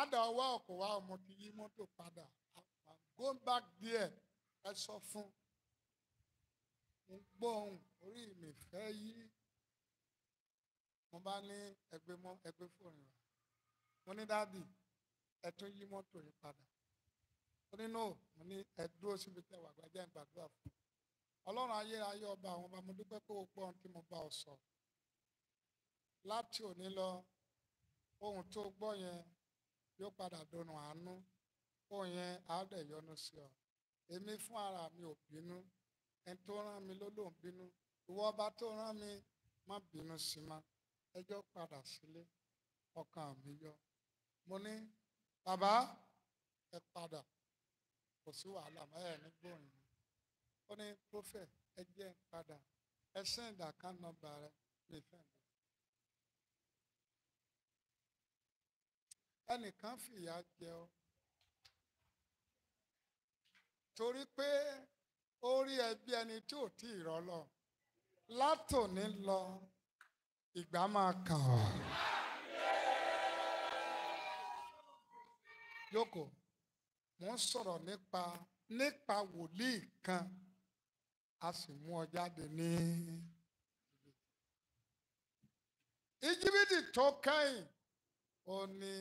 àdà ọwọ́ ọkọ wa mo ti yí mọ́tò padà go back there ẹ sọ fún mo gbọ́ ohùn orí mi fẹ́ yí mo bá ní ẹgbẹ́ mọ́ ẹgbẹ́ fòrìn rà mo ní dáàdì ẹ tún yí mọ́tò yìí padà ó no mo ní ẹ dúró síbi tẹ wà gbàjẹ́ ń gbàdúrà fún ọlọ́run ayérayé ọba àwọn ọba mo dúpẹ́ pé o gbọ́ ohun tí mo bá ọ sọ láti òní lọ ohun tó gbọ́ yẹn yóò padà dọnu àánú ohun yẹn á dẹ̀ yọ́nú sí ọ èmi fún ara mi ò bínú ẹni tó rán mi ló ló bínú ìwọ ọba tó rán mi má bínú sí ma ẹjọ́ padà sílé ọkàn mi yọ mo ní bàbá ẹ padà kò sí wàhálà ẹ ní gbòòrùn mi ó ní prophet ẹ jẹ́ ń padà ẹ send account number rẹ lè fẹ́ mi. ẹnìkan fìyà jẹ ọ torí pé ó rí ẹbí ẹni tí ò tí ì rọlọ látòní lọ ìgbà máa kà ọ. jókòó. wọ́n sọ̀rọ̀ nípa nípa wòlíì kan a sì mú ọ jáde ní. íjíbítì tó kẹ́yìn ó ní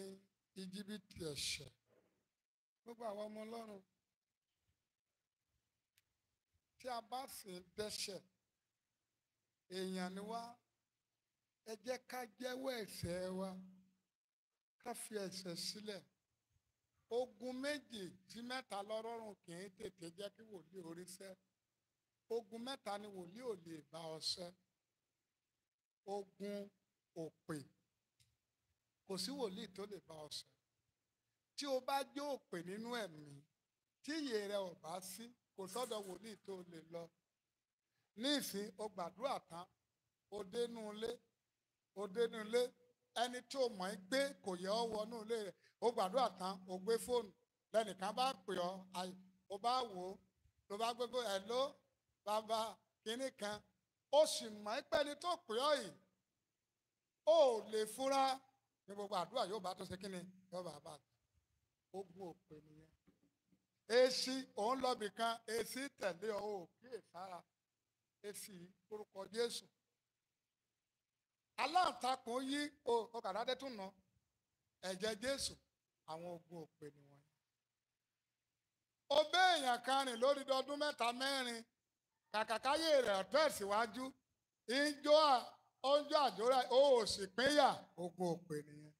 íjíbítì ẹ̀ṣẹ̀ gbogbo àwọn ọmọ ọlọ́run tí a bá sì ń dẹ́ṣẹ̀ èèyàn ni wá ẹ jẹ́ ká jẹ́wọ́ ẹ̀ṣẹ̀ wa ká fi ẹ̀ṣẹ̀ sílẹ̀. Si ogun méjì tí mẹ́ta lọ́rọ́rùn kì í tètè jẹ́ kí wòlíì oríṣẹ́ ogun mẹ́ta ni wòlíì ò lè bá ọṣẹ́ ogun òpè kò sí wòlíì tó lè bá ọṣẹ́ tí o bá jó òpè nínú ẹ̀mí tí iyè rẹ ò bá sí kò sọ́dọ̀ wòlíì tó lè lọ nísìn o gbàdúrà tán o dénú ilé o dénú ilé ẹni tí o mọ̀ ẹ́ gbé kò yẹ ọ́ wọnú ilé rẹ̀ o gbàdúrà tán o gbé fóònù lẹ́nìkan bá pè ọ́ o bá wò ó ló bá gbégbó ẹ̀ ló bàbá kínní kan o sì mọ̀ ẹ́ pé ẹni tó pè ọ́ yìí o ò lè fura ní gbogbo àdúrà yóò bá tó ṣe kínní yóò bá bá ogun òpè nìyẹn èsì òun lọ́bì kan èsì tẹ̀lé ọ́ òkè sára èsì orúkọ Jésù. ala yí o ọkàdá dé nà ẹ̀jẹ̀ Jésù àwọn ogun òpè nìwọ̀nyí. ó bẹ́ èèyàn kan rìn lórí ọdún mẹ́ta mẹ́rin kàkàkáyé rẹ̀ tẹ̀síwájú ìjọ ọjọ́ àjọra ó sì ogun òpè nìyẹn.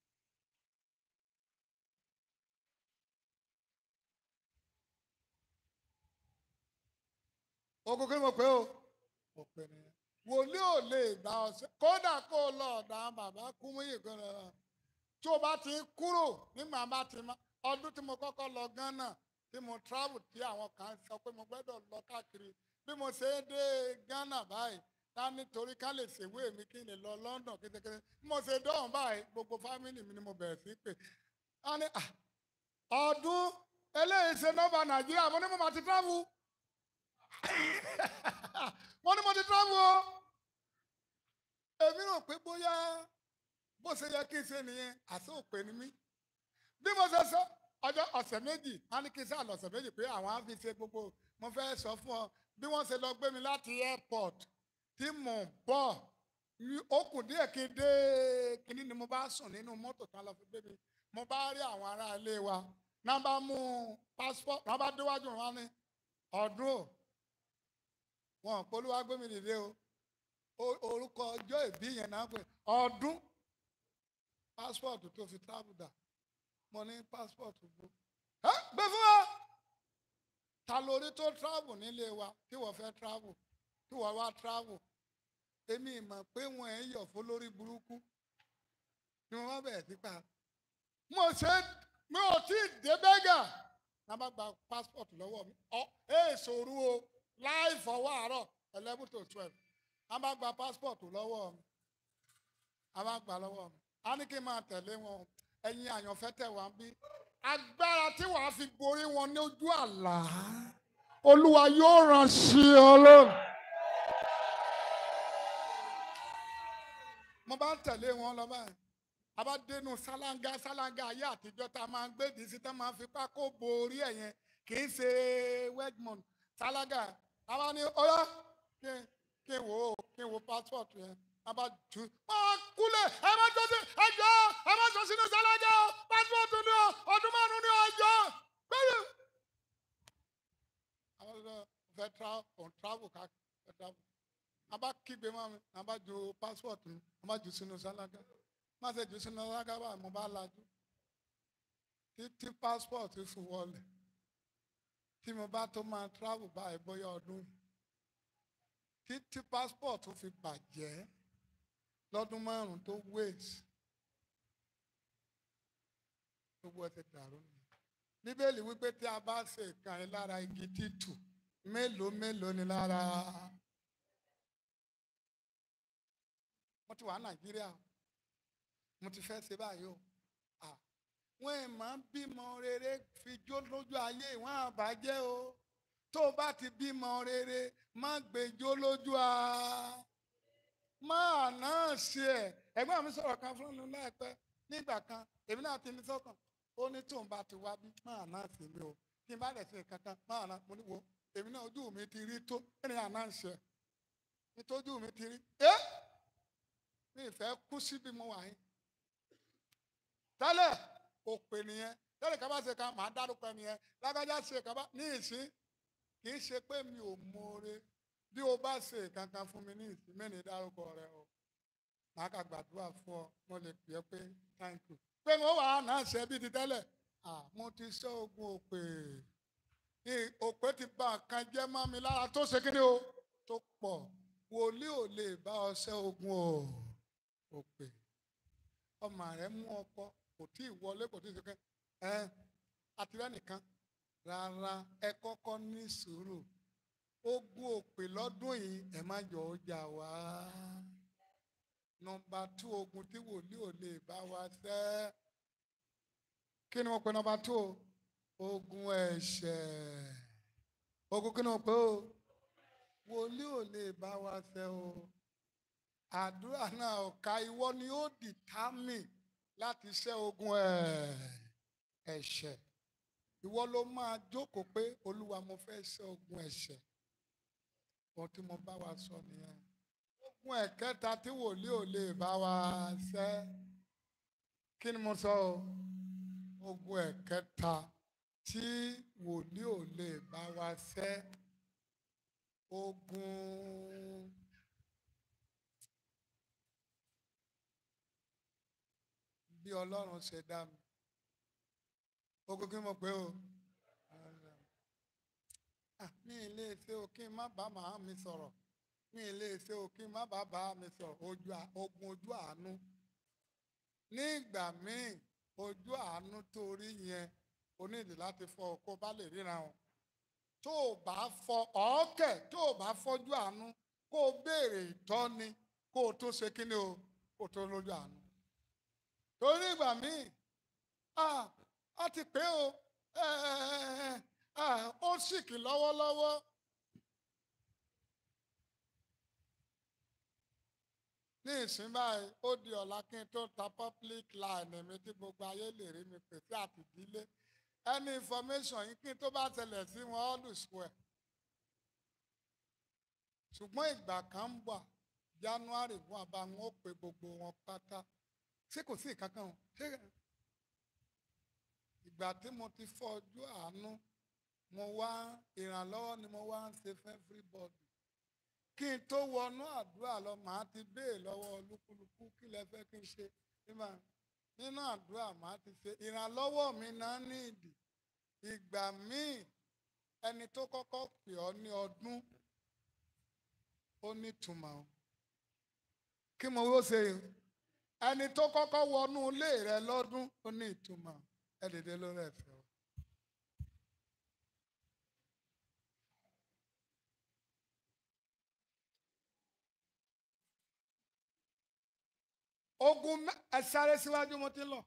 wòlíì ò lè gbà ọ sí kódà kó o lọ ọ̀dà bàbá Kúmúyì kan rẹ̀ tí o bá ti kúrò nígbà bá ti ọdún tí mo kọ́kọ́ lọ Ghana tí mo travel tí àwọn kan sọ pé mo gbọ́dọ̀ lọ káàkiri bí mo ṣe dé Ghana báyìí ta nítorí ká lè ṣèwé mi kí n lè lọ London kétékété bí mo ṣe dọ̀hún báyìí gbogbo fámìlì mi ni mo bẹ̀rẹ̀ sí pé ọdún eléyìí ṣe nọ́mbà Nàìjíríà mo ní mo máa ti travel. wọ́n ní mo ti travel o èmi rò pé bóyá bó ṣe yẹ kí n ṣe nìyẹn àti òpè ni mí bí mo ṣe sọ ọjọ́ ọ̀sẹ̀ méjì wọ́n ní kí n sáà lọ̀sẹ̀ méjì pé àwọn á fi ṣe gbogbo mo fẹ́ sọ fún ọ bí wọ́n ṣe lọ gbé mi láti airport tí mò ń bọ̀ ó kù díẹ̀ kí n dé kíní ni mo bá sùn nínú mọ́tò tán lọ fi gbé mi mo bá rí àwọn ará ilé wa náà bá mú passport náà bá déwájú wọn ní ọdún wọn polówó gbé mi dìde o orúkọ ọjọ́ ìbí yẹn náà pé ọdún passport tó fi travel dà mo ní passport gbó ẹ gbé fún wa ta lórí tó travel nílé wa tí wọ́n fẹ́ travel tí wọ́n wá travel èmi mọ̀ pé wọ́n ẹ̀ yọ̀ fún lórí burúkú ni wọ́n bá bẹ̀rẹ̀ sí pa mo ṣe mi ò tí ì dé bẹ́gà náà lọ́wọ́ mi ọ̀ ẹ̀ ṣòro o láì fọwọ́ àárọ̀ eleven to twelve a máa gba passport lọ́wọ́ mi a máa gbà lọ́wọ́ mi a ní kí n máa tẹ̀lé wọn ẹ̀yin àyànfẹ́ tẹ̀ wá ń bí agbára tí wàá fi borí wọn ní ojú àlá olúwa yóò ràn sí ọ lónìí. mo bá ń tẹ̀lé wọn lọ báyìí a bá dénú sálángá sálángá ayé àtijọ́ tá a máa ń gbé dì tá a máa fi pákó borí ẹ̀ kì í ṣe wedmond sálángá àwa ni ọyá kí n wò ó kí n wò passport yẹn abá ju máa kúlẹ̀ ẹ má jọ sí ẹjọ́ ẹ má jọ sínú sálájà o passport ni o ọdún márùn ni ọjọ́ bẹ́ẹ̀. àwọn ọ̀dọ́ fẹ́ travel ká fẹ́ travel abá kígbe mọ́ mi abá ju passport mi abá ju sínú sálájà má ṣe ju sínú sálájà báyìí mo bá lajú títí passport fi wọlé tí mo bá tó máa travel báyìí bóyá ọdún títí passport tó fi bàjẹ́ lọ́dún márùn-ún tó wait gbogbo ẹ ti dàrú ni bíbélì wípé tí a bá ṣe ìkan ẹ lára igi títù mélòó mélòó ni lára mo ti wà Nàìjíríà mo ti fẹ́ ṣe báyìí o wọn ì máa ń bímọ rere fi jó lójú ayé ìwọ̀n àbájẹ́ o tó o bá ti bímọ rere má gbèjó lójú a máa náà ṣe ẹ̀ ẹ̀gbọ́n mi sọ̀rọ̀ kan fún mi láìpẹ́ nígbà kan èmi náà ti ní sọ́kàn ó ní tóun bá ti wá bí máa náà sí mi o tí n bá dẹ̀ ṣe kankan máa náà mo ní wo èmi náà ojú mi ti rí tó ẹni àná ń ṣe nítorí ojú mi ti rí ẹ́ mi ìfẹ́ kú síbi mo wà yín tẹ́lẹ̀. kò pè nìyẹn tẹ́lẹ̀ kan ṣe kan màá dárúkọ nìyẹn lágbájá ṣe kan ní ìsín kì í ṣe pé mi ò mọ̀ọ́rẹ́ bí o bá ṣe kankan fún mi ní ìsín mẹ́ni dárúkọ rẹ o màá kà gbàdúrà fún ọ mo lè pè é pé thank you pé mo wà á náà ṣe bí ti tẹ́lẹ̀ mo ti ṣe oògùn òpè òpè ti jẹ́ mọ́ mi lára tó ṣe kíni o tó pọ̀ ọ ṣe oògùn kò tí ì wọlé kò tí ì sọkẹ́ ẹ àtìrẹ́ nìkan rárá ẹ kọ́kọ́ ní sùúrù ogún òpè lọ́dún yìí ẹ má yọ ọjà wá nọ́mbà tú ogun tí wòlíì ò lè bá wa ṣe kí ni mo pe nọ́mbà tú ogun ẹ̀ṣẹ̀ ogun kí ni mo pe o wòlíì ò lè bá wa ṣe o àdúrà náà ọ̀ka ìwọ ni ó dìtámì láti ṣẹ́ ogun ẹ̀ṣẹ̀ ìwọ ló máa jókòó pé olúwa mo fẹ́ ṣẹ́ ogun ẹ̀ṣẹ̀ ohun tí mo bá wa sọ nìyẹn ogun ẹ̀kẹta tí wòlíì ò lè bá wa ṣẹ́ kí ni mo sọ o ogun ẹ̀kẹta tí wòlíì ò lè bá wa ṣẹ́ ogun. bí ọlọ́run ṣe dá mi ogun kí n mọ̀ pé o ah, mi ilé ṣe o kí n má bá màá mi sọ̀rọ̀ mi ilé ṣe o kí n má bá bá mi sọ̀rọ̀ ogun ojú àánú ní ìgbà míì ojú àánú torí yẹn o nílò láti fọ kó bá lè ríran o tó o bá fọ ọ̀ọ́kẹ̀ tó o bá fọjú àánú kó o béèrè ìtọ́ni kó o tó ṣe kíni o kó o tó lójú àánú torí ìgbà míì a ti pé o ó ṣìkì lọ́wọ́lọ́wọ́. ní ìsín báyìí ó di ọ̀la kí n tó ta public line mi tí gbogbo ayé lè rí mi pèsè àtìdílé any information yìí kí n tó bá tẹlẹ̀ sí wọn all is ṣùgbọ́n ìgbà kan ń bọ̀ January gun àbá wọn ó pe gbogbo wọn pátá ṣé kò sí ìkankan o ṣé ìgbà tí mo ti fọjú àánú mo wá ìrànlọ́wọ́ ni mo wá ń ṣe fẹ́ everybody kí n tó wọnú àdúrà lọ màá ti béè lọ́wọ́ olúkúlùkù kí lẹ fẹ́ kí n ṣe nínú àdúrà màá ti ṣe ìrànlọ́wọ́ mi náà ní ìdí ìgbà míì ẹni tó kọ́kọ́ pè ọ́ ní ọdún ó nítumọ̀ kí mo wó ṣe yìí ẹni tó kọ́kọ́ wọnú ilé rẹ lọ́dún ó ní ìtumọ̀ ẹ dìde lórí ẹ̀fẹ́ o. ogun ẹ sáré síwájú mo ti ń lọ.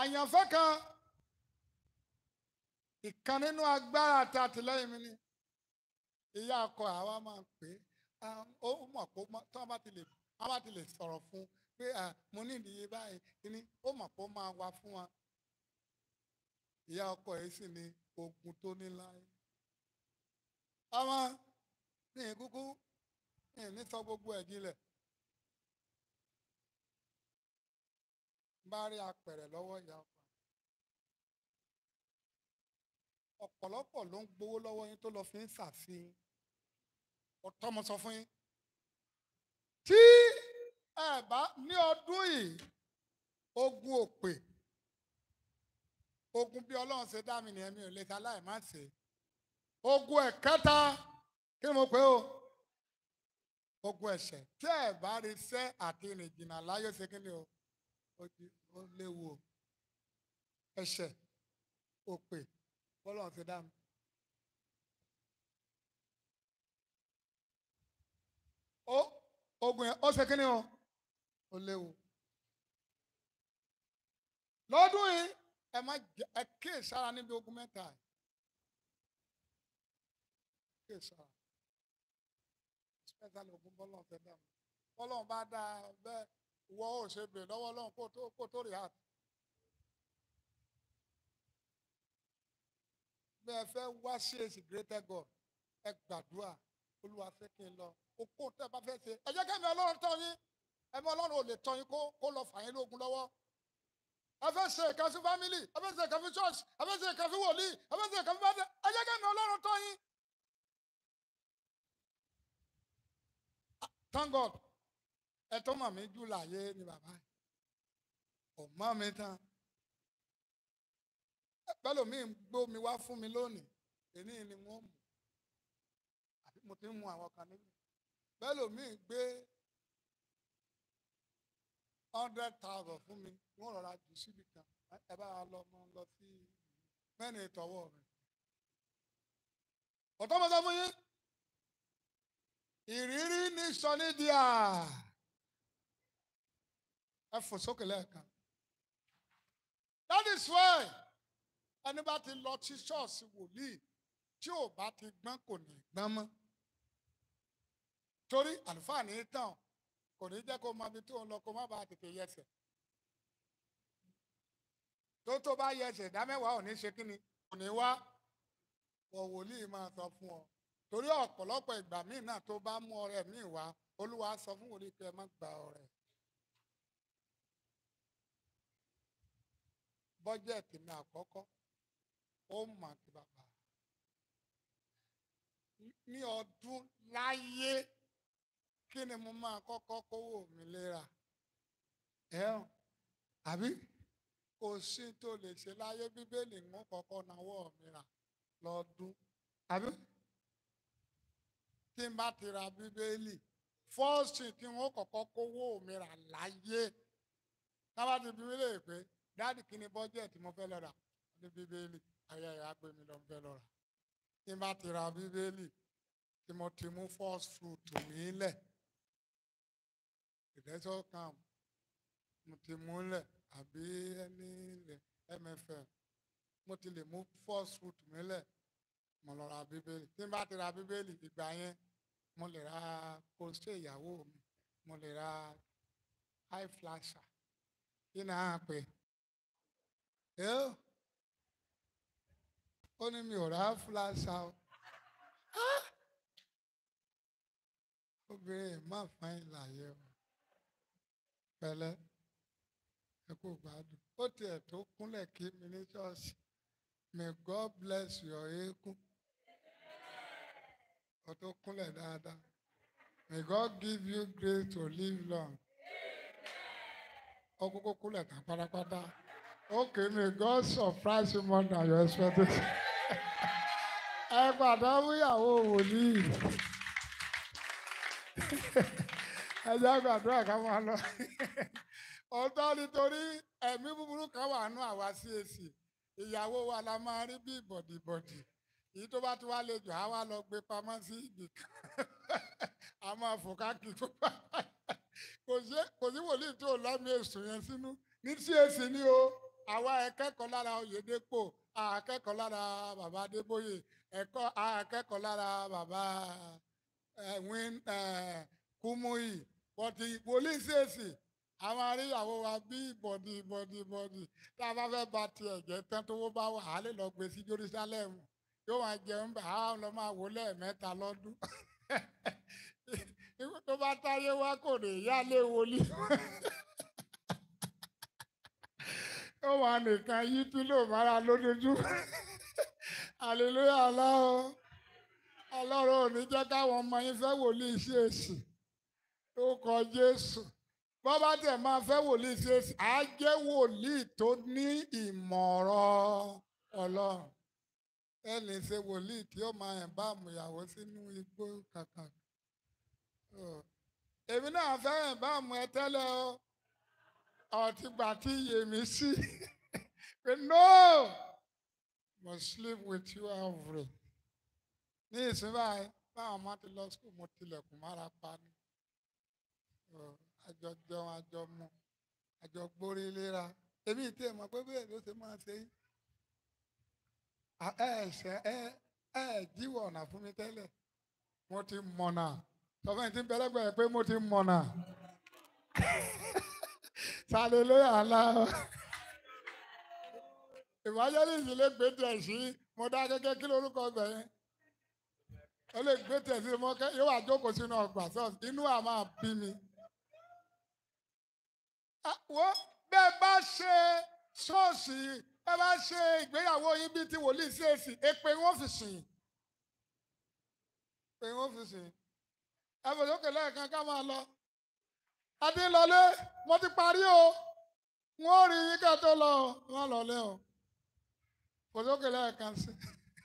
àyànfẹ́ kan ìkan nínú agbára àti àtìlẹ́yìn mi ni ìyá ọkọ àwa máa ń pè é ó mọ̀ pé tí wọ́n bá ti lè wọ́n bá ti lè sọ̀rọ̀ fún pé mo ní ìdíye báyìí ni ó mọ̀ pé ó máa wá fún wa ìyá ọkọ yìí sì ni ogun tó ní láyé ọmọ ní kúkú ní sọ gbogbo ẹ̀ jinlẹ̀ bá rí apẹ̀rẹ̀ lọ́wọ́ ìyá ọkọ ọ̀pọ̀lọpọ̀ ló ń gbowó lọ́wọ́ yín tó lọ fi ń sàfihàn ọ̀tọ́ mo sọ fún yín tí ẹ bá ní ọdún yìí ogun òpè ogun bí ọlọ́run ṣe dá mi nìyẹn mi ò lè ta láì má ṣe ogun ẹ̀kẹta kí mo pè o ogun ẹ̀ṣẹ̀ tí ẹ bá rí iṣẹ́ àti ìrìnjìnà láyé ṣe kí ni o ó léwu o ẹ̀ṣẹ̀ òpè bọ́lọ̀ ti dá mi. ó oògùn yẹn ó ṣe kí o ó léwu. lọ́dún yìí ẹ má jẹ ẹ kíyè sára níbi ogun mẹ́ta yìí kíyè sára mẹ́ta lóògùn bọ́lọ̀ ti dá mi. bọ́lọ̀ bá dáa bẹ́ẹ̀ wọ́n ṣe bèrè lọ́wọ́ lọ́hùn kó tó rí àtì. bẹ́ ẹ fẹ́ wá sí èsì greater God ẹ gbàdúrà olúwa fẹ́ kí n lọ okó tẹ́ ẹ bá fẹ́ ṣe ẹ jẹ́ kẹ́mi ọlọ́run tọ́ yín ẹ̀mí ọlọ́run ò lè tọ́ yín kó lọ fà yín lógun lọ́wọ́ ẹ fẹ́ ṣe ìkan fún fámìlì ẹ fẹ́ ṣe ìkan fún ṣọ́ọ̀ṣì ẹ fẹ́ ṣe ìkan fún wòlíì ẹ fẹ́ ṣe ìkan fún bàtẹ́ ẹ jẹ́ kẹ́mi ọlọ́run tọ́ yín. Ah, thank God ẹ tó mọ̀ mí jù láàyè ni bàbá yìí ọ̀ mọ́ mi tán bẹ́lòmíì ń gbómi wá fún mi lónìí èní ni wọ́n mú àbí mo ti ń mu àwọn kan nílẹ̀ bẹ́lòmíì gbé hundred thousand fún mi wọ́n rọra jù síbi kan ẹ bá lọ mọ lọ sí mẹ́rin ìtọ́wọ́ rẹ̀ ọ̀tọ́ mọ́tọ́ fún yín ìrírí ní sọ́nídìá ẹ fò sókè lẹ́ẹ̀kan that is why ẹni bá ti lọ sí ṣọ́ọ̀ṣì wòlíì tí ò bá ti gbọ́n kò ní gbọ́n mọ́ torí àlùfáà ní tàn kò ní jẹ́ kó mọ ibi tó ń lọ kó má bàa tètè yẹsẹ̀ tó tó bá yẹsẹ̀ ìdámẹ́wàá ò ní ṣe kí ni kò ní wá wọ̀ wòlíì máa sọ fún ọ torí ọ̀pọ̀lọpọ̀ ìgbà míì náà tó bá mú ọ̀rẹ́ míì wá olúwa sọ fún wòlíì pé ẹ má gba ọ̀rẹ́. bọ́jẹ̀tì mi àkọ́kọ́ o mà bàbá ní ọdún láyé kí ni mo máa kọ́kọ́ kówó mi léra ẹ̀hún àbí kò sí tó lè ṣe láyé bíbélì ń kọ́kọ́ náwó mi rà lọ́dún àbí tí n bá ti ra bíbélì fọ́ọ̀sì tí wọ́n kọ́kọ́ kówó mi rà láyé ti bíbélì pé dáàdì kí ni bọ́jẹ̀tì mo fẹ́ aya ìyá gbé mi lọ fẹ́ lọ́ra tí n bá ti ra bíbélì tí mo ti mú first fruit mi lẹ̀ redemption camp mo ti mú lẹ̀ àbí ẹni lẹ̀ mfm mo ti lè mú first fruit mi lẹ̀ mo lọ ra bíbélì tí n bá ti ra bíbélì ìgbà yẹn mo lè ra kòsè ìyàwó mi mo lè ra high flasher kí ni à ń pè é ó ní mi ò rà á fúláṣà o ah! obìnrin má fain láyé o pẹ̀lẹ́ ẹ kò gbádùn ó tiẹ̀ tó kúnlẹ̀ kí mi ní ṣọ́ọ̀ṣì may God bless your eékún ó tó kúnlẹ̀ dáadáa may God give you grace to live long ó kúkú kúnlẹ̀ tán pátápátá okay may God surprise you more than your expectation ẹ padà múyàwó wòlíì ẹ jẹ́ àgbàdúrà ká máa lọ ọ̀tọ̀ nítorí ẹ̀mí búburú kan wà nù àwa sí èsì ìyàwó wa la máa rí bí bọ̀dìbọ̀dì èyí tó bá ti wá lè jù á wá lọ gbé pamọ́ sí ibì kan a máa fò káàkiri tó bá kò sí wòlíì tó lámì èsùn yẹn sínú ní sí èsì ni o àwa ẹ̀kẹ́kọ̀ọ́ lára Oyèdépò akẹ́kọ̀ọ́ lára bàbá Adébóyè ẹ̀kọ́ akẹ́kọ̀ọ́ lára bàbá ẹ̀wìn Kúmúyì bọ̀dì pólíṣèsì a èsì àwọn aríyàwó wa bí bọ̀dì bọ̀dì bọ̀dì tá a bá fẹ́ ba tiẹ̀ jẹ́ tán wà á lè lọ gbé sí Jerusalem yóò jẹun lọ máa wò lẹ́ẹ̀mẹ́ta lọ́dún tó bá táyé wá kò lè yá lé ó wà nìkan yí pílò mára lójoojúmọ́ àlèlóyà aláwọ̀ ọlọ́run ò ní jẹ́ káwọn ọmọ yín fẹ́ wòlíì sí èsì tó kọ Jésù bọ́ bá tẹ̀ máa fẹ́ wòlíì sí èsì á jẹ́ wòlíì tó ní ìmọ̀ràn ọlọ́run ẹnì ṣe wòlíì tí ó máa ẹ̀ bá àmùyàwó sínú igbó kàkà èmi náà fẹ́ ẹ̀ bá àmù ẹ tẹ́lẹ̀ o àti gbà tí yè mí sí pé no must sleep with you every ní ìsinmi báyìí báwọn máa ti lọ sùkúl mo tilẹ̀kùn mára pa ni àjọ jẹun àjọ mu àjọ gbórí léra èmi ìtí ẹ̀ mọ̀ pé bẹ́ẹ̀ ló ṣe máa ṣe yín ẹ ẹ̀ṣẹ̀ ẹ ẹ jíwọ̀ ọ̀nà fún mi tẹ́lẹ̀ mo ti mọ̀nà sọfẹ́ntì bẹ́lẹ́gbẹ̀ẹ́ pé mo ti mọ̀nà. hallelujah ńlá evangelist lè gbé tẹ̀sí mo dá gẹ́gẹ́ kí lórúkọ ọgbà yẹn ó lè gbé tẹ̀sí mo kẹ́ yóò wá jókòó sínú ọgbà sọ́ọ̀sì inú à máa bí mi. wọ́n bẹ́ẹ̀ bá ṣe ṣọ́ọ̀ṣì ẹ bá ṣe ìgbéyàwó yín bíi ti wòlíì sí èsì èpè wọn fi sìn èpè wọn fi sìn ẹ bọ̀ sókè lẹ́ẹ̀kan ká máa lọ. adélọlé mo ti parí o wọn ò rí yín ká tó lọ wọn lọlé o kò sókè lẹ́ẹ̀kan sí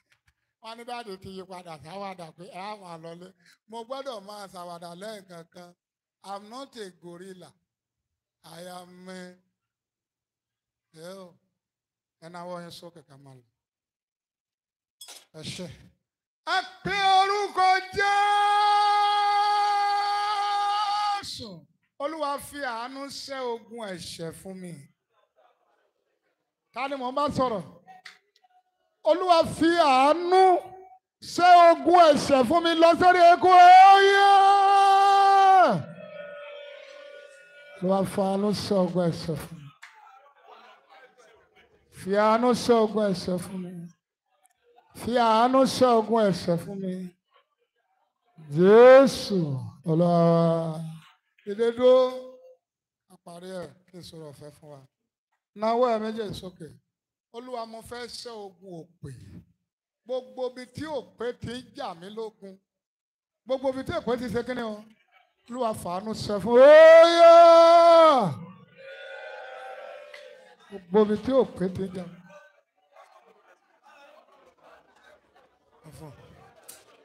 wọn ní dáàdì ti yí padà sáwàdà pé ẹ á máa lọlé mo gbọ́dọ̀ máa ṣàwàdà lẹ́ẹ̀kan kan i'm not a gorilla i am a hell ẹ náwó yẹn sókè ká máa lọ ẹ ṣe. ẹ orúkọ olúwa fi àánú ṣẹ́ ogun ẹ̀ṣẹ̀ fún mi ta ni mò ń bá sọ̀rọ̀ olúwa fi àánú ṣẹ́ ogun ẹ̀ṣẹ̀ fún mi lọ sórí eku ẹ̀yẹ olúwa fi àánú ṣẹ́ ogun ẹ̀ṣẹ̀ fún mi fi àánú ṣẹ́ ogun ẹ̀ṣẹ̀ fún mi fi àánú ṣẹ́ ogun ẹ̀ṣẹ̀ fún mi jésù olúwa. Dìde dúró àparí ẹ̀ kí n sọ̀rọ̀ ọ̀fẹ́ fún wa. Nawọ́ ẹ̀ méjèèjì sókè. Olúwa mo fẹ́ ṣẹ́ ogun òpè. Gbogbo ibi tí òpè ti ń jà mí lógun. Gbogbo ibi tí òpè ti ṣe kíni o. Olúwa fàánú ṣe fún óyá. Gbogbo ibi tí òpè ti ń jà mí.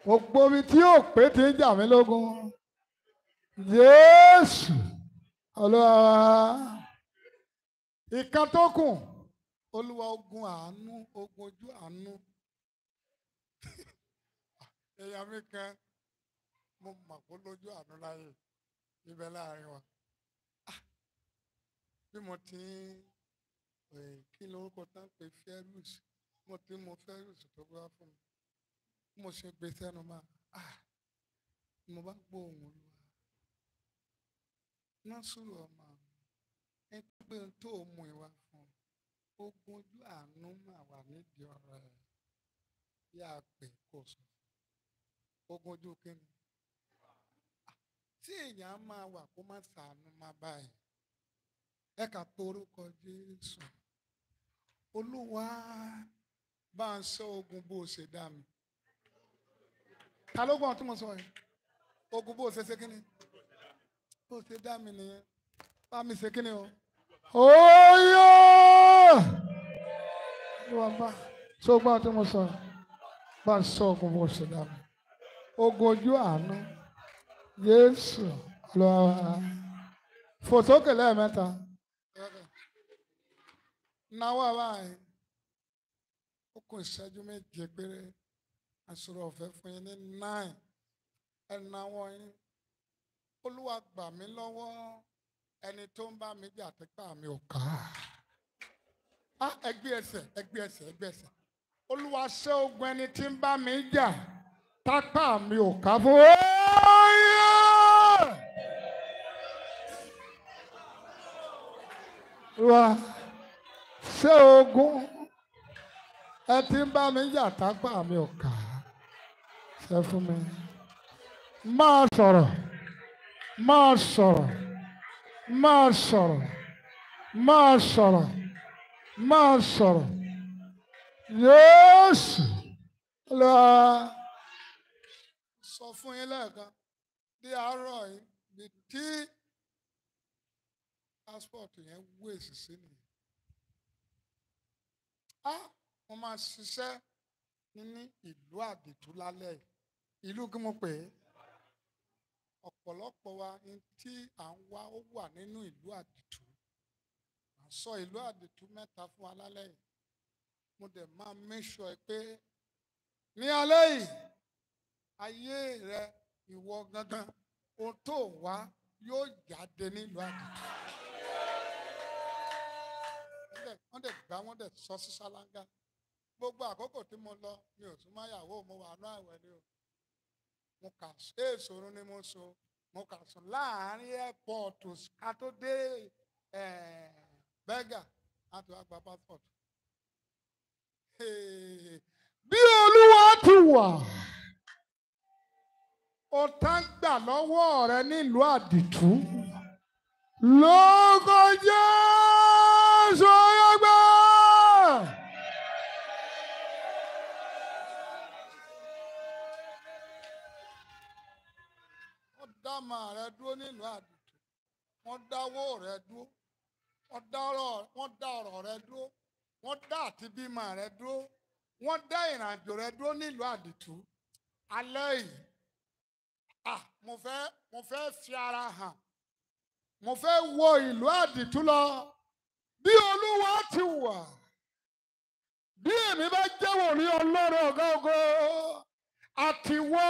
Gbogbo ibi tí òpè ti ń jà mí lógun. Jésù Olúwa ìkan tó kù Olúwa ogun àánú ogun ojú àánú ẹ̀yà mi kan mo mọ̀ kó lójú àánú láyè níbẹ̀ láàrin wa ah, bí mo ti ń kí lórúkọ tá ń pe ferus mo ti mọ ferus tó gbá fún mi mo ṣe gbé sẹ́nu máa ah, mo bá gbóhùn násùrù ọmọ ẹgbẹ́ tó mú ìwà fún ogun ojú àánú mà wà nídìí ọ̀rọ̀ ẹ̀ yá pé kò sọ ogun ojú kíni tí èèyàn máa wà kó má sàánú má báyìí ẹ kà pé Jésù Olúwa bá ń sọ ogun bó o ṣe dá mi ta ló gbọ́n tó mọ̀ sọ yìí ogun bó o ṣe ṣe kíni bó ṣe dá mi nìyẹn bá mi ṣe kíni o. óyó ìwà bá tó gbọ́ tí mo sọ bá ń sọ ọkùnrin bó ṣe dá mi. ogun ojú àánú Jésù lọ́wọ́ fòtókè lẹ́ẹ̀mẹ́ta náwó báyìí ó kù ìṣẹ́jú méje péré àṣírò ọ̀fẹ́ fún yín ní nine ẹ̀ náwó yín olúwa gbà mí lọ́wọ́ ẹni tó ń bá mi jà tipa mi ò ká ẹgbẹ́ ẹsẹ̀ ẹgbẹ́ ẹsẹ̀ ẹgbẹ́ ẹsẹ̀ olúwa ṣẹ́ ogun ẹni tí ń bá mi jà tápá mi ò ká fún óyè. olúwa ṣẹ́ ogun ẹ tí ń bá mi jà tápá mi ò ká ṣe fún mi máa sọ̀rọ̀. Marshall, Marshall, Marshall, Marshall. Yes. sọ̀rọ̀ máa sọ̀rọ̀ yéésù lọ. sọ fún yín lẹ́ẹ̀kan bí àárọ̀ yìí bí tí passport yẹn wéèsì sí nìyẹn. a mo máa ṣiṣẹ́ ní ìlú àdìtú lálẹ́ ìlú kí mo pè é ọ̀pọ̀lọpọ̀ wa tí à ń wá ó wà nínú ìlú àdìtú à ń sọ ìlú àdìtú mẹ́ta fún wa lálẹ́ yìí mo dẹ̀ máa make sure pé ní alẹ́ yìí ayé rẹ ìwọ gangan ohun tó wá yóò jáde nílùú àdìtú wọ́n dẹ̀ gbá wọ́n dẹ̀ sọ sí ṣáláńgá gbogbo àkókò tí mo lọ mi ò súnmọ́ ìyàwó mo wà ní àwẹ̀ ni o mo kà sí èso ni mo so mo kà sùn láàárín airport ká tó dé bẹ́gà láti wá gba passport. bí olúwa ti wà ó tá gbà lọ́wọ́ rẹ nílùú àdìtú lóko Jésù. ọmọ rẹ dúró nínú àdùtù wọ́n dáwó rẹ dúró wọ́n dá ọ̀rọ̀ rẹ dúró wọ́n dá àti bímọ rẹ dúró wọ́n dá ìrìnàjò rẹ dúró nílùú àdìtú alẹ́ yìí ah mo fẹ́ mo fẹ́ fi ara hàn mo fẹ́ wo ìlú àdìtú lọ bí olúwa ti wà bí èmi bá jẹ́ ní ọlọ́run ọ̀gá ogo. àtiwọ́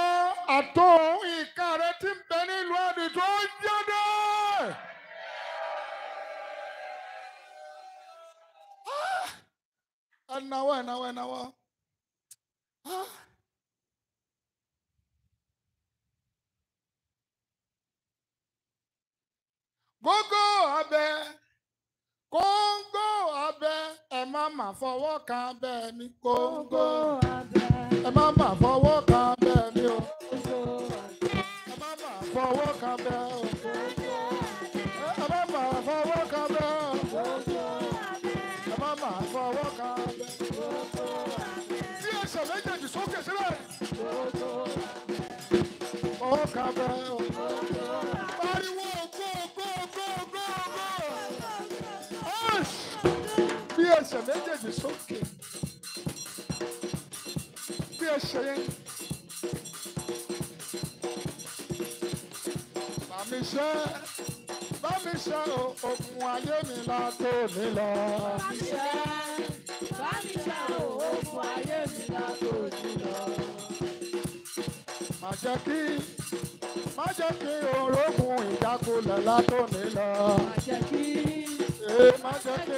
àtò ìka rẹ ti ń bẹ nílùú àdìtú ó jáde. Ah! ẹnáwó ẹnáwó ẹnáwó. Ah! gógó abẹ kóńgó abẹ ẹ má má fọwọ́ kan abẹ mi kóńgó abẹ. ẹ má má fọwọ́ kan bẹ́ẹ̀ ni o ẹ má má fọwọ́ kan bẹ́ẹ̀ o ẹ má má fọwọ́ kan bẹ́ẹ̀ o ẹ má má fọwọ́ kan bẹ́ẹ̀. sí ẹsẹ̀ méjèèjì sókè sílẹ̀ fọwọ́ kan bẹ́ẹ̀ o. pariwo ògo ògo ògo ògo yóò ṣe yẹn. Bàmí ṣe bàmí ṣe òògùn ayé mi látò mí lọ. Bàmí ṣe bàmí ṣe òògùn ayé mi látò mí lọ. Má jẹ́ kí má jẹ́ kí orógùn ìjákulẹ̀ látò mí lọ. Má jẹ́ kí eh, má jẹ́ kí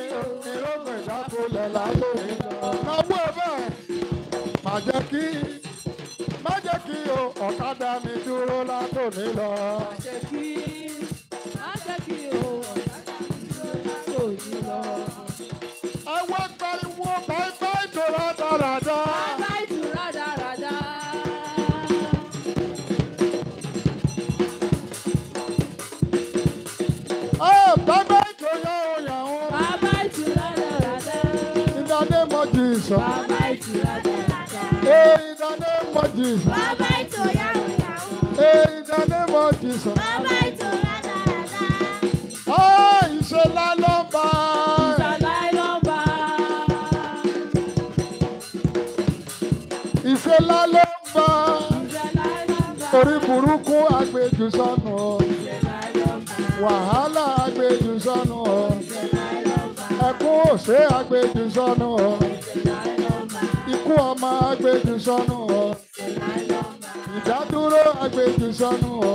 orógùn ìjákulẹ̀ látò mí lọ. Má bú ẹ bẹ́ẹ̀ má jẹ́ kí má kí o ọ̀kadà mi dúró látòní lọ. má jẹ́ kí má kí o ọ̀kadà mi dúró látòní lọ. ẹ wá pariwo báyìí báyìí tó rà Jesus. Bàbá ètò yàwó yàwó. Hey, in the name of Jesus. Bàbá ètò rárá rárá. Ó ìṣẹ̀lá ló bá. Ìṣẹ̀lá ló bá. Ìṣẹ̀lá ló bá. Ìṣẹ̀lá ló bá. Orí burúkú agbèjù sọnù. Ìṣẹ̀lá Wàhálà agbèjù sọnù. Ìṣẹ̀lá Ẹkún òṣè agbèjù sọnù. Ìṣẹ̀lá Ikú ọmọ agbèjù sọnù ìdádúró agbèjì sọnù o.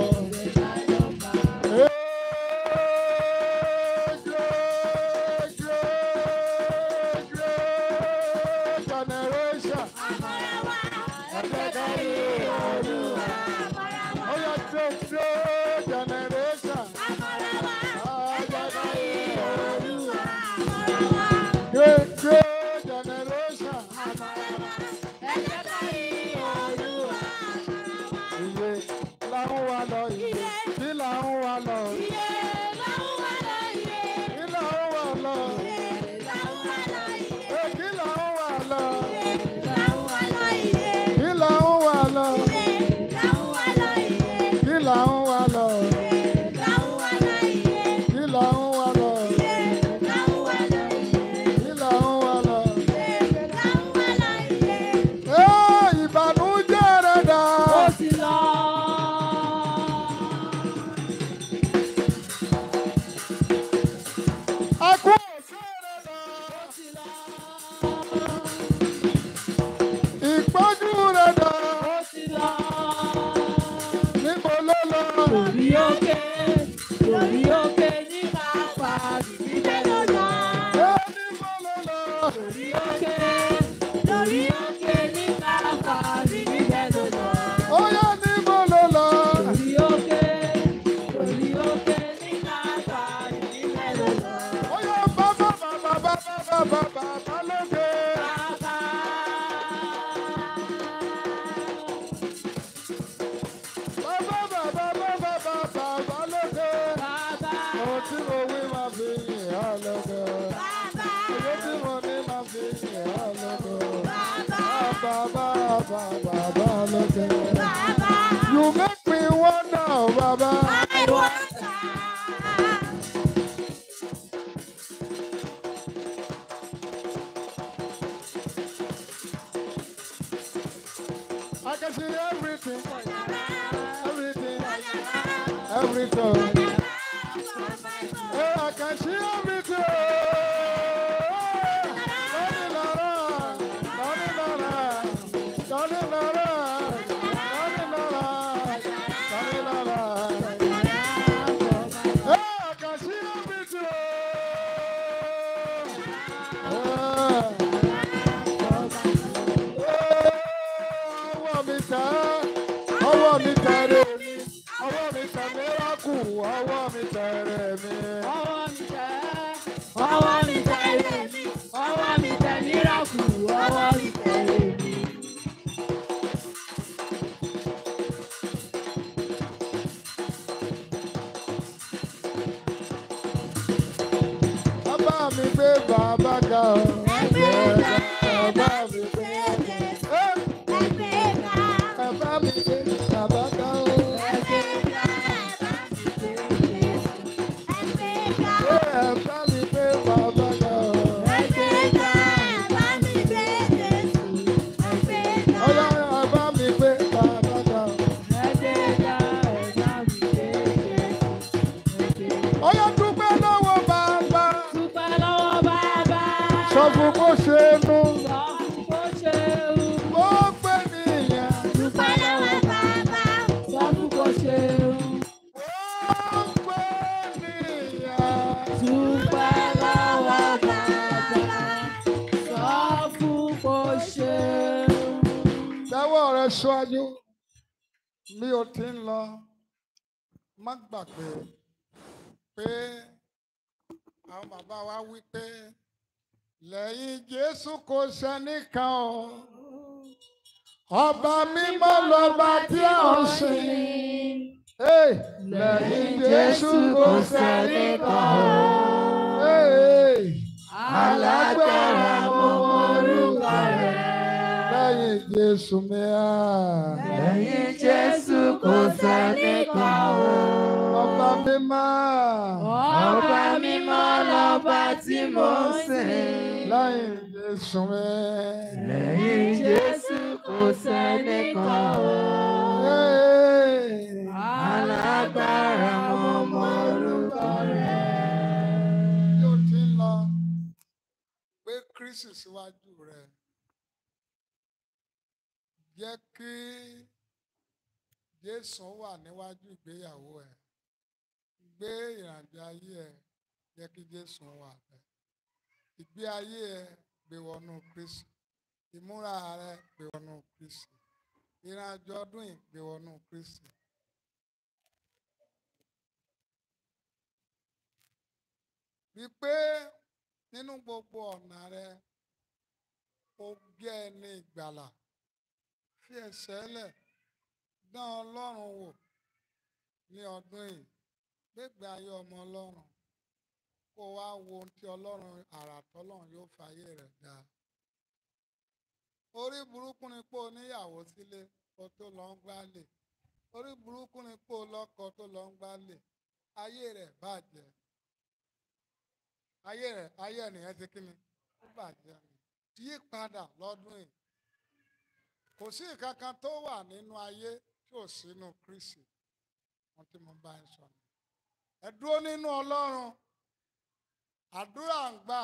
sùn mẹ́. lẹ́yìn Jésù kò sẹ́ni kan o. alágbára mo mọ orúkọ rẹ̀. bí o ti ń lọ gbé Kristi síwájú rẹ jẹ́ kí Jésù wà níwájú ìgbéyàwó ẹ̀ gbé ìrìnàjò ayé ẹ̀ jẹ́ kí Jésù wà ìgbé ayé ẹ̀. gbé wọnú Kristi ìmúra rẹ gbé wọnú Kristi ìrìnàjò ọdún yìí gbé wọnú Kristi. rí pé nínú gbogbo ọ̀nà rẹ o gbé ẹni ìgbàlà fi ẹsẹ̀ lẹ̀ dán Ọlọ́run wò ní ọdún yìí gbégbé ayé ọmọ Ọlọ́run. kó wá wo ohun ọlọ́run àrà yóò fàyè rẹ̀ dá. orí burúkú ni pé níyàwó tó lọ ń gbálẹ̀ orí burúkú ni pé tó lọ ń gbálẹ̀ ayé rẹ̀ bàjẹ́ ayé rẹ̀ ayé ti kí ni ó bàjẹ́ yí padà lọ́dún yìí kò sí nǹkan kan tó wà nínú àdúrà ń gbà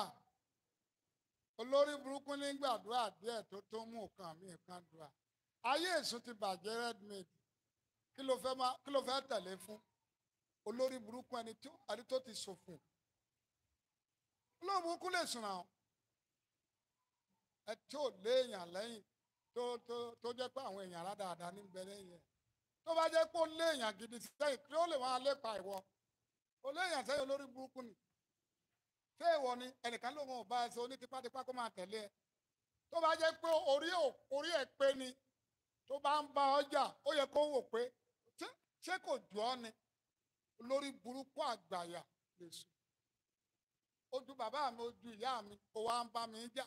olórí burúkú nígbàdúrà díẹ̀ tó tó mú nǹkan mi nǹkan dùà ayé èso ti bàjẹ́ red kí ló fẹ́ kí ló fẹ́ tẹ̀lé fún olórí burúkú ẹni tó tó ti olórí burúkú lè sùn àwọn ẹ tó léèyàn lẹ́yìn tó tó tó jẹ́ pé àwọn èèyàn aládàáda ní bẹ lẹ́yìn ẹ̀ tó bá gidi sẹ́yìn ó lè máa lépa ìwọ ó léèyàn sẹ́yìn olórí burúkú fee wọ ni ẹnìkan lòun ò bá ẹsẹ onítìpátipá kó máa tẹ̀lé ẹ tó bá jẹ́ pé orí orí pé ni tó bá ń ba ọjà ó yẹ kó wò pé ṣé kò jù ọ́ ni lórí burúkú àgbàyà lè sùn ojú bàbá mi ojú ìyá mi kò wá ń bá mi jà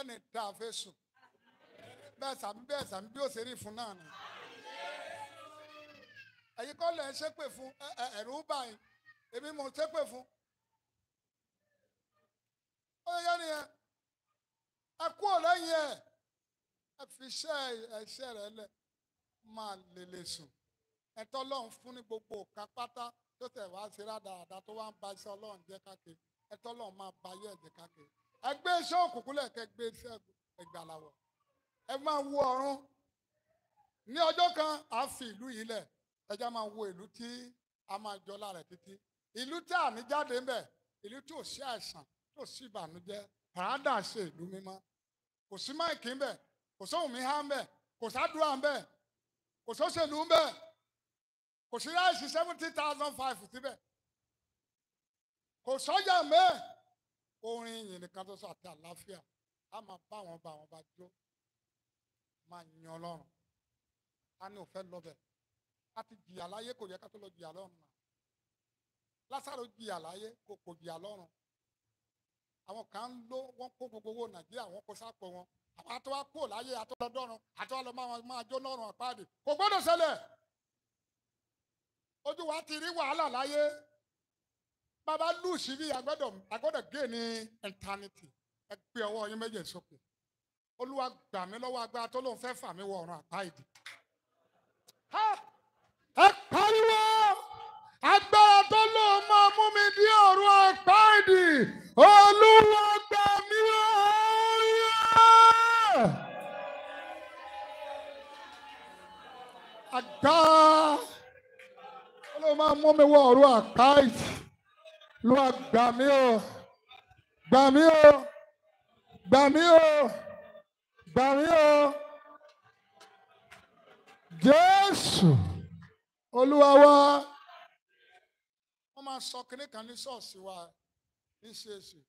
ẹnì tá a fẹ́ sùn bẹ́ẹ̀ sàmí bẹ́ẹ̀ sàmí bí ó ṣe rí fún náà ni ẹ̀yin kọ́ ṣépè fún báyìí èmi mo ṣépè fún ó yẹ nìyẹn ẹ kú ọ̀lẹ́yìn ẹ ẹ fi iṣẹ́ ẹ̀ṣẹ̀ rẹ lẹ̀ máa lèlè sùn ẹ̀tọ́ ọlọ́run fún ní gbogbo òkà pátá tó tẹ̀ wá sí rádaràda tó wá ń ba iṣẹ́ ọlọ́run jẹ́ káàkiri ẹ̀tọ́ ọlọ́run máa ba ayé ẹ̀jẹ̀ káàkiri ẹgbẹ́ iṣẹ́ òkùnkùn lẹ̀kẹ́ gbé iṣẹ́ ìgbàlàwọ̀ ẹ máa wo ọ̀run ní ọjọ́ kan à fi ìlú yìí lẹ̀ ẹja máa wo ìlú tí a máa jọlá rẹ̀ títí ìlú tí àmì jáde ń bẹ̀ ìlú tí ò sí àìsàn tó sí ìbànújẹ́ pàrádà ṣe ìlú mímọ́ kò sí máìkì ń bẹ kò sóhùn mi há ń bẹ kò sádùá ń bẹ kò sóṣèlú ń bẹ kò sí ráìsì seventy thousand five síbẹ̀ kò sọ́jà ń bẹ orin yìí nìkan tó sọ àti àlàáfíà a máa bá wọn bá wọn bá jó máa yan Ọlọ́run a ní òfẹ́ lọ́bẹ̀ a ti jìyà láyé kò yẹ ká tó lọ jìyà lọ́run náà Lásárò jìyà láyé kò kò jìyà lọ́run àwọn kan ń ló wọn kó gbogbo owó nàìjíríà wọ́n kó sápò wọn àwọn àtọwá kúrò láyé àtọlọdọrùn àtọwá lọ máa jó lọ́rùn àpáàdé kò gbọ́dọ̀ ṣẹlẹ̀ ojú wa ti rí wàhálà láyé bàbá lù síbí àgbọ́dọ̀ àgbọ́dọ̀ gé ní eternity ẹ gbé ọwọ yín méjèèjì sókè olúwa gbà mí lọ́wọ́ agbára tó lóun fẹ́ fà mí wọ ọ̀run àpáàdé ẹ pariwo agbára tó lóun máa mú mi dé ọ̀run àpáàdé. olúwa gbà mí wá. àgbà olóò máa mú mi wọ ọ̀rọ̀ àpá ìtì olúwa gbà mí o gbà mí o gbà mí o gbà mí o jésù olúwa wa wọ́n máa sọ kínní kan ní ṣọ́ọ̀ṣì wa ìṣeéṣe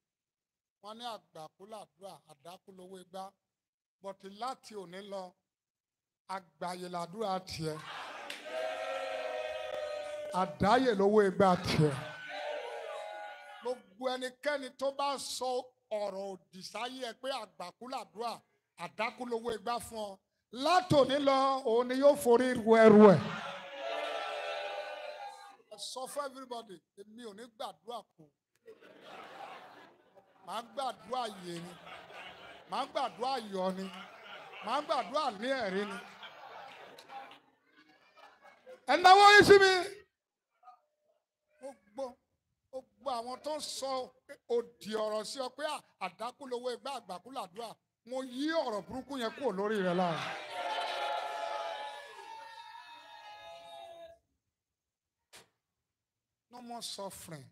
wọn ní àgbàkú làdúrà àdákú lówó igbá bọ̀tí láti òní lọ àgbáyé làdúrà tiẹ̀ àdáyé lówó igbá tiẹ̀ gbogbo ẹnikẹ́ni tó bá sọ ọ̀rọ̀ òdì sáyé ẹ pé àgbàkú làdúrà àdákú lówó igbá fún ọ látòní lọ òun ni yóò forí ru ẹrù ẹ sọ fún everybody èmi ò ní gbàdúrà kù màá gbàdúrà yè ni màá gbàdúrà yọ ni màá gbàdúrà ní ẹ̀rí ni. ẹ yín sí mi. ó gbọ́ ó gbọ́ àwọn tó ń sọ òdì ọ̀rọ̀ sí ọ pé àdákùlówó ẹgbẹ́ àgbàkúlàdúrà mo yí ọ̀rọ̀ burúkú yẹn kúrò lórí rẹ lára. No more suffering.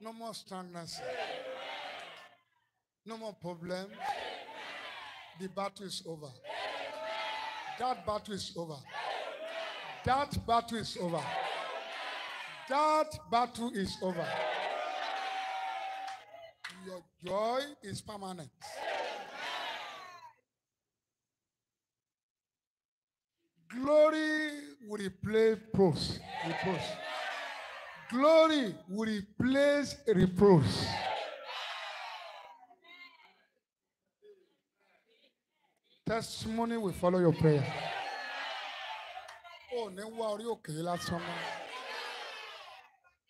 No more stagnancy. No more problem. Amen. The battle is over. Amen. That battle is over. Amen. That battle is over. That battle is over. Your joy is permanent. Glory will replay pros. Glory will replace reproach. Testimony will follow your prayer. Ó ní wá orí òkè lásán mọ́.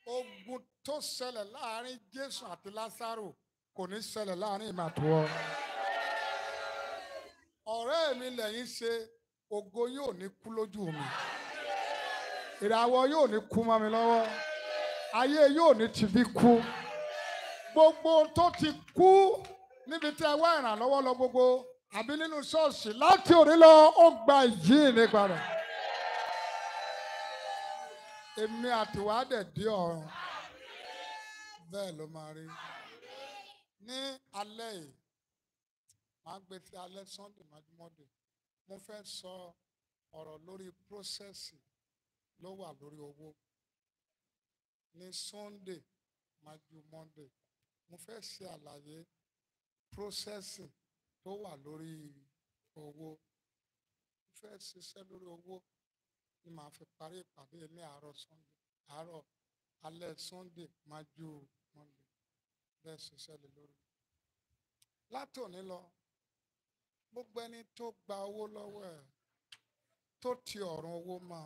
Ogun tó ṣẹlẹ̀ láàárín Jésù àti Lásárò kò ní ṣẹlẹ̀ láàárín ìmàtúwọ́. Ọ̀rẹ́ mi lẹ́yìn ṣe ògo yóò ní kú lójú mi. Ìràwọ̀ yóò ní kú mọ́ mi lọ́wọ́ ayé yóò ní ti fi kú gbogbo tó ti kú níbi tí ẹ wá ìrànlọ́wọ́ lọ gbogbo àbí nínú ṣọ́ọ̀ṣì láti òní lọ ó gba yìí nípa rẹ̀ èmi àtiwá dẹ̀ dé ọ̀run bẹ́ẹ̀ ló máa rí ní alẹ́ yìí màá gbé ti alẹ́ sunday mọ́dé mo fẹ́ sọ ọ̀rọ̀ lórí prósẹ́sì ló wà lórí owó ní Sunday máa ju Monday mo fẹ́ ṣe àlàyé processing tó wà lórí owó mo fẹ́ ṣiṣẹ́ lórí owó ni màá fi parí ìpàdé ní àárọ̀ Sunday àárọ̀ alẹ́ Sunday máa ju Monday bẹ́ẹ̀ ṣiṣẹ́ lè lórí. látòní lọ gbogbo ẹni tó gba owó lọ́wọ́ ẹ̀ tó ti ọ̀run owó mọ́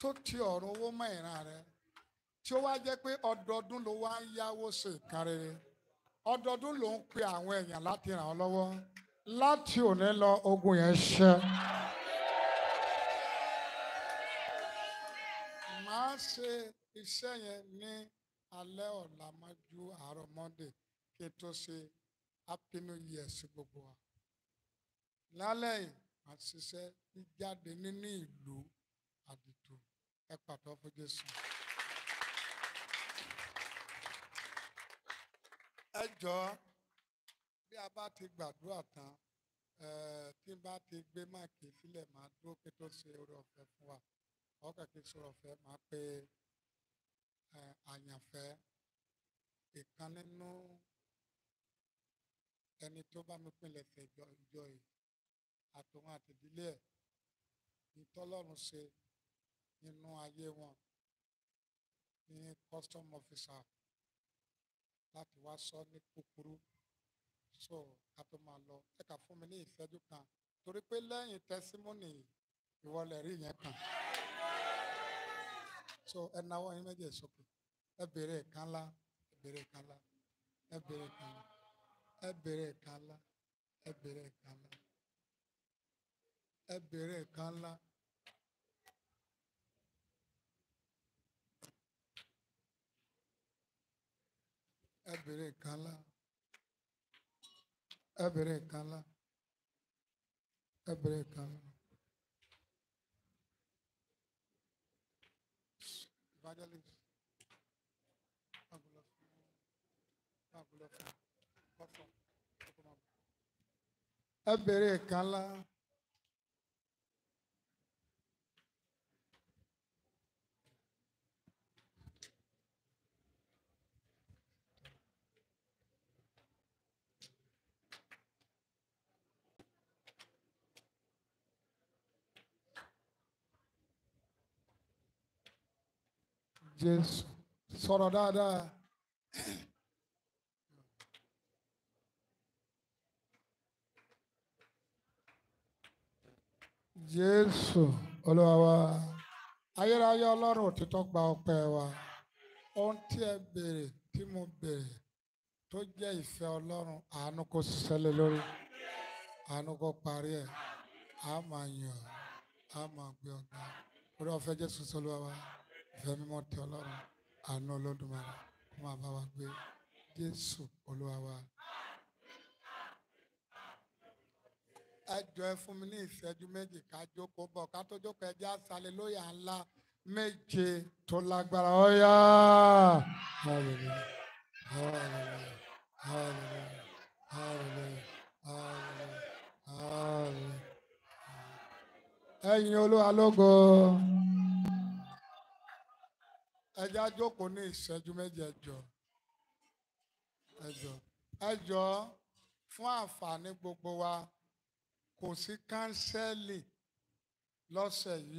tó ti ọ̀run owó mọ́ ìran rẹ̀ tí ó wá jẹ́ pé ọdọọdún ló wá ń yáwó ṣe nǹkan rere ọdọọdún ló ń pe àwọn èèyàn láti ràn án lọ́wọ́ láti òní lọ ogun yẹn ṣẹ. màá ṣe iṣẹ́ yẹn ní alẹ́ ọ̀la mọ́jú àárọ̀ monday kí n tó ṣe happy new gbogbo wa. lálẹ́ yìí màá ṣiṣẹ́ jíjáde nínú ìlú àdìtò ẹ pàtó fún jésù. ẹ jọ̀ọ́ bí a bá ti gbàdúrà tán tí n bá ti gbé máàkì sílẹ̀ máa dúró pé tó ṣe oore ọ̀fẹ́ fún wa ọkàn kì í sọ̀rọ̀ ọ̀fẹ́ máa pe àyànfẹ́ ìkan nínú ẹni tó bá mi pinlẹ̀ fẹ́ jọ ìjọ yìí àtòun àtìdílé ẹ̀ ìtọ́lọ́run ṣe nínú ayé wọn ní custom officer láti wá sọ ní kúkúrú so ká tó lọ ẹ kà fún mi ní ìṣẹ́jú kan torí pé lẹ́yìn tẹsímọ́nì ìwọlẹ̀ rí yẹn kan so ẹ náwó yín méjì sókè ẹ bèrè kan lá ẹ bèrè kan lá ẹ bèrè ẹ bèrè nǹkan ńlá ẹ bèrè nǹkan ńlá ẹ bèrè nǹkan ńlá. Jésù sọ̀rọ̀ dáadáa. Jésù olúwa wa ayérayé ọlọ́run òtítọ́ gba ọpẹ́ wa ohun tí ẹ béèrè tí mo béèrè tó jẹ́ ìfẹ́ ọlọ́run àánú kó ṣiṣẹ́ lé lórí àánú kó parí ẹ̀ á yàn á gbé ọ̀gá orí ọ̀fẹ́ Jésù sọlúwa ìfẹ́ mímọ́ ti ọlọ́run àánú olódùmarè kó máa bá wa gbé jésù olúwa wa. ẹ jọ ẹ fún mi ní ìṣẹ́jú méjì ká jókòó bọ̀ ká tó jókòó ẹ jẹ́ àṣálẹ́ lóyà ńlá méje tó lágbára ọ̀yà. Hallelujah. Hallelujah. Hallelujah. Hallelujah. Hallelujah. Hallelujah. Ẹyin olúwa lógo ẹja jókòó ní ìṣẹ́jú méjì ẹjọ́ ẹjọ́ ẹjọ́ fún àǹfààní gbogbo wa kò sí kánsẹ́lì lọ́sẹ̀ yìí.